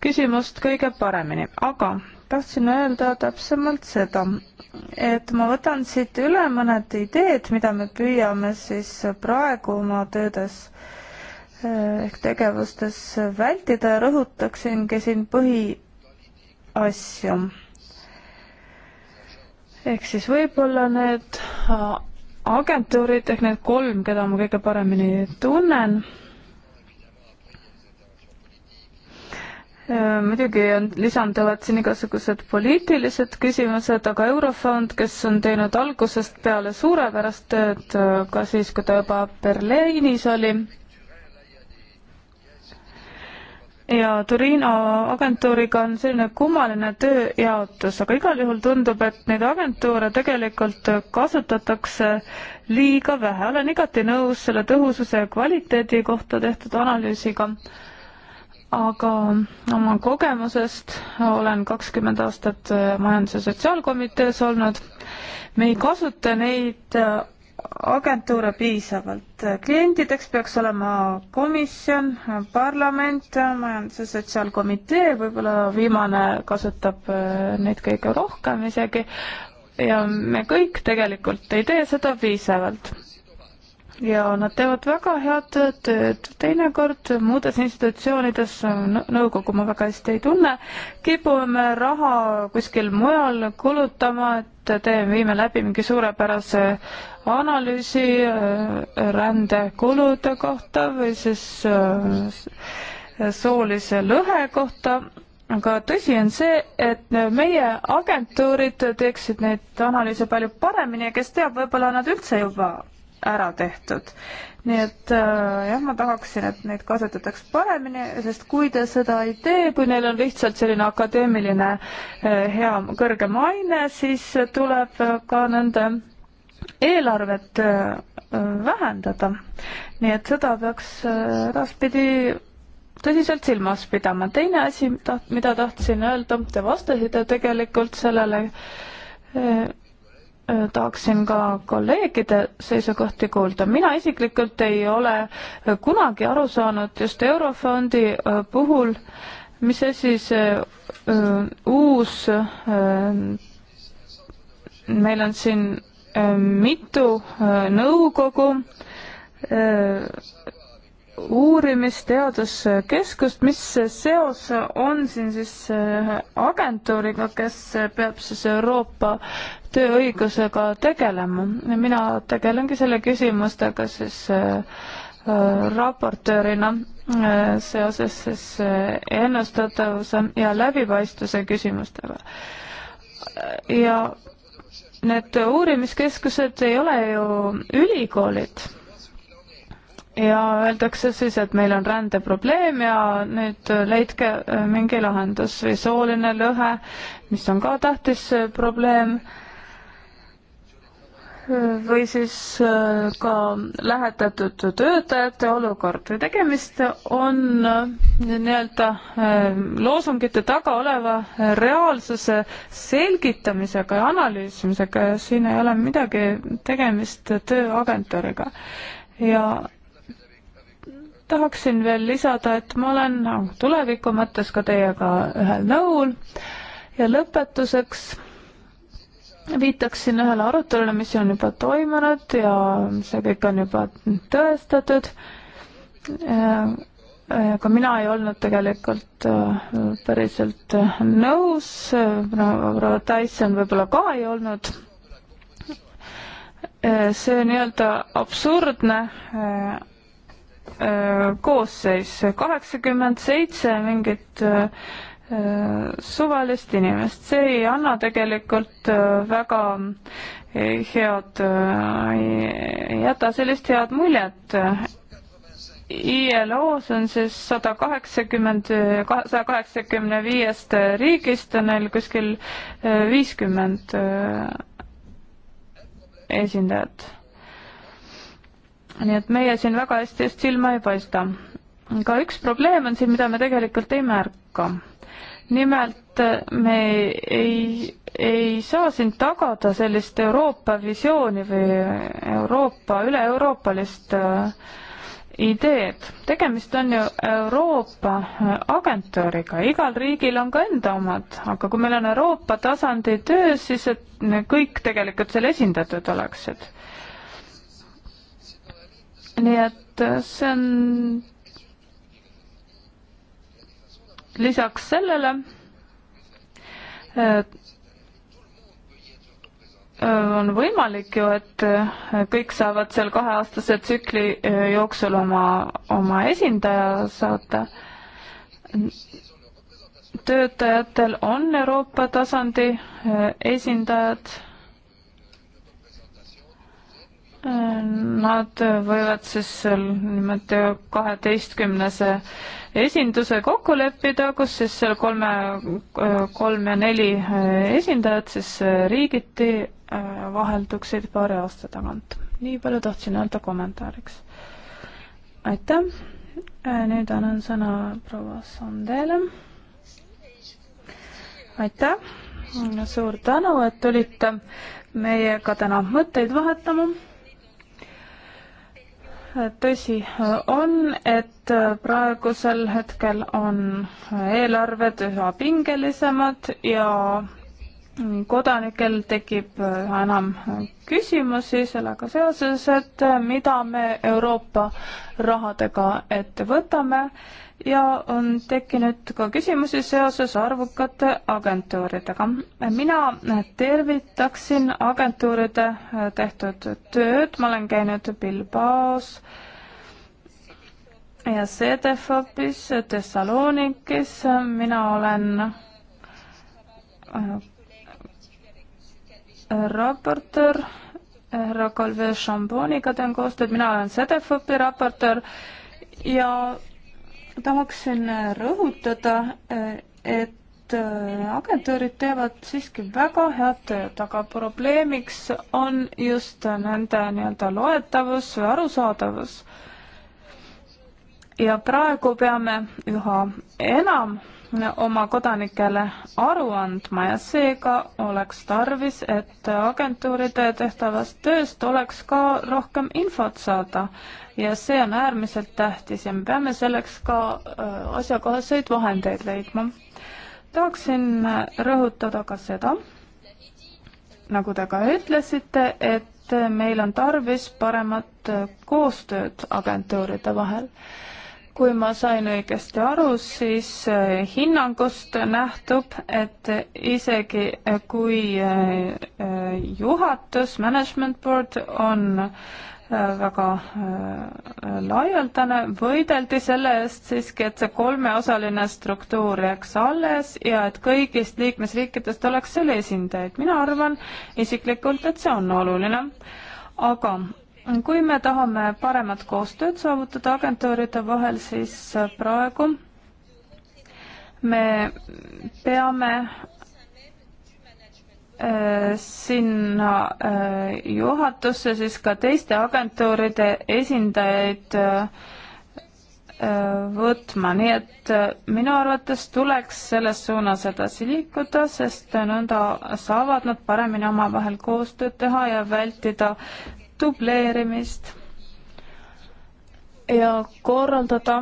küsimust kõige paremini, aga tahtsin öelda täpsemalt seda, et ma võtan siit üle mõned ideed, mida me püüame siis praegu oma töödes eh, ehk tegevustes vältida ja rõhutaksingi siin põhiasju. ehk siis võib-olla need ah, agentuurid ehk need kolm, keda ma kõige paremini tunnen Äh, muidugi on lisanduvad siin igasugused poliitilised küsimused, aga Eurofond, kes on teinud algusest peale suurepärast tööd, äh, ka siis, kui ta juba Berliinis oli, ja Torino agentuuriga on selline kummaline tööjaotus, aga igal juhul tundub, et neid agentuure tegelikult kasutatakse liiga vähe. olen igati nõus selle tõhususe ja kvaliteedi kohta tehtud analüüsiga aga oma kogemusest olen kakskümmend aastat äh, Majandus- ja Sotsiaalkomitees olnud. me ei kasuta neid äh, agentuure piisavalt. Äh, klientideks peaks olema komisjon, parlament, majandus- ja sotsiaalkomitee, võib-olla viimane kasutab neid kõige rohkem isegi, ja me kõik tegelikult ei tee seda piisavalt ja nad teevad väga head tööd. teinekord muudes institutsioonides, nõukogu ma väga hästi ei tunne, kipume raha kuskil mujal kulutama, et teeme, viime läbi mingi suurepärase analüüsi äh, rändekulude kohta või siis äh, soolise lõhe kohta, aga tõsi on see, et meie agentuurid teeksid neid analüüse palju paremini ja kes teab, võib-olla nad üldse juba ära tehtud. nii et äh, jah, ma tahaksin, et neid kasutataks paremini, sest kui te seda ei tee, kui neil on lihtsalt selline akadeemiline äh, hea kõrge maine, siis tuleb äh, ka nende eelarvet äh, vähendada. nii et seda peaks edaspidi tõsiselt silmas pidama. teine asi, mida tahtsin öelda, te vastasite tegelikult sellele Äh, tahaksin ka kolleegide seisukohti kuulda. mina isiklikult ei ole äh, kunagi aru saanud just Eurofondi äh, puhul, mis asi see uus, meil on siin mitu nõukogu, uurimisteaduskeskust, mis seos on siin siis äh, agentuuriga, kes peab siis Euroopa tööõigusega tegelema? mina tegelengi selle küsimustega siis äh, raportöörina äh, seoses siis ennustatavuse ja läbipaistvuse küsimustega. ja need uurimiskeskused ei ole ju ülikoolid ja öeldakse siis, et meil on rändeprobleem ja nüüd leidke äh, mingi lahendus või sooline lõhe, mis on ka tähtis äh, probleem, või siis äh, ka lähetatud töötajate olukord või tegemist on nii-öelda loosungite taga oleva reaalsuse selgitamisega ja analüüsimisega ja siin ei ole midagi tegemist tööagentuuriga. ja tahaksin veel lisada, et ma olen no, tuleviku mõttes ka teiega ühel nõul ja lõpetuseks viitaksin ühele arutelule, mis on juba toimunud ja see kõik on juba tõestatud. ka äh, äh, mina ei olnud tegelikult äh, päriselt nõus, proua Tyson võib-olla ka ei olnud see nii-öelda absurdne Äh, koosseis, kaheksakümmend seitse mingit äh, äh, suvalist inimest, see ei anna tegelikult väga head, ei jäta sellist head muljet. ILO-s on siis sada kaheksakümmend, saja kaheksakümne viiest riigist on neil kuskil viiskümmend esindajat nii et meie siin väga hästi just silma ei paista. aga üks probleem on siin, mida me tegelikult ei märka. nimelt äh, me ei, ei saa siin tagada sellist Euroopa visiooni või Euroopa, üle-euroopalist äh, ideed. tegemist on ju Euroopa äh, agentuuriga, igal riigil on ka enda omad, aga kui meil on Euroopa tasandi töö, siis et kõik tegelikult seal esindatud oleksid nii et äh, see on lisaks sellele äh, äh, on võimalik ju, et kõik saavad seal kaheaastase tsükli jooksul oma, oma esindaja saata. töötajatel on Euroopa tasandi esindajad Nad võivad siis seal nimelt kaheteistkümnese esinduse kokku leppida, kus siis seal kolme, kolm ja neli esindajat siis riigiti äh, vahelduksid paari aasta tagant. nii palju tahtsin öelda kommentaariks. aitäh. Äh, nüüd annan sõna proua Sandele. aitäh. suur tänu, et tulite meiega täna mõtteid vahetama tõsi on, et praegusel hetkel on eelarved üha pingelisemad ja kodanikel tekib üha enam küsimusi sellega seoses, et mida me Euroopa rahadega ette võtame ja on tekkinud ka küsimusi seoses arvukate agentuuridega. mina tervitaksin agentuuride tehtud tööd, ma olen käinud Bilbaos ja CDFOPis, Thessalonikis, mina olen äh, raportöör, härra Calvet Chamboniga teen koostööd, mina olen CDFOPi raportöör ja tahaksin rõhutada, et äh, agentuurid teevad siiski väga head tööd, aga probleemiks on just nende nii-öelda loetavus või arusaadavus. ja praegu peame üha enam oma kodanikele aru andma ja seega oleks tarvis, et agentuuride tehtavast tööst oleks ka rohkem infot saada ja see on äärmiselt tähtis ja me peame selleks ka äh, asjakohaseid vahendeid leidma. tahaksin rõhutada ka seda, nagu te ka ütlesite, et meil on tarvis paremat äh, koostööd agentuuride vahel kui ma sain õigesti aru, siis eh, hinnangust nähtub, et isegi eh, kui eh, juhatus, management board on väga laialdane, võideldi selle eest siiski, et see kolmeosaline struktuur jääks alles ja et kõigist liikmesriikidest oleks seal esindajaid. mina arvan isiklikult, et see on oluline. aga kui me tahame paremat koostööd saavutada agentuuride vahel, siis praegu me peame äh, sinna äh, juhatusse siis ka teiste agentuuride esindajaid äh, võtma, nii et minu arvates tuleks selles suunas edasi liikuda, sest nõnda saavad nad paremini omavahel koostööd teha ja vältida dubleerimist ja korraldada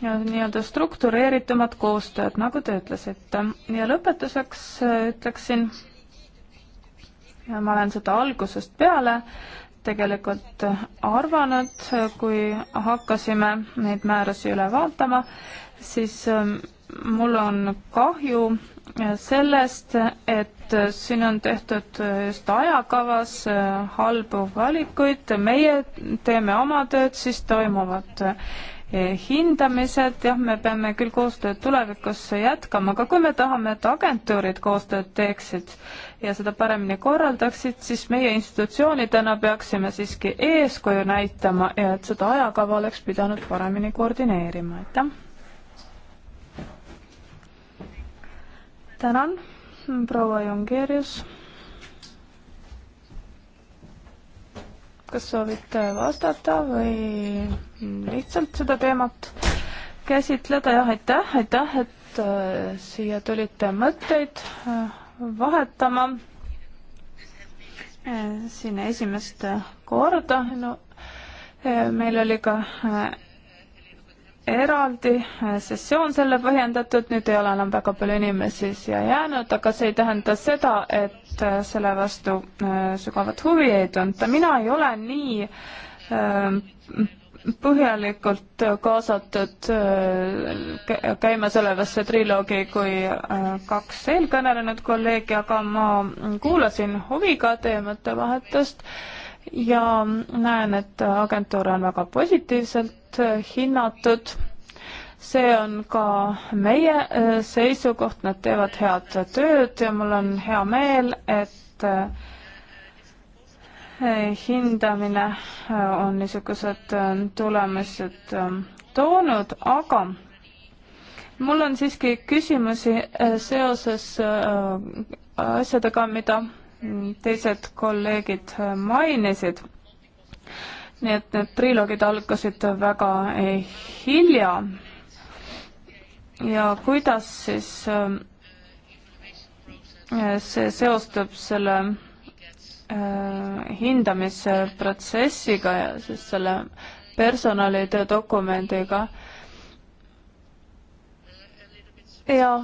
nii-öelda struktureeritumat koostööd, nagu te ütlesite. ja lõpetuseks äh, ütleksin, ja ma olen seda algusest peale tegelikult äh, arvanud, äh, kui hakkasime neid määrusi üle vaatama, siis ähm, mul on kahju äh, sellest, et äh, siin on tehtud äh, just ajakavas halbu valikuid, meie teeme oma tööd, siis toimuvad hindamised, jah, me peame küll koostööd tulevikus jätkama, aga kui me tahame, et agentuurid koostööd teeksid ja seda paremini korraldaksid, siis meie institutsioonidena peaksime siiski eeskuju näitama ja et seda ajakava oleks pidanud paremini koordineerima, aitäh tänan, proua Jongerius. kas soovite vastata või lihtsalt seda teemat käsitleda, jah, aitäh, aitäh, et äh, siia tulite mõtteid äh, vahetama. Äh, siin esimest korda, no meil oli ka eraldi äh, sessioon selle põhjendatud, nüüd ei ole enam väga palju inimesi siia jäänud, aga see ei tähenda seda, et äh, selle vastu äh, sügavat huvi ei tunta. mina ei ole nii põhjalikult kaasatud käimasolevasse triloogi kui kaks eelkõnelenud kolleegi, aga ma kuulasin huviga teie mõttevahetust äh, ja näen, et agentuure on väga positiivselt äh, hinnatud. see on ka meie äh, seisukoht, nad teevad head tööd ja mul on hea meel, et äh, hindamine on niisugused tulemused toonud, aga mul on siiski küsimusi seoses asjadega, mida teised kolleegid mainisid. nii et need triloogid algasid väga eh, hilja. ja kuidas siis eh, see seostub selle eh, hindamisprotsessiga ja siis selle personalitöö dokumendiga. ja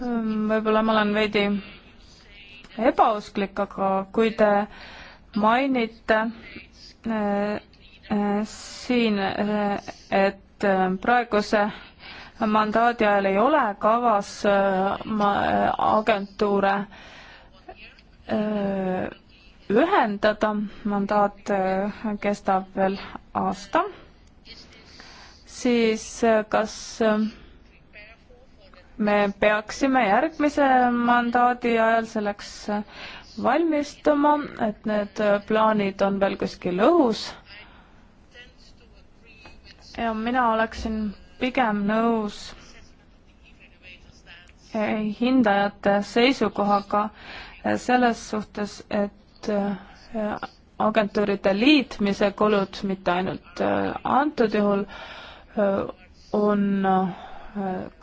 mm, võib-olla ma olen veidi ebausklik, aga kui te mainite äh, äh siin, äh, et äh, praeguse mandaadi ajal ei ole kavas agentuure ühendada, mandaat kestab veel aasta, siis kas me peaksime järgmise mandaadi ajal selleks valmistuma, et need plaanid on veel kuskil õhus. ja mina oleksin pigem nõus eh, hindajate seisukohaga eh, selles suhtes, et eh, agentuuride liitmise kulud, mitte ainult antud juhul, on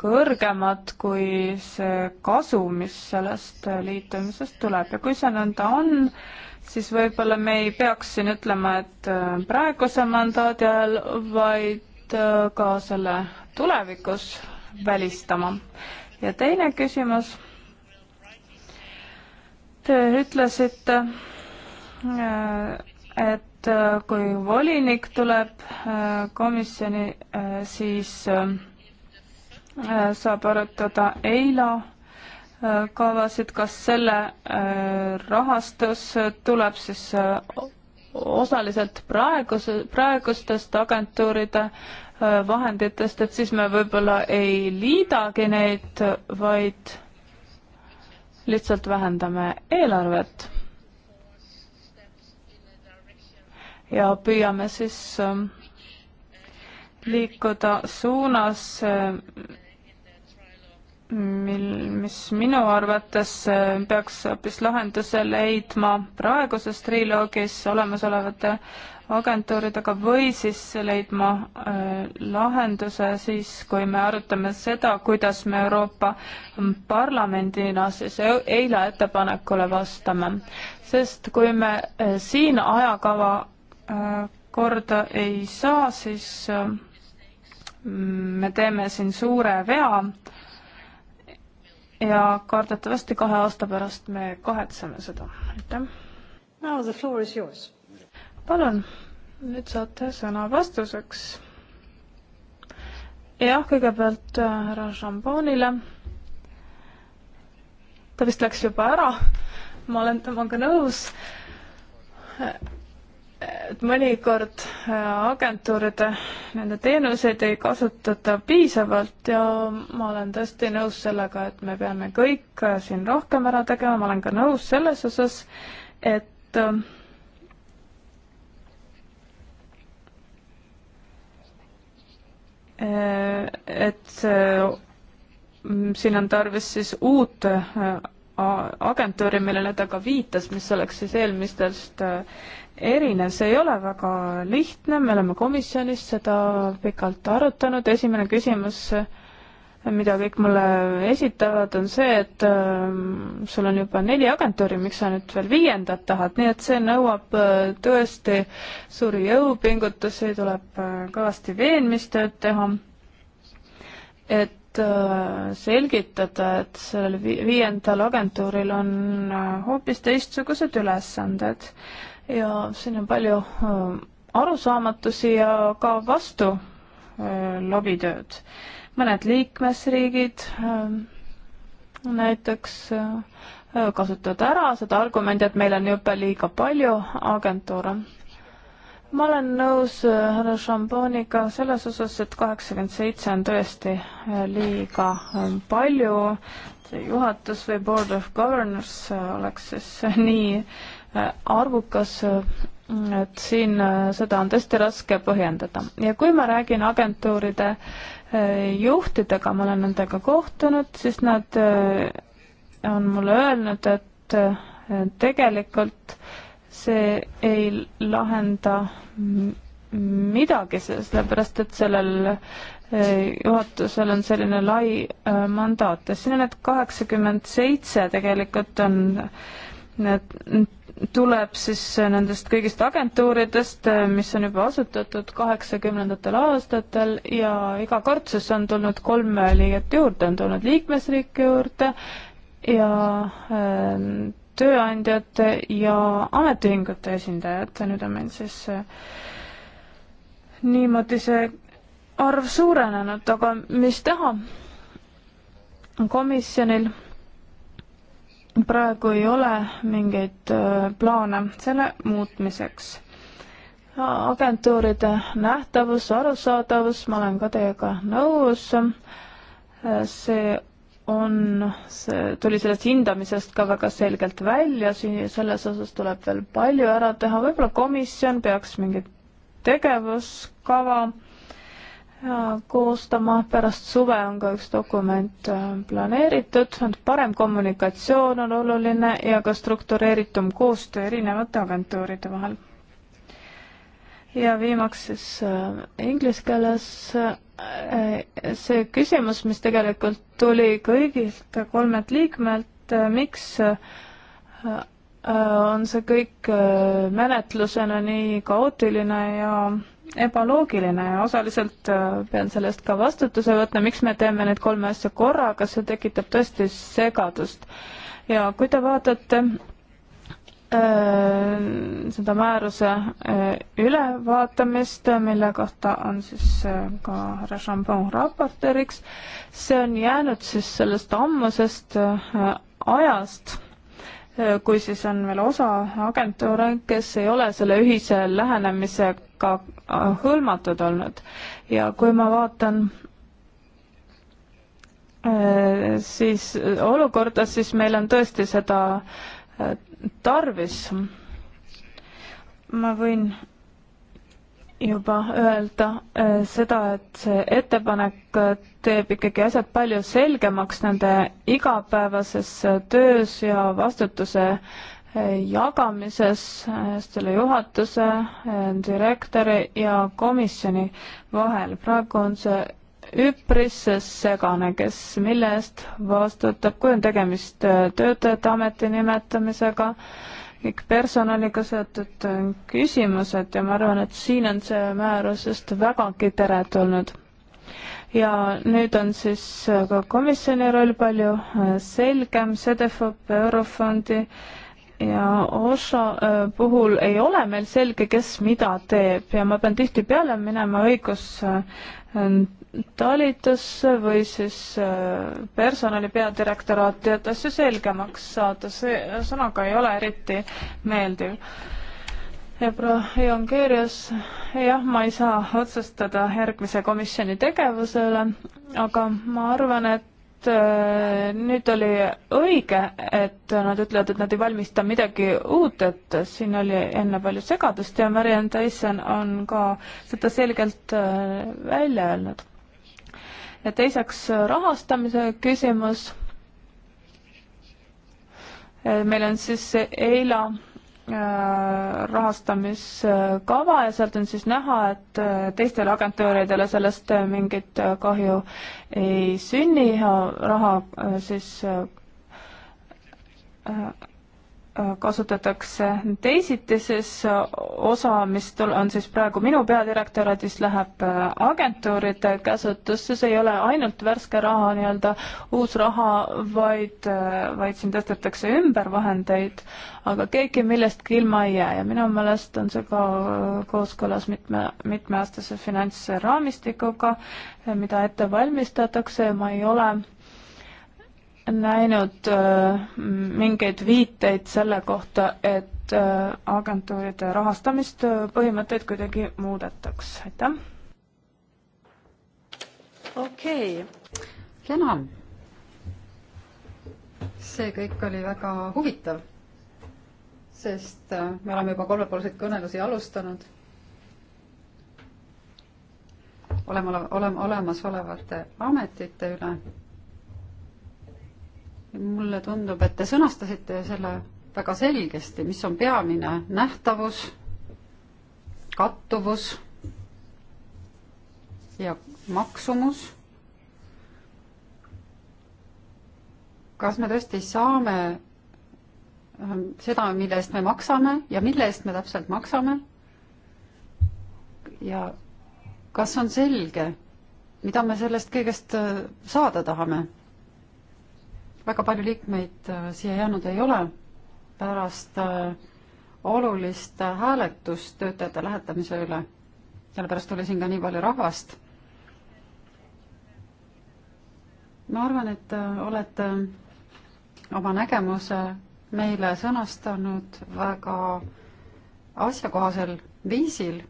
kõrgemad kui see kasu, mis sellest liitumisest tuleb ja kui see nõnda on, siis võib-olla me ei peaks siin ütlema, et äh, praeguse mandaadi ajal, vaid äh, ka selle tulevikus välistama. ja teine küsimus. Te ütlesite, äh, et kui volinik tuleb komisjoni, siis Äh, saab arutada EILA äh, kavasid, kas selle äh, rahastus tuleb siis osaliselt praeguse, praegustest agentuuride vahenditest, et siis me võib-olla ei liidagi neid, vaid lihtsalt vähendame eelarvet. ja püüame siis liikuda suunas, mil, mis minu arvates äh, peaks hoopis lahenduse leidma praeguses triloogis olemasolevate agentuuridega või siis leidma äh, lahenduse siis, kui me arutame seda, kuidas me Euroopa Parlamendina siis e-, eile ettepanekule vastame. sest kui me äh, siin ajakava korda ei saa, siis me teeme siin suure vea ja kardetavasti kahe aasta pärast me kahetseme seda, aitäh. Now the floor is yours. palun, nüüd saate sõna vastuseks. jah, kõigepealt äh, härra Šambonile. ta vist läks juba ära, ma olen temaga nõus et mõnikord äh, agentuuride, nende teenuseid ei kasutata piisavalt ja ma olen tõesti nõus sellega, et me peame kõik äh, siin rohkem ära tegema, ma olen ka nõus selles osas, et äh, et siin on tarvis siis uut agentuuri, millele ta ka viitas, mis oleks siis eelmistest äh, erinev, see ei ole väga lihtne, me oleme komisjonis seda pikalt arutanud, esimene küsimus, äh, mida kõik mulle esitavad, on see, et äh, sul on juba neli agentuuri, miks sa nüüd veel viiendat tahad, nii et see nõuab tõesti suuri jõupingutusi, tuleb kõvasti veenmistööd teha, et Äh, selgitada, et sellel viiendal agentuuril on äh, hoopis teistsugused ülesanded ja siin on palju äh, arusaamatusi ja ka vastu lobitööd. mõned liikmesriigid näiteks kasutavad ära seda argumendi, et meil on jube liiga palju agentuure ma olen nõus äh, härra Šamboniga selles osas, et kaheksakümmend seitse on tõesti äh, liiga ähm, palju. juhatus või board of governors äh, oleks siis nii arvukas, et siin seda on tõesti raske põhjendada. ja kui ma räägin agentuuride juhtidega, ma olen nendega kohtunud, siis nad on mulle öelnud, et tegelikult see ei lahenda midagi, sellepärast et sellel eh, juhatusel on selline lai eh, mandaat ja siin on need kaheksakümmend seitse tegelikult on, tuleb siis nendest kõigist agentuuridest, eh, mis on juba asutatud kaheksakümnendatel aastatel ja iga kord siis on tulnud kolm liiget juurde, on tulnud liikmesriike juurde ja tööandjate ja ametiühingute esindajad, nüüd on meil siis äh, niimoodi see arv suurenenud, aga mis teha, komisjonil praegu ei ole mingeid äh, plaane selle muutmiseks. agentuuride nähtavus, arusaadavus, ma olen ka teiega nõus, äh, see on see, tuli sellest hindamisest ka väga selgelt välja, siin selles osas tuleb veel palju ära teha, võib-olla komisjon peaks mingit tegevuskava äh, koostama, pärast suve on ka üks dokument äh, planeeritud, parem kommunikatsioon on oluline ja ka struktureeritum koostöö erinevate agentuuride vahel. ja viimaks siis äh, inglise keeles Äh, see küsimus, mis tegelikult tuli kõigilt kolmelt liikmelt, äh, miks äh, on see kõik menetlusena nii kaootiline ja ebaloogiline ja osaliselt pean selle eest ka vastutuse võtma, miks me teeme need kolme asja korraga, see tekitab tõesti segadust. ja kui te vaatate Äh, seda määruse äh, ülevaatamist, mille kohta on siis äh, ka härra Šampon raportööriks. see on jäänud siis sellest ammusest ajast, kui siis on veel osa agentuure, kes ei ole selle ühise lähenemisega hõlmatud olnud. ja kui ma vaatan siis olukorda, siis meil on tõesti seda tarvis. ma võin juba öelda äh, seda, et see ettepanek teeb ikkagi asjad palju selgemaks nende igapäevases äh, töös ja vastutuse äh, jagamises selle juhatuse, direktori ja komisjoni vahel. praegu on see üpris segane, kes mille eest vastutab, kui on tegemist äh, töötajate ameti nimetamisega, kõik personaliga seotud äh, küsimused ja ma arvan, et siin on see määrusest vägagi teretulnud. ja nüüd on siis äh, ka komisjoni roll palju selgem, Cedefop, Eurofondi ja osa puhul ei ole meil selge, kes mida teeb ja ma pean tihtipeale minema õigus Ähm, talitusse või siis äh, personali peadirektoraati, et asju selgemaks saada, see sõnaga ei ole eriti meeldiv. Ebra Jongeerias, jah, ma ei saa otsustada järgmise komisjoni tegevuse üle, aga ma arvan, et Äh, nüüd oli õige, et nad ütlevad, et nad ei valmista midagi uut, et siin oli enne palju segadust ja Marianne Tyson on ka seda selgelt äh, välja öelnud. ja teiseks rahastamise küsimus. Äh, meil on siis EILA Äh, rahastamiskava ja sealt on siis näha, et äh, teistele agentuuridele sellest äh, mingit kahju ei sünni ja raha siis kasutatakse teisiti, siis osa, mis on siis praegu minu peadirektoraadis, läheb äh, agentuuride käsutusse, see ei ole ainult värske raha, nii-öelda uus raha, vaid, äh, vaid siin tõstetakse ümber vahendeid, aga keegi millestki ilma ei jää ja minu meelest on see ka äh, kooskõlas mitme, mitmeaastase finantsraamistikuga, mida ette valmistatakse ja ma ei ole näinud äh, mingeid viiteid selle kohta, et äh, agentuuride rahastamist äh, põhimõtteid kuidagi muudetaks, aitäh. okei okay.. kena. see kõik oli väga huvitav, sest me oleme juba kolmepoolseid kõnelusi alustanud olema, olema olemasolevate ametite üle mulle tundub, et te sõnastasite selle väga selgesti, mis on peamine nähtavus, kattuvus ja maksumus. kas me tõesti saame ähm, seda, mille eest me maksame ja mille eest me täpselt maksame? ja kas on selge, mida me sellest kõigest äh, saada tahame? väga palju liikmeid äh, siia jäänud ei ole pärast äh, olulist äh, hääletust töötajate lähetamise üle. sellepärast oli siin ka nii palju rahvast. ma arvan, et olete oma nägemuse meile sõnastanud väga asjakohasel viisil.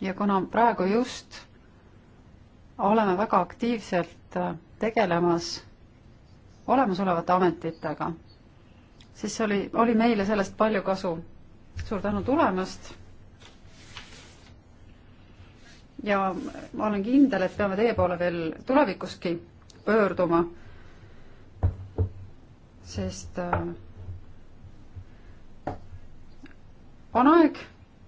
ja kuna praegu just oleme väga aktiivselt tegelemas olemasolevate ametitega, siis oli, oli meile sellest palju kasu. suur tänu tulemast. ja ma olen kindel, et peame teie poole veel tulevikuski pöörduma, sest äh, on aeg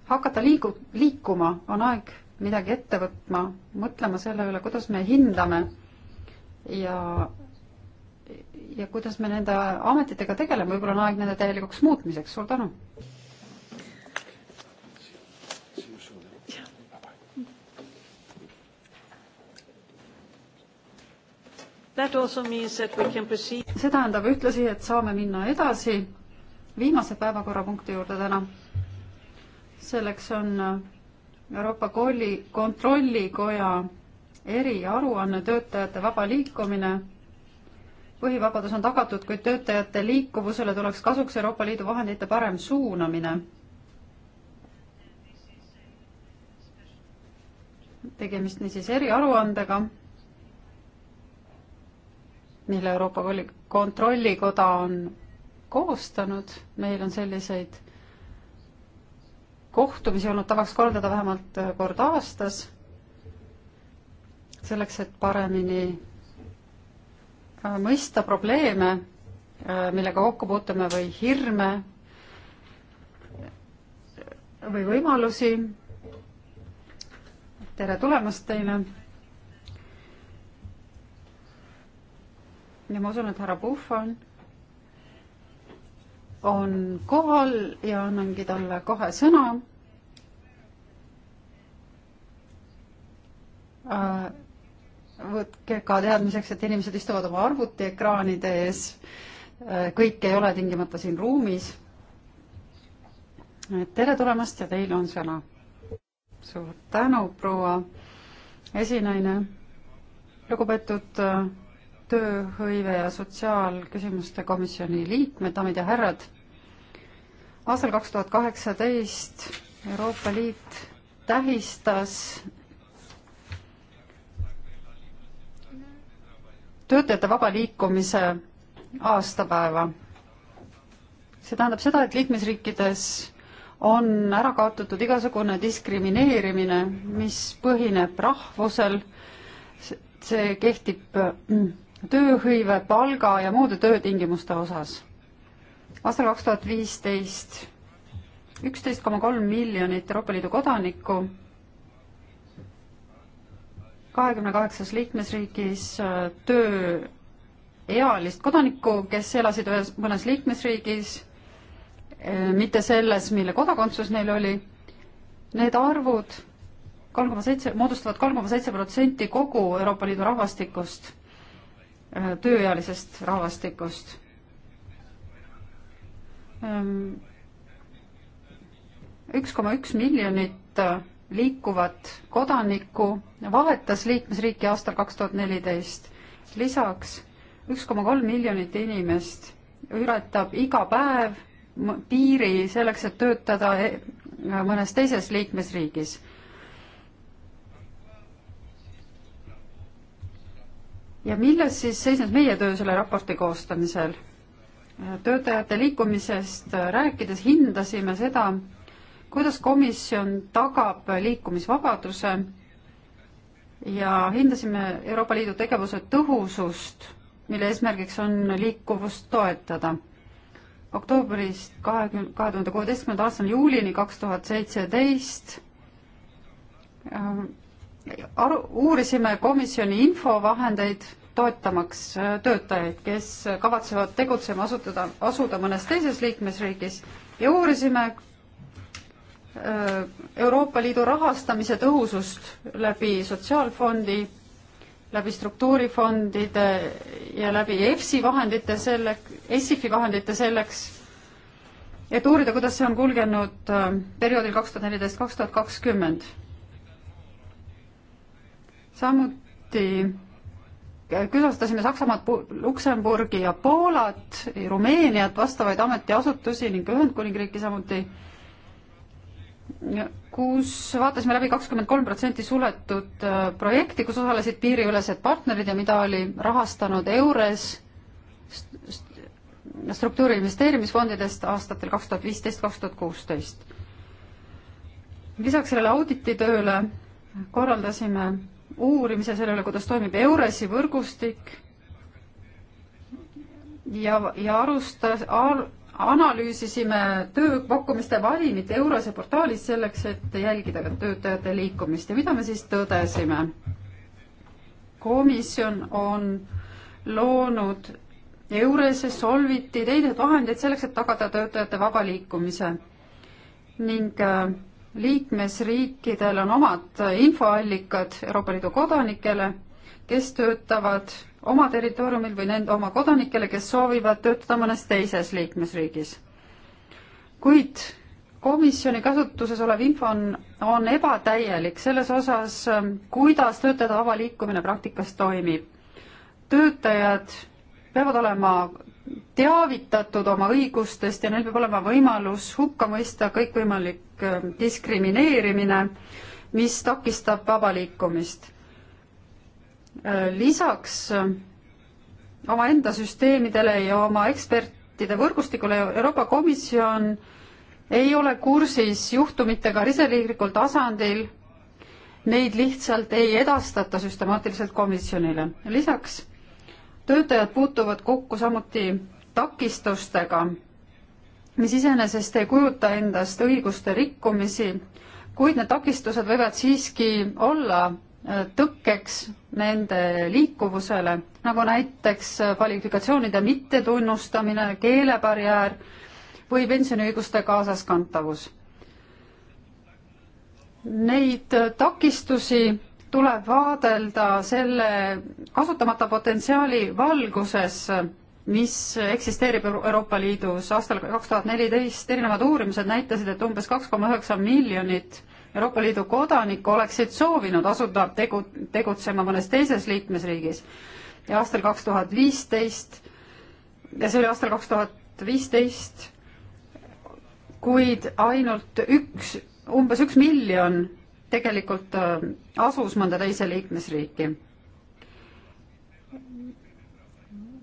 hakata liigu-, liikuma, on aeg midagi ette võtma, mõtlema selle üle, kuidas me hindame ja ja kuidas me nende ametitega tegeleme, võib-olla on aeg nende täielikuks muutmiseks, suur tänu. see tähendab ühtlasi, et saame minna edasi viimase päevakorrapunkti juurde täna. selleks on Euroopa kooli kontrollikoja eriaruanne Töötajate vaba liikumine põhivabadus on tagatud, kuid töötajate liikuvusele tuleks kasuks Euroopa Liidu vahendite parem suunamine. tegemist niisiis eriaruandega, mille Euroopa Kontrollikoda on koostanud, meil on selliseid kohtumisi olnud tavaks korraldada vähemalt kord aastas, selleks, et paremini Äh, mõista probleeme, äh, millega kokku puutume või hirme või võimalusi. tere tulemast teile. ja ma usun, et härra Puhvan on kohal ja annangi talle kohe sõna äh, võtke ka teadmiseks, et inimesed istuvad oma arvutiekraanide ees, kõik ei ole tingimata siin ruumis. tere tulemast ja teil on sõna. suur tänu, proua esinaine. lugupeetud äh, tööhõive ja sotsiaalküsimuste komisjoni liikmed, daamid ja härrad. aastal kaks tuhat kaheksateist Euroopa Liit tähistas töötajate vaba liikumise aastapäeva. see tähendab seda, et liikmesriikides on ära kaotatud igasugune diskrimineerimine, mis põhineb rahvusel, see kehtib mm, tööhõive, palga ja muude töötingimuste osas. aastal kaks tuhat viisteist üksteist koma kolm miljonit Euroopa Liidu kodanikku kahekümne kaheksas liikmesriigis äh, tööealist kodanikku, kes elasid ühes, mõnes liikmesriigis, äh, mitte selles, mille kodakondsus neil oli. Need arvud kolm koma seitse, moodustavad kolm koma seitse protsenti kogu Euroopa Liidu rahvastikust, äh, tööealisest rahvastikust. üks koma üks miljonit liikuvat kodanikku vahetas liikmesriiki aastal kaks tuhat neliteist. lisaks üks koma kolm miljonit inimest ületab iga päev piiri selleks, et töötada e-, mõnes teises liikmesriigis. ja milles siis seisnes meie töö selle raporti koostamisel? töötajate liikumisest rääkides hindasime seda, kuidas komisjon tagab liikumisvabaduse ja hindasime Euroopa Liidu tegevuse tõhusust, mille eesmärgiks on liikuvust toetada. oktoobrist kahekümne, kahe tuhande kuueteistkümnenda aastani juulini kaks tuhat seitseteist ähm, aru, uurisime komisjoni infovahendeid toetamaks äh, töötajaid, kes kavatsevad tegutsema asutada, asuda mõnes teises liikmesriigis ja uurisime Äh, Euroopa Liidu rahastamise tõhusust läbi Sotsiaalfondi, läbi struktuurifondide ja läbi EFSI vahendite selle, ESIF-i vahendite selleks, et uurida, kuidas see on kulgenud äh, perioodil kaks tuhat neliteist, kaks tuhat kakskümmend. samuti külastasime Saksamaad, Luksemburgi ja Poolat, Rumeeniat, vastavaid ametiasutusi ning Ühendkuningriiki samuti kus vaatasime läbi kakskümmend kolm protsenti suletud äh, projekti, kus osalesid piiriülesed partnerid ja mida oli rahastanud EURES struktuuri investeerimisfondidest aastatel kaks tuhat viisteist, kaks tuhat kuusteist. lisaks sellele audititööle korraldasime uurimise selle üle, kuidas toimib EURES-i võrgustik ja, ja arustas ar,, analüüsisime tööpakkumiste valimit Eurose portaalis selleks, et jälgida ka töötajate liikumist ja mida me siis tõdesime? komisjon on loonud Eurese, Solviti, teised vahendid selleks, et tagada töötajate vaba liikumise ning äh, liikmesriikidel on omad infoallikad Euroopa Liidu kodanikele, kes töötavad oma territooriumil või nende oma kodanikele, kes soovivad töötada mõnes teises liikmesriigis. kuid komisjoni kasutuses olev info on, on ebatäielik selles osas, ähm, kuidas töötajate vaba liikumine praktikas toimib. töötajad peavad olema teavitatud oma õigustest ja neil peab olema võimalus hukka mõista kõikvõimalik ähm, diskrimineerimine, mis takistab vaba liikumist. Äh, lisaks äh, omaenda süsteemidele ja oma ekspertide võrgustikule Euroopa Komisjon ei ole kursis juhtumitega riseriiklikul tasandil, neid lihtsalt ei edastata süstemaatiliselt komisjonile. lisaks töötajad puutuvad kokku samuti takistustega, mis iseenesest ei kujuta endast õiguste rikkumisi, kuid need takistused võivad siiski olla tõkkeks nende liikuvusele, nagu näiteks kvalifikatsioonide mittetunnustamine, keelebarjäär või pensioniõiguste kaasaskantavus. Neid takistusi tuleb vaadelda selle kasutamata potentsiaali valguses, mis eksisteerib Euroopa Liidus. aastal kaks tuhat neliteist erinevad uurimused näitasid, et umbes kaks koma üheksa miljonit Euroopa Liidu kodanikku oleksid soovinud asuda tegu, tegutsema mõnes teises liikmesriigis. ja aastal kaks tuhat viisteist, ja see oli aastal kaks tuhat viisteist, kuid ainult üks, umbes üks miljon tegelikult äh, asus mõnda teise liikmesriiki.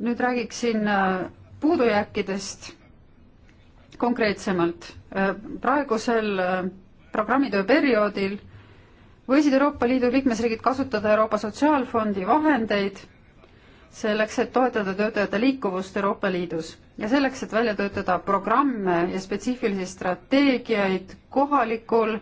nüüd räägiksin äh, puudujääkidest konkreetsemalt. Äh, praegusel programmitöö perioodil võisid Euroopa Liidu liikmesriigid kasutada Euroopa Sotsiaalfondi vahendeid selleks, et toetada töötajate liikuvust Euroopa Liidus ja selleks, et välja töötada programme ja spetsiifilisi strateegiaid kohalikul,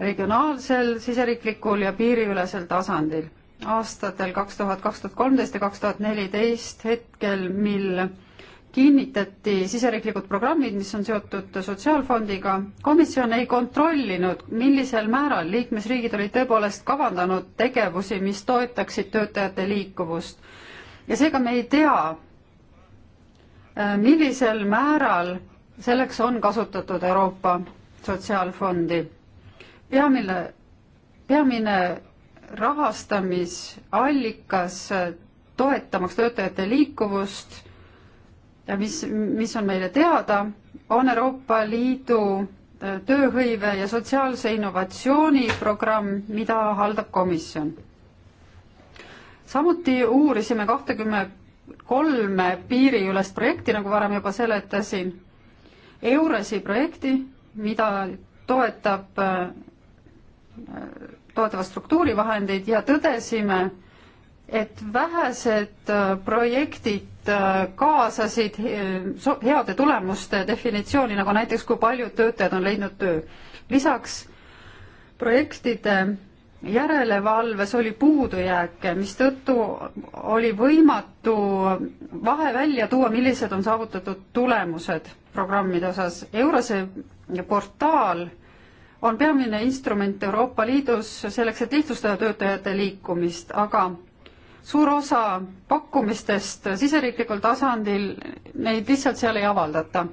regionaalsel, siseriiklikul ja piiriülesel tasandil. aastatel kaks tuhat, kaks tuhat kolmteist ja kaks tuhat neliteist hetkel, mil kinnitati siseriiklikud programmid, mis on seotud Sotsiaalfondiga. komisjon ei kontrollinud, millisel määral liikmesriigid olid tõepoolest kavandanud tegevusi, mis toetaksid töötajate liikuvust. ja seega me ei tea, äh, millisel määral selleks on kasutatud Euroopa Sotsiaalfondi. peamine, peamine rahastamisallikas toetamaks töötajate liikuvust ja mis, mis on meile teada, on Euroopa Liidu äh, tööhõive ja sotsiaalse innovatsiooni programm, mida haldab komisjon. samuti uurisime kahtekümme kolme piiriülest projekti, nagu varem juba seletasin, EURES-i projekti, mida toetab, äh, äh, toetavad struktuurivahendid ja tõdesime, et vähesed äh, projektid äh, kaasasid äh, heade tulemuste definitsiooni, nagu näiteks kui paljud töötajad on leidnud töö. lisaks projektide järelevalves oli puudujääke, mistõttu oli võimatu vahe välja tuua, millised on saavutatud tulemused programmide osas. Eurose portaal on peamine instrument Euroopa Liidus selleks, et lihtsustada töötajate liikumist, aga suur osa pakkumistest siseriiklikul tasandil, neid lihtsalt seal ei avaldata.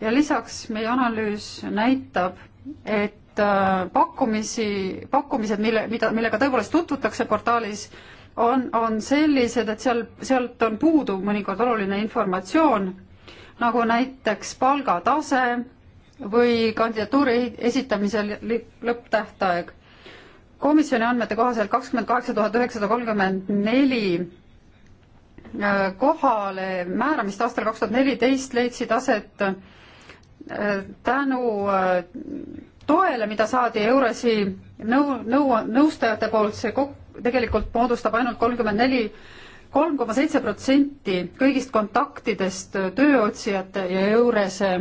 ja lisaks meie analüüs näitab, et äh, pakkumisi, pakkumised, mille, mida, millega tõepoolest tutvutakse portaalis, on, on sellised, et seal, sealt on puudu mõnikord oluline informatsioon, nagu näiteks palgatase või kandidatuuri esitamisel lõpptähtaeg komisjoni andmete kohaselt kakskümmend kaheksa tuhat üheksasada kolmkümmend neli äh, kohale määramist aastal kaks tuhat neliteist leidsid aset äh, tänu äh, toele, mida saadi EURES-i nõu, nõu, nõustajate poolt, see kok-, tegelikult moodustab ainult kolmkümmend neli, kolm koma seitse protsenti kõigist kontaktidest tööotsijate ja EURES-e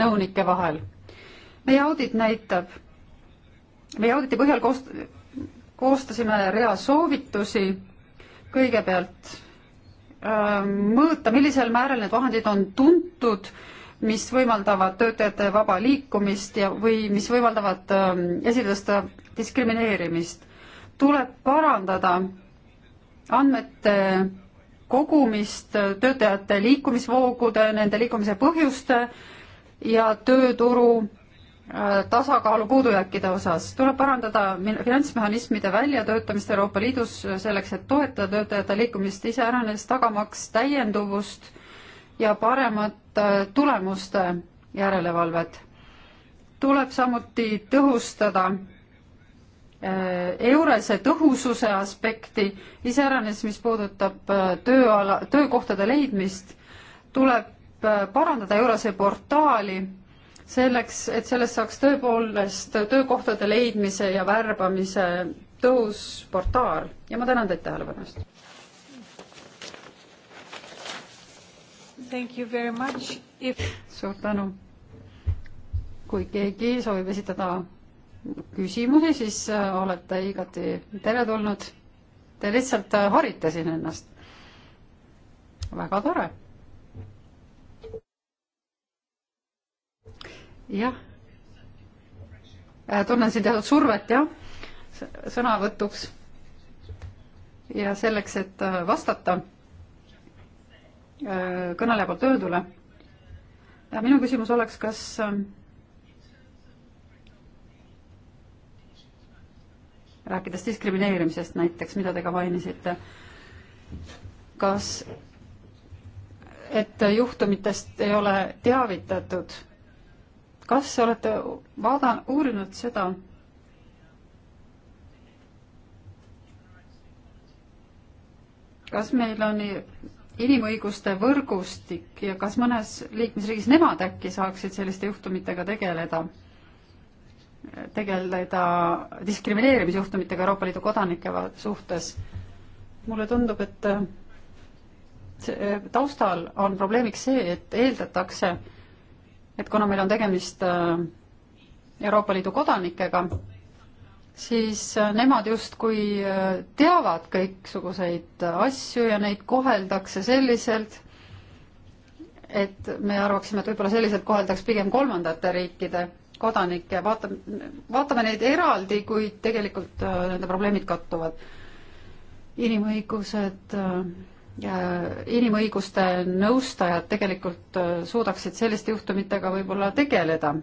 nõunike vahel. meie audit näitab, meie auditi põhjal koost-, koostasime rea soovitusi, kõigepealt ähm, mõõta, millisel määral need vahendid on tuntud, mis võimaldavad töötajate vaba liikumist ja, või mis võimaldavad ähm, esile tõsta diskrimineerimist. tuleb parandada andmete kogumist, äh, töötajate liikumisvoogude, nende liikumise põhjuste ja tööturu Äh, tasakaalu puudujääkide osas. tuleb parandada finantsmehhanismide väljatöötamist Euroopa Liidus äh, selleks, et toetada töötajate liikumist iseäranis, tagamaks täienduvust ja paremat äh, tulemuste järelevalvet. tuleb samuti tõhustada Eurese tõhususe aspekti, iseäranis, mis puudutab tööala, töökohtade leidmist, tuleb parandada Eurose portaali selleks, et sellest saaks tõepoolest töökohtade leidmise ja värbamise tõhus portaal ja ma tänan teid tähelepanu eest. Thank you very much If.... suur tänu. kui keegi soovib esitada küsimusi, siis äh, olete igati teretulnud. Te lihtsalt äh, harite siin ennast. väga tore jah, äh, tunnen siin teatud survet, jah, sõnavõtuks ja selleks, et äh, vastata äh, kõneleja poolt öeldule. minu küsimus oleks, kas ähm, rääkides diskrimineerimisest näiteks, mida te ka mainisite, kas, et juhtumitest ei ole teavitatud kas olete vaadan-, uurinud seda, kas meil on inimõiguste võrgustik ja kas mõnes liikmesriigis nemad äkki saaksid selliste juhtumitega tegeleda, tegeleda diskrimineerimisjuhtumitega Euroopa Liidu kodanike suhtes? mulle tundub, et taustal on probleemiks see, et eeldatakse, et kuna meil on tegemist äh, Euroopa Liidu kodanikega, siis äh, nemad justkui äh, teavad kõiksuguseid asju ja neid koheldakse selliselt, et me arvaksime, et võib-olla selliselt koheldaks pigem kolmandate riikide kodanikke, vaatame, vaatame neid eraldi, kuid tegelikult nende probleemid kattuvad. inimõigused äh, inimõiguste nõustajad tegelikult äh, suudaksid selliste juhtumitega võib-olla tegeleda,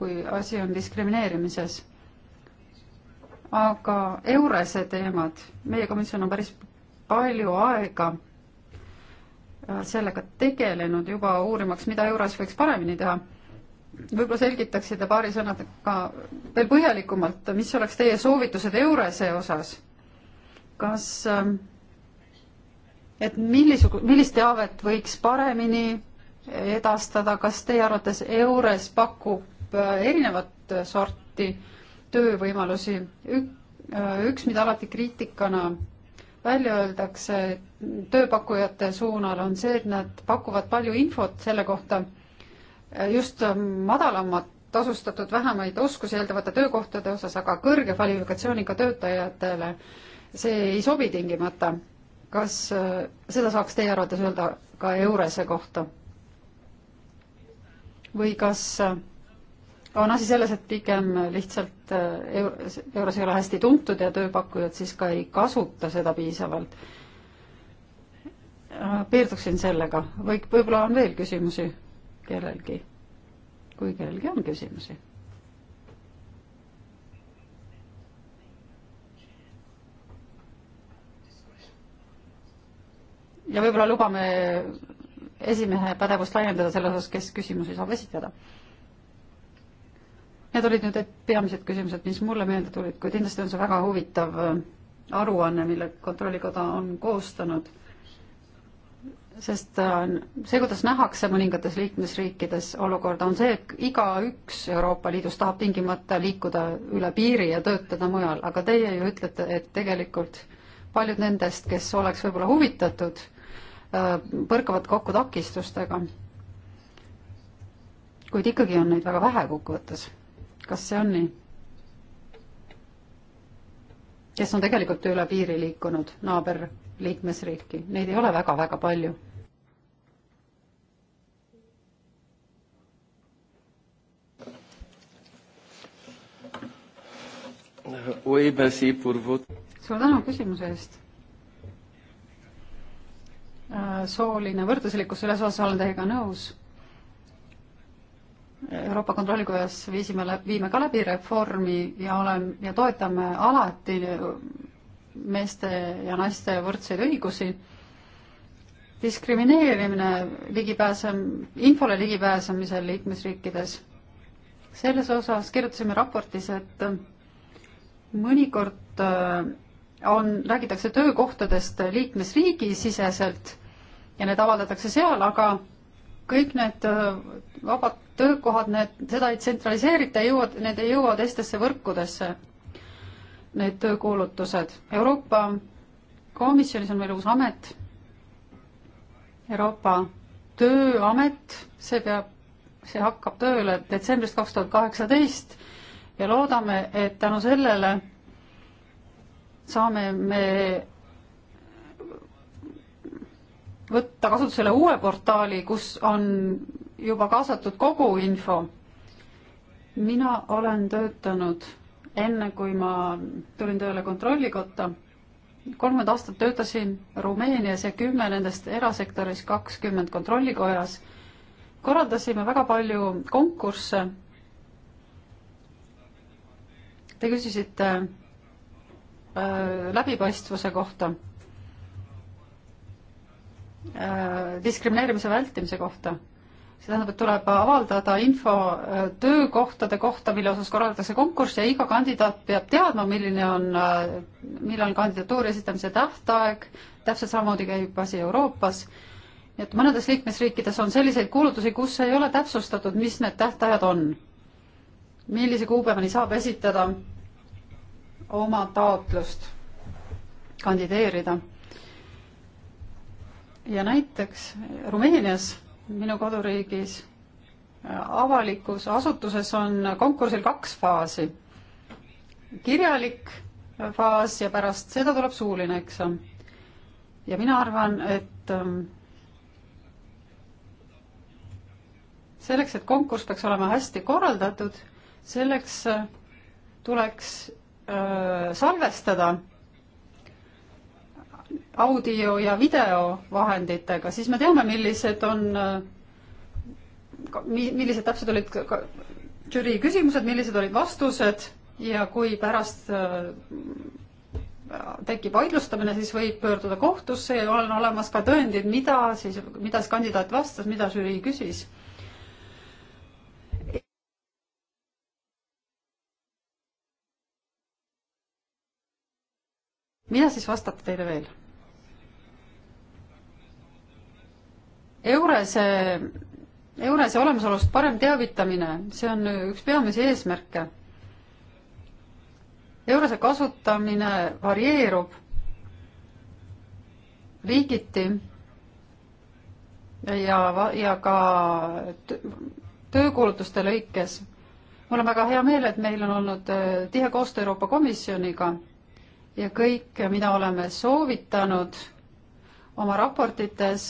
kui asi on diskrimineerimises. aga EURES-e teemad, meie komisjon on päris palju aega äh, sellega tegelenud juba uurimaks, mida EURES võiks paremini teha. võib-olla selgitaksite paari sõnaga veel põhjalikumalt, mis oleks teie soovitused EURES-e osas? kas äh, et millisugu-, millist teavet võiks paremini edastada, kas teie arvates EURES pakub äh, erinevat sorti töövõimalusi? Äh, üks, mida alati kriitikana välja öeldakse tööpakkujate suunal, on see, et nad pakuvad palju infot selle kohta, äh, just madalamat tasustatud vähemaid oskusi eeldavate töökohtade osas, aga kõrge kvalifikatsiooniga töötajatele see ei sobi tingimata kas äh, seda saaks teie arvates öelda ka Eurese kohta? või kas äh, on asi selles, et pigem lihtsalt äh, Euros, Euros ei ole hästi tuntud ja tööpakkujad siis ka ei kasuta seda piisavalt? piirduksin sellega või võib-olla on veel küsimusi kellelgi, kui kellelgi on küsimusi ja võib-olla lubame esimehe pädevust laiendada selle osas, kes küsimusi saab esitada. Need olid nüüd peamised küsimused, mis mulle meelde tulid, kuid kindlasti on see väga huvitav äh, aruanne, mille Kontrollikoda on koostanud. sest äh, see, kuidas nähakse mõningates liikmesriikides olukorda, on see, et igaüks Euroopa Liidus tahab tingimata liikuda üle piiri ja töötada mujal, aga teie ju ütlete, et tegelikult paljud nendest, kes oleks võib-olla huvitatud Äh, põrkavad kokku takistustega. kuid ikkagi on neid väga vähe kokkuvõttes. kas see on nii? kes on tegelikult üle piiri liikunud naaberliikmesriiki, neid ei ole väga-väga palju Oui, merci pour votre... suur tänu küsimuse eest Äh, sooline võrdluslikkus, selles osas olen teiega nõus. Euroopa Kontrollikojas viisime, viime ka läbi reformi ja olen ja toetame alati meeste ja naiste võrdseid õigusi. diskrimineerimine ligipääsem, infole ligipääsemisel liikmesriikides. selles osas kirjutasime raportis, et mõnikord äh, on, räägitakse töökohtadest liikmesriigi siseselt ja need avaldatakse seal, aga kõik need äh, vabad töökohad, need, seda ei tsentraliseerita, ei jõua, need ei jõua teistesse võrkudesse, need töökuulutused. Euroopa Komisjonis on meil uus amet, Euroopa Tööamet, see peab, see hakkab tööle detsembrist kaks tuhat kaheksateist ja loodame, et tänu sellele saame me võtta kasutusele uue portaali, kus on juba kaasatud kogu info. mina olen töötanud enne, kui ma tulin tööle Kontrollikotta, kolmkümmend aastat töötasin Rumeenias ja kümme nendest erasektoris, kakskümmend Kontrollikojas. korraldasime väga palju konkursse. Te küsisite äh, läbipaistvuse kohta Äh, diskrimineerimise vältimise kohta. see tähendab, et tuleb avaldada info äh, töökohtade kohta, mille osas korraldatakse konkurss ja iga kandidaat peab teadma, milline on, äh, millal on kandidatuuri esitamise tähtaeg, täpselt samamoodi käib asi Euroopas et mõnedes liikmesriikides on selliseid kuulutusi, kus ei ole täpsustatud, mis need tähtajad on. millise kuupäevani saab esitada oma taotlust kandideerida ja näiteks Rumeenias, minu koduriigis, avalikus asutuses on konkursil kaks faasi. kirjalik faas ja pärast seda tuleb suuline eksam. ja mina arvan, et ähm, selleks, et konkurss peaks olema hästi korraldatud, selleks äh, tuleks öö, äh, salvestada audio ja videovahenditega, siis me teame, millised on, äh, millised täpselt olid žürii küsimused, millised olid vastused ja kui pärast äh, tekib vaidlustamine, siis võib pöörduda kohtusse ja on olemas ka tõendid, mida siis, mida siis kandidaat vastas, mida žürii küsis. mida siis vastata teile veel? Eurese, eh, Eurese olemasolust parem teavitamine, see on üks peamisi eesmärke. Eurese kasutamine varieerub riigiti ja, ja ka töökuulutuste lõikes. mul on väga hea meel, et meil on olnud eh, tihe koostöö Euroopa Komisjoniga ja kõik, mida oleme soovitanud oma raportites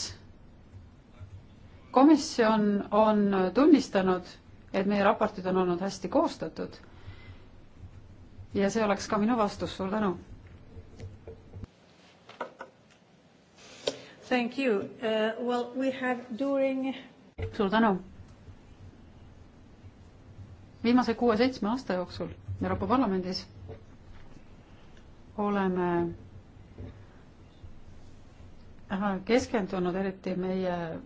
komisjon on tunnistanud, et meie raportid on olnud hästi koostatud. ja see oleks ka minu vastus, suur tänu. Thank you uh,. Well, we have during. suur tänu. viimase kuue-seitsme aasta jooksul Euroopa Parlamendis oleme keskendunud eriti meie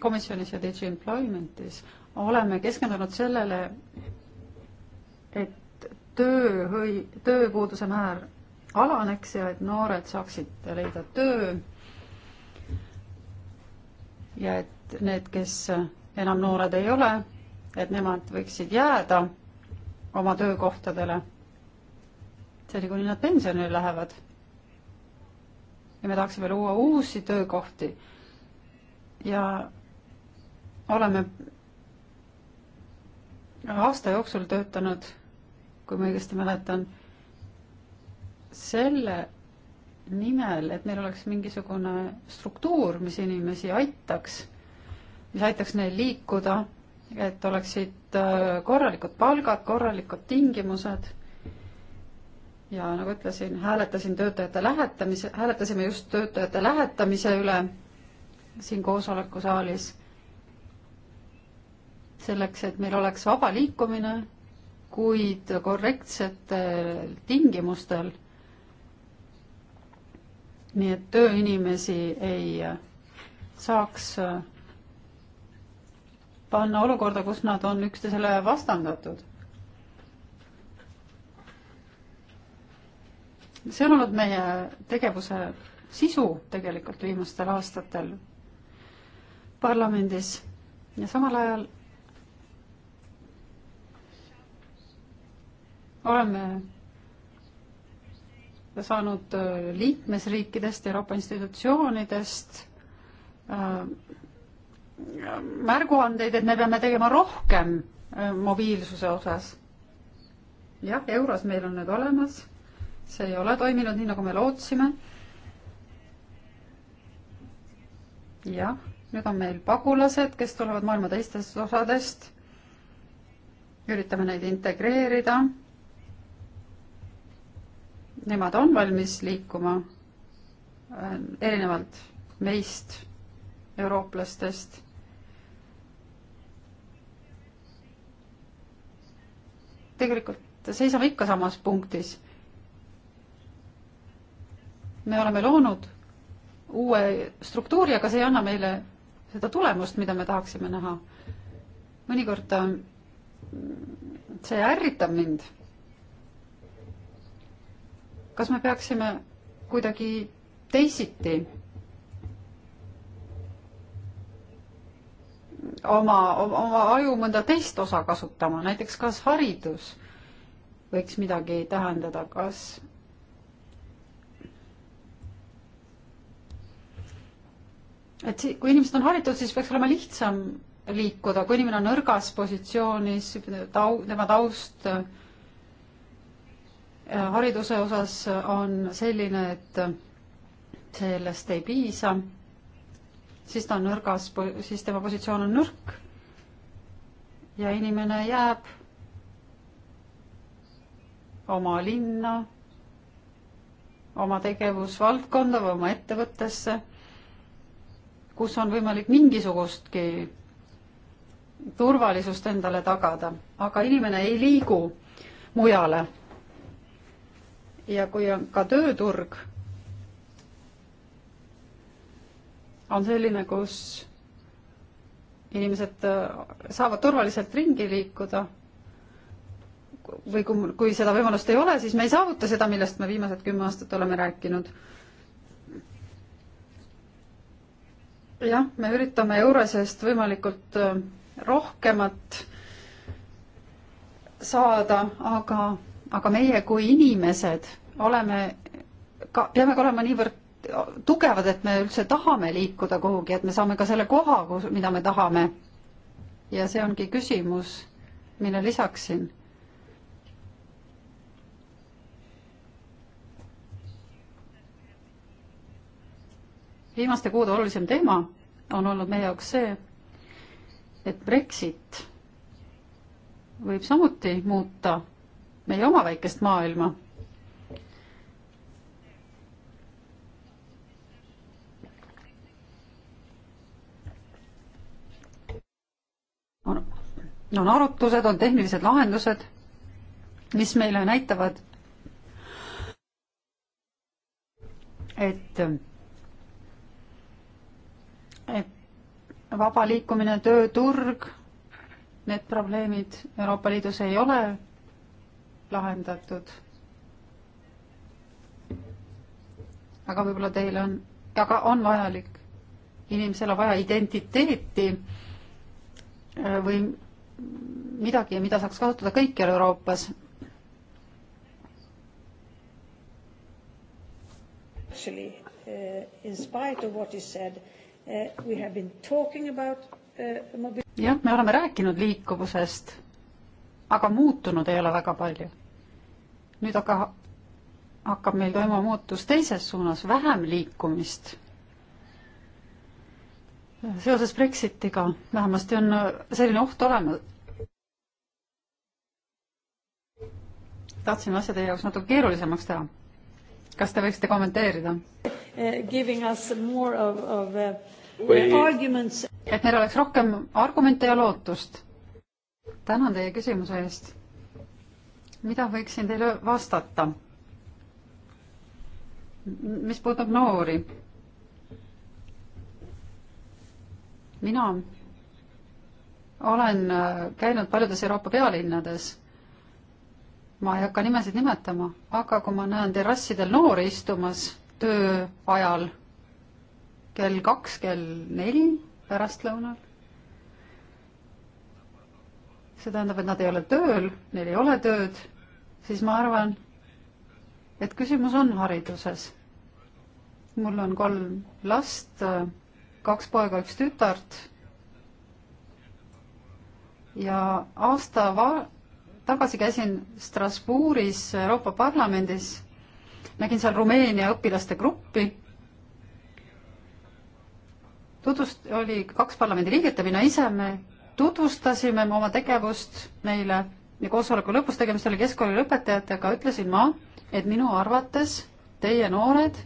komisjonis ja DG Employmentis oleme keskendunud sellele, et tööhõi-, tööpuuduse määr alaneks ja et noored saaksid leida töö ja et need, kes enam noored ei ole, et nemad võiksid jääda oma töökohtadele seni, kuni nad pensionile lähevad. ja me tahaksime luua uusi töökohti ja oleme aasta jooksul töötanud, kui ma õigesti mäletan, selle nimel, et meil oleks mingisugune struktuur, mis inimesi aitaks, mis aitaks neil liikuda, et oleksid äh, korralikud palgad, korralikud tingimused ja nagu ütlesin, hääletasin töötajate lähetamise, hääletasime just töötajate lähetamise üle siin koosolekusaalis selleks, et meil oleks vaba liikumine, kuid korrektsetel tingimustel. nii et tööinimesi ei saaks panna olukorda, kus nad on üksteisele vastandatud. see on olnud meie tegevuse sisu tegelikult viimastel aastatel parlamendis ja samal ajal oleme saanud äh, liikmesriikidest, Euroopa institutsioonidest äh, märguandeid, et me peame tegema rohkem äh, mobiilsuse osas. jah, euros meil on need olemas, see ei ole toiminud nii, nagu me lootsime. jah, nüüd on meil pagulased, kes tulevad maailma teistest osadest. üritame neid integreerida nemad on valmis liikuma äh, erinevalt meist, eurooplastest. tegelikult seisame ikka samas punktis. me oleme loonud uue struktuuri, aga see ei anna meile seda tulemust, mida me tahaksime näha. mõnikord äh, see ärritab mind kas me peaksime kuidagi teisiti oma, oma aju mõnda teist osa kasutama, näiteks kas haridus võiks midagi tähendada, kas et si-, kui inimesed on haritud, siis peaks olema lihtsam liikuda, kui inimene on nõrgas positsioonis, tau-, tema taust äh, hariduse osas on selline, et sellest ei piisa, siis ta on nõrgas, siis tema positsioon on nõrk ja inimene jääb oma linna, oma tegevusvaldkonda või oma ettevõttesse, kus on võimalik mingisugustki turvalisust endale tagada, aga inimene ei liigu mujale ja kui on ka tööturg on selline, kus inimesed äh, saavad turvaliselt ringi liikuda või kui, kui seda võimalust ei ole, siis me ei saavuta seda, millest me viimased kümme aastat oleme rääkinud. jah, me üritame Euresest võimalikult äh, rohkemat saada, aga aga meie kui inimesed oleme ka, peame ka olema niivõrd tugevad, et me üldse tahame liikuda kuhugi, et me saame ka selle koha, kus, mida me tahame. ja see ongi küsimus, mille lisaksin. viimaste kuude olulisem teema on olnud meie jaoks see, et Brexit võib samuti muuta meie oma väikest maailma. on, on arutlused, on tehnilised lahendused, mis meile näitavad, et, et vaba liikumine, tööturg, need probleemid Euroopa Liidus ei ole lahendatud. aga võib-olla teil on, aga on vajalik, inimesel on vaja identiteeti äh, või midagi, mida saaks kasutada kõikjal Euroopas actually, uh, in spite of what is said, uh, we have been talking about uh, mobility. jah, me oleme rääkinud liikuvusest, aga muutunud ei ole väga palju nüüd aga hakkab meil toimuma muutus teises suunas, vähem liikumist. seoses Brexitiga vähemasti on selline oht olemas. tahtsime asja teie jaoks natuke keerulisemaks teha. kas te võiksite kommenteerida uh,? et meil oleks rohkem argumente ja lootust. tänan teie küsimuse eest mida võiksin teile vastata? mis puudutab noori, mina olen äh, käinud paljudes Euroopa pealinnades, ma ei hakka nimesid nimetama, aga kui ma näen terrassidel noori istumas töö ajal kell kaks, kell neli pärastlõunal, see tähendab, et nad ei ole tööl, neil ei ole tööd siis ma arvan, et küsimus on hariduses. mul on kolm last, kaks poega, üks tütart. ja aasta va-, tagasi käisin Strasbourgis Euroopa Parlamendis, nägin seal Rumeenia õpilaste gruppi tutvust-, oli kaks parlamendiliiget ja mina ise, me tutvustasime oma tegevust neile koosoleku lõpus, tegemist oli keskkooli lõpetajatega, ütlesin ma, et minu arvates teie noored,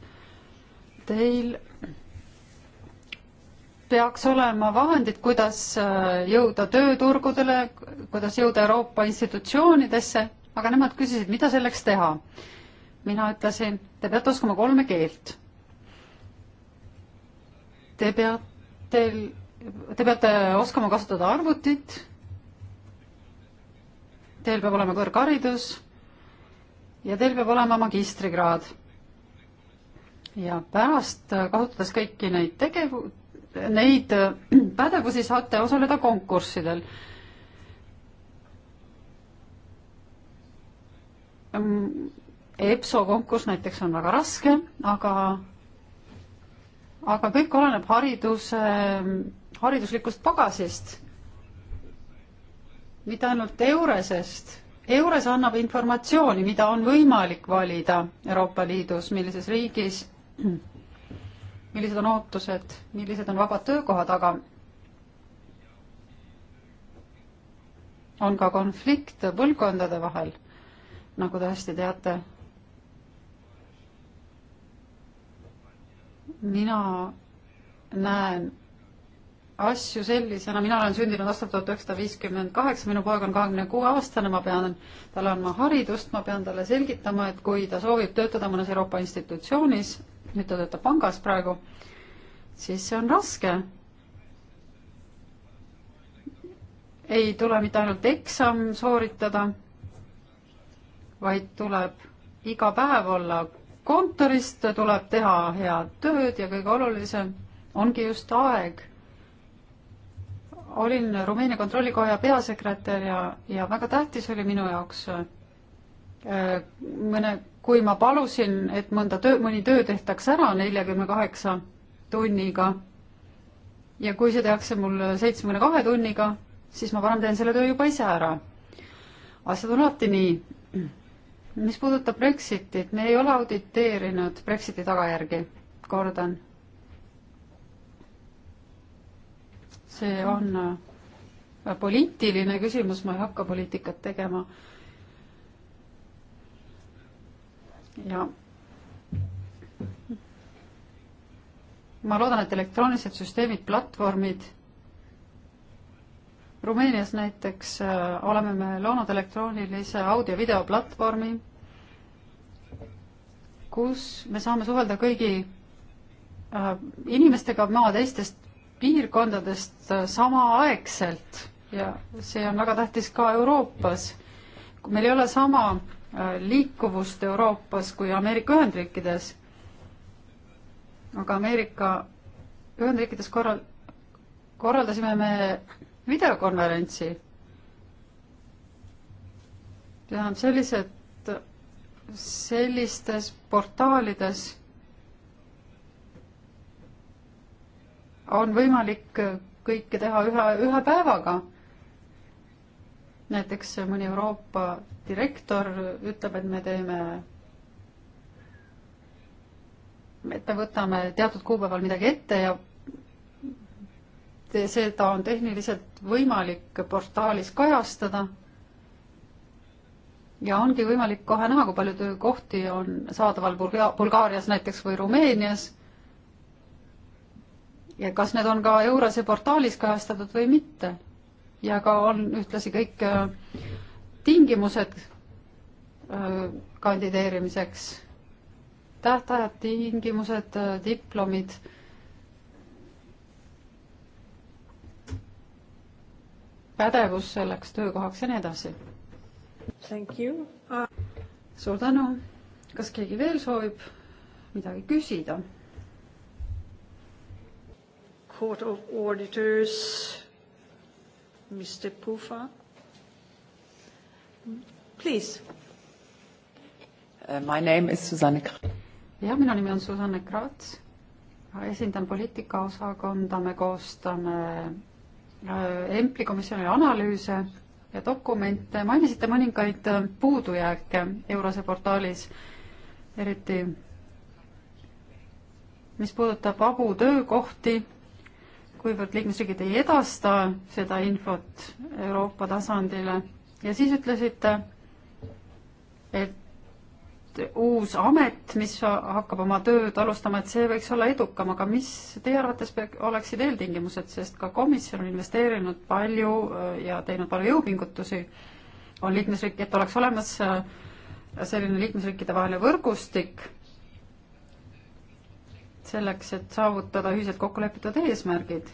teil peaks olema vahendid, kuidas äh, jõuda tööturgudele, kuidas jõuda Euroopa institutsioonidesse, aga nemad küsisid, mida selleks teha. mina ütlesin, te peate oskama kolme keelt. Te peate, te peate oskama kasutada arvutit teil peab olema kõrgharidus ja teil peab olema magistrikraad. ja pärast, äh, kasutades kõiki neid tegevu-, neid äh, pädevusi, saate osaleda konkurssidel. Mm, EPSO konkurss näiteks on väga raske, aga aga kõik oleneb hariduse, hariduslikust pagasist mitte ainult Euresest. Eures annab informatsiooni, mida on võimalik valida Euroopa Liidus, millises riigis, millised on ootused, millised on vabad töökohad, aga on ka konflikt põlvkondade vahel, nagu te hästi teate. mina näen asju sellisena, mina olen sündinud aastal tuhat üheksasada viiskümmend kaheksa, minu poeg on kahekümne kuue aastane, ma pean talle andma haridust, ma pean talle selgitama, et kui ta soovib töötada mõnes Euroopa institutsioonis, nüüd ta töötab pangas praegu, siis see on raske. ei tule mitte ainult eksam sooritada, vaid tuleb iga päev olla kontorist, tuleb teha head tööd ja kõige olulisem ongi just aeg olin Rumeenia kontrollikoja peasekretär ja, ja väga tähtis oli minu jaoks äh, mõne, kui ma palusin, et mõnda töö, mõni töö tehtaks ära neljakümne kaheksa tunniga ja kui see tehakse mul seitsmekümne kahe tunniga, siis ma parem teen selle töö juba ise ära. asjad on alati nii. mis puudutab Brexitit, me ei ole auditeerinud Brexiti tagajärgi, kordan see on äh, poliitiline küsimus, ma ei hakka poliitikat tegema. ja ma loodan, et elektroonilised süsteemid, platvormid Rumeenias näiteks äh, oleme me loonud elektroonilise audio-videoplatvormi, kus me saame suhelda kõigi äh, inimestega maa teistest piirkondadest äh, samaaegselt ja see on väga tähtis ka Euroopas. kui meil ei ole sama äh, liikuvust Euroopas kui Ameerika Ühendriikides, aga Ameerika Ühendriikides korral, korraldasime me videokonverentsi. tähendab, sellised, sellistes portaalides on võimalik kõike teha ühe, ühe päevaga. näiteks mõni Euroopa direktor ütleb, et me teeme, et me võtame teatud kuupäeval midagi ette ja te, seda on tehniliselt võimalik portaalis kajastada. ja ongi võimalik kohe näha, kui palju töökohti on saadaval Bulga Bulgaarias näiteks või Rumeenias ja kas need on ka Eurose portaalis kajastatud või mitte. ja ka on ühtlasi kõik äh, tingimused äh, kandideerimiseks, tähtajad, tingimused, äh, diplomid. pädevus selleks töökohaks ja nii edasi. Uh, suur tänu. kas keegi veel soovib midagi küsida? Court of Auditors, Mr. Pufa. Please. Uh, my name is Susanne Kraats. jah, minu nimi on Susanne Kraats. esindan poliitikaosakonda, me koostame äh, EMPLi komisjonile analüüse ja dokumente. mainisite mõningaid äh, puudujääke Eurose portaalis, eriti mis puudutab vabu töökohti kuivõrd liikmesriigid ei edasta seda infot Euroopa tasandile ja siis ütlesite, et uus amet, mis hakkab oma tööd alustama, et see võiks olla edukam, aga mis teie arvates oleksid eeltingimused, sest ka komisjon on investeerinud palju äh, ja teinud palju jõupingutusi, on liikmesriik, et oleks olemas äh, selline liikmesriikide vaheline võrgustik selleks, et saavutada ühiselt kokku lepitud eesmärgid,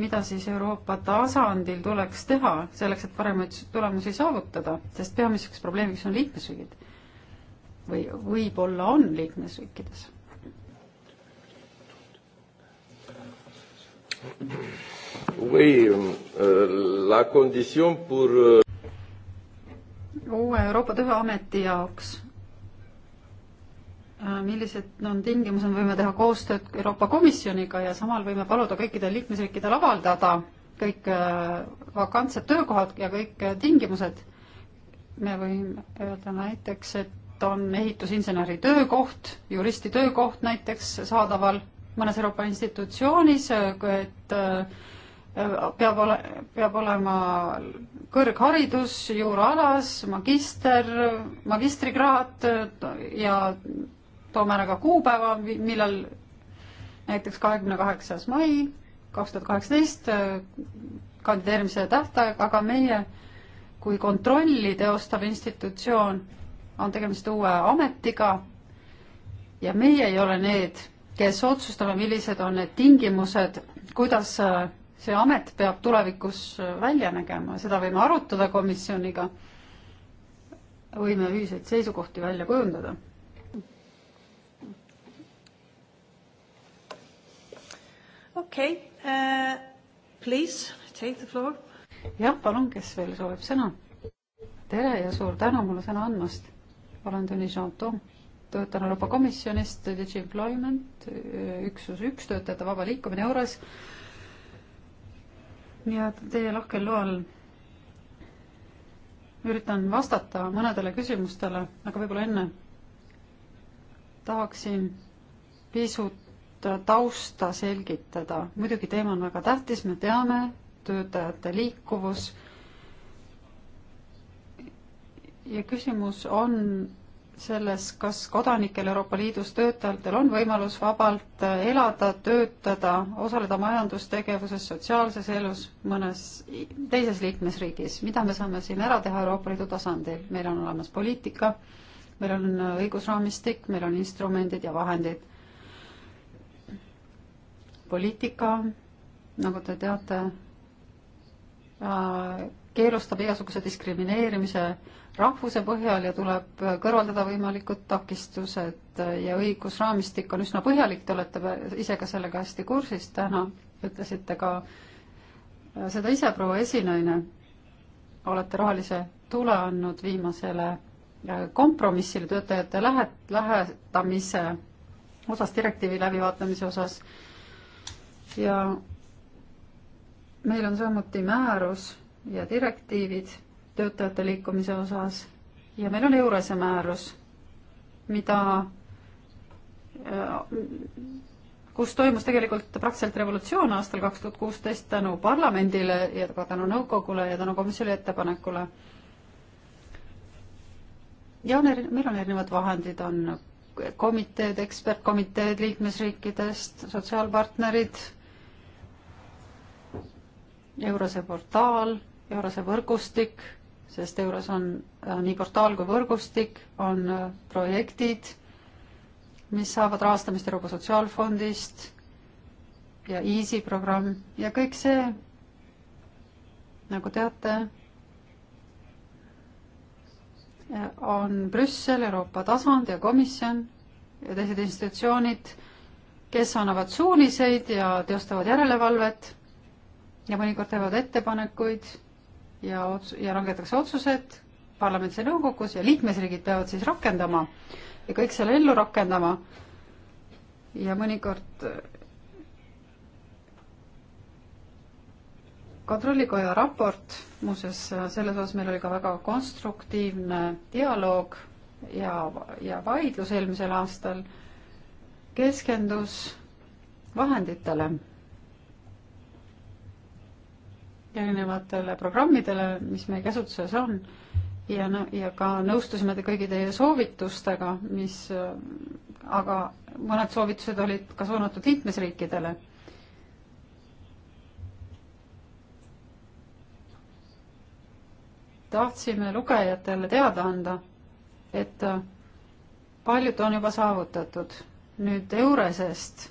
mida siis Euroopa tasandil tuleks teha selleks, et paremaid tulemusi saavutada, sest peamiseks probleemiks on liikmesriigid või võib-olla on liikmesriikides. Oui, euh, la condition pour euh, uue Euroopa Tööameti jaoks Äh, millised on tingimused, võime teha koostööd Euroopa Komisjoniga ja samal võime paluda kõikidel liikmesriikidel avaldada kõik äh, vakantsed töökohad ja kõik äh, tingimused. me võime öelda näiteks, et on ehitusinseneri töökoht, juristi töökoht näiteks saadaval mõnes Euroopa institutsioonis, et peab ole, peab olema kõrgharidus juuralas, magister, magistrikraad ja toome ära ka kuupäeva, millal näiteks kahekümne kaheksas mai kaks tuhat kaheksateist äh, kandideerimise tähtaeg, aga meie kui kontrolli teostav institutsioon on tegemist uue ametiga ja meie ei ole need, kes otsustame, millised on need tingimused, kuidas äh, see amet peab tulevikus äh, välja nägema, seda võime arutada komisjoniga, võime ühiseid seisukohti välja kujundada okei okay, uh,, please take the floor. jah, palun, kes veel soovib sõna? tere ja suur tänu mulle sõna andmast. olen Tõnis Janton, töötan Euroopa Komisjonist, Digiemployment, üksus üks, töötajate vaba liikumine juures. ja teie lahkel loal üritan vastata mõnedele küsimustele, aga võib-olla enne tahaksin pisut tausta selgitada. muidugi teema on väga tähtis, me teame, töötajate liikuvus. ja küsimus on selles, kas kodanikel Euroopa Liidus töötajatel on võimalus vabalt elada, töötada, osaleda majandustegevuses, sotsiaalses elus mõnes teises liikmesriigis. mida me saame siin ära teha Euroopa Liidu tasandil? meil on olemas poliitika, meil on õigusraamistik, meil on instrumendid ja vahendid poliitika, nagu te teate, äh, keelustab igasuguse diskrimineerimise rahvuse põhjal ja tuleb kõrvaldada võimalikud takistused ja õigusraamistik on üsna põhjalik, te olete ise ka sellega hästi kursis täna, ütlesite ka äh, seda ise, proua esinaine, olete rohelise tule andnud viimasele äh, kompromissile töötajate lähet-, lähetamise osas, direktiivi läbivaatamise osas ja meil on samuti määrus ja direktiivid töötajate liikumise osas ja meil on Eurese määrus, mida, äh, kus toimus tegelikult praktiliselt revolutsioon aastal kaks tuhat kuusteist tänu parlamendile ja ka tänu nõukogule ja tänu komisjoni ettepanekule. ja on eri-, meil on erinevad vahendid, on komiteed, ekspertkomiteed liikmesriikidest, sotsiaalpartnerid Eurose portaal, Eurose võrgustik, sest Euros on äh, nii portaal kui võrgustik, on äh, projektid, mis saavad rahastamist Euroopa Sotsiaalfondist ja EASY programm ja kõik see, nagu teate, on Brüssel, Euroopa tasand ja komisjon ja teised institutsioonid, kes annavad suuniseid ja teostavad järelevalvet ja mõnikord teevad ettepanekuid ja ots-, ja langetatakse otsused parlamendis ja nõukogus ja liikmesriigid peavad siis rakendama ja kõik selle ellu rakendama. ja mõnikord äh, kontrollikoja raport, muuseas selles osas meil oli ka väga konstruktiivne dialoog ja, ja vaidlus eelmisel aastal, keskendus vahenditele erinevatele programmidele, mis meie käsutuses on ja, ja ka nõustusime te kõigi teie soovitustega, mis, aga mõned soovitused olid ka suunatud liikmesriikidele. tahtsime lugejatele teada anda, et paljud on juba saavutatud. nüüd Euresest,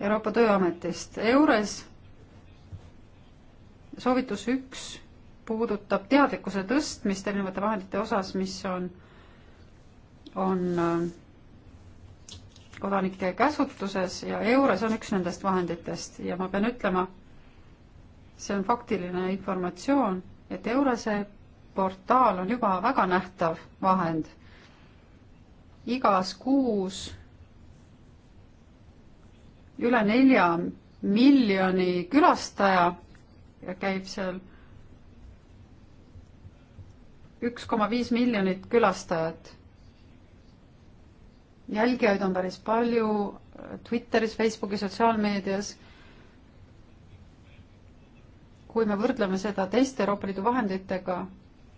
Euroopa Tööametist. Eures soovitus üks puudutab teadlikkuse tõstmist erinevate vahendite osas, mis on, on äh, kodanike käsutuses ja EURES on üks nendest vahenditest ja ma pean ütlema, see on faktiline informatsioon, et EURES-e portaal on juba väga nähtav vahend. igas kuus üle nelja miljoni külastaja käib seal üks koma viis miljonit külastajat. jälgijaid on päris palju Twitteris, Facebooki, sotsiaalmeedias. kui me võrdleme seda teiste Euroopa Liidu vahenditega,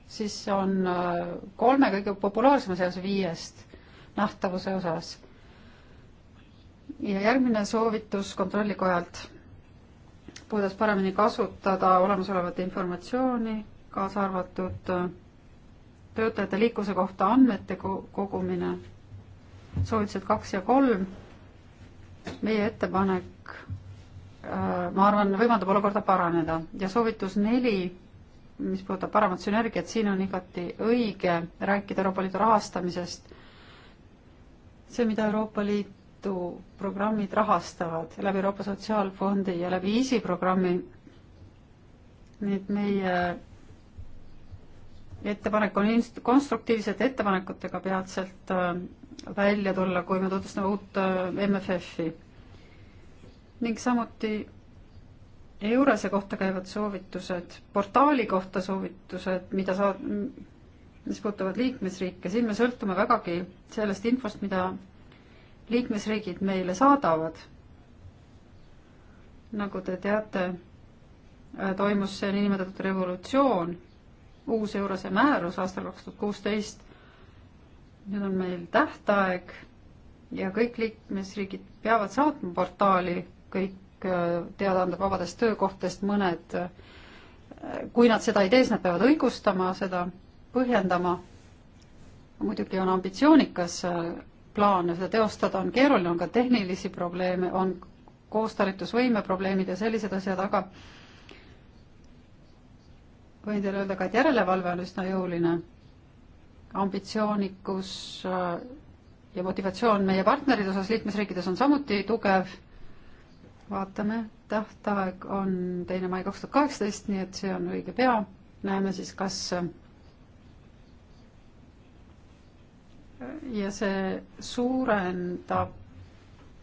siis on äh, kolme kõige populaarsema seas viiest nähtavuse osas. ja järgmine soovitus Kontrollikojalt kuidas paremini kasutada olemasolevat informatsiooni, kaasa arvatud äh, töötajate liikluse kohta andmete kogumine, soovitused kaks ja kolm. meie ettepanek, äh, ma arvan, võimaldab olukorda paraneda ja soovitus neli, mis puudutab paremat sünergiat, siin on igati õige rääkida Euroopa Liidu rahastamisest. see, mida Euroopa Liit Liidu programmid rahastavad läbi Euroopa Sotsiaalfondi ja läbi ISI programmi. nii et meie ettepanek on inst-, konstruktiivsete ettepanekutega peatselt äh, välja tulla, kui me tutvustame uut äh, MFF-i. ning samuti Eurase kohta käivad soovitused, portaali kohta soovitused, mida saad, mis puutuvad liikmesriike, siin me sõltume vägagi sellest infost, mida liikmesriigid meile saadavad. nagu te teate, äh, toimus see niinimetatud revolutsioon, uus Eurose määrus aastal kaks tuhat kuusteist. nüüd on meil tähtaeg ja kõik liikmesriigid peavad saatma portaali kõik äh, teadaanded vabadest töökohtadest, mõned, äh, kui nad seda ei tee, siis nad peavad õigustama seda, põhjendama. muidugi on ambitsioonikas plaane seda teostada on keeruline, on ka tehnilisi probleeme, on koostalitusvõime probleemid ja sellised asjad, aga võin teile öelda ka, et järelevalve on üsna jõuline. ambitsioonikus äh, ja motivatsioon meie partneride osas liikmesriikides on samuti tugev. vaatame, tähtaeg on teine mai kaks tuhat kaheksateist, nii et see on õige pea. näeme siis, kas ja see suurendab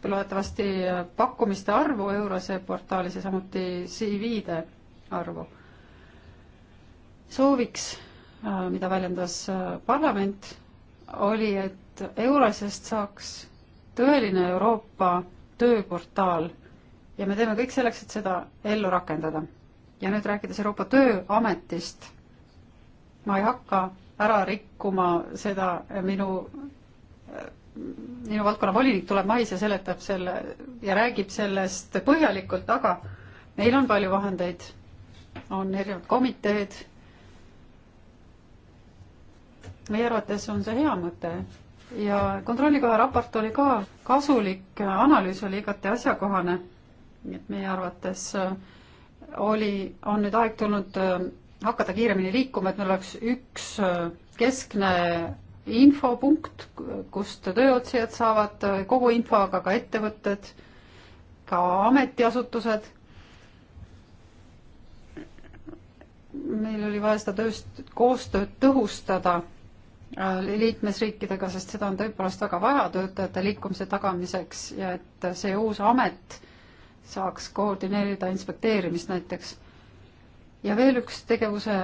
loodetavasti pakkumiste arvu Eurose portaalis ja samuti CV-de arvu. sooviks, äh, mida väljendas äh, parlament, oli, et Eurosest saaks tõeline Euroopa tööportaal ja me teeme kõik selleks, et seda ellu rakendada. ja nüüd rääkides Euroopa Tööametist, ma ei hakka ära rikkuma seda minu, minu valdkonna volinik tuleb mais ja seletab selle ja räägib sellest põhjalikult, aga meil on palju vahendeid, on erinevad komiteed. meie arvates on see hea mõte ja kontrollikoja raport oli ka kasulik, analüüs oli igati asjakohane. nii et meie arvates äh, oli, on nüüd aeg tulnud äh, hakata kiiremini liikuma, et meil oleks üks äh, keskne infopunkt, kust tööotsijad saavad äh, kogu info, aga ka ettevõtted, ka ametiasutused. meil oli vaja seda tööst, koostööd tõhustada äh, liikmesriikidega, sest seda on tõepoolest väga vaja töötajate liikumise tagamiseks ja et see uus amet saaks koordineerida inspekteerimist näiteks ja veel üks tegevuse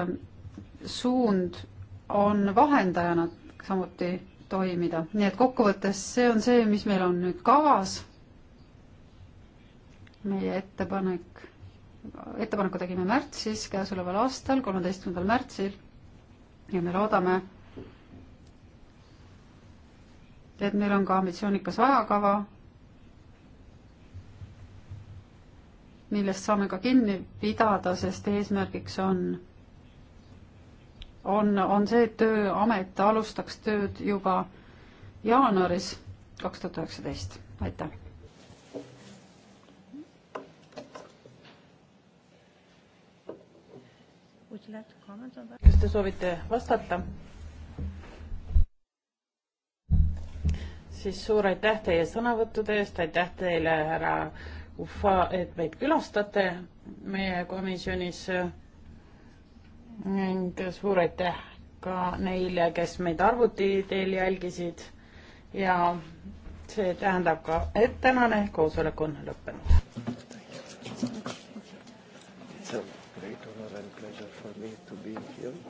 suund on vahendajana samuti toimida, nii et kokkuvõttes see on see, mis meil on nüüd kavas. meie ettepanek, ettepaneku tegime märtsis käesoleval aastal, kolmeteistkümnendal märtsil ja me loodame, et meil on ka ambitsioonikas ajakava millest saame ka kinni pidada, sest eesmärgiks on, on, on see, et Tööamet alustaks tööd juba jaanuaris kaks tuhat üheksateist, aitäh. kas te soovite vastata? siis suur aitäh teie sõnavõttude eest, aitäh teile, härra Ufa, et meid külastate meie komisjonis ning suur aitäh ka neile, kes meid arvuti teel jälgisid ja see tähendab ka, et tänane koosolek on lõppenud. It's a great honor and pleasure for me to be here.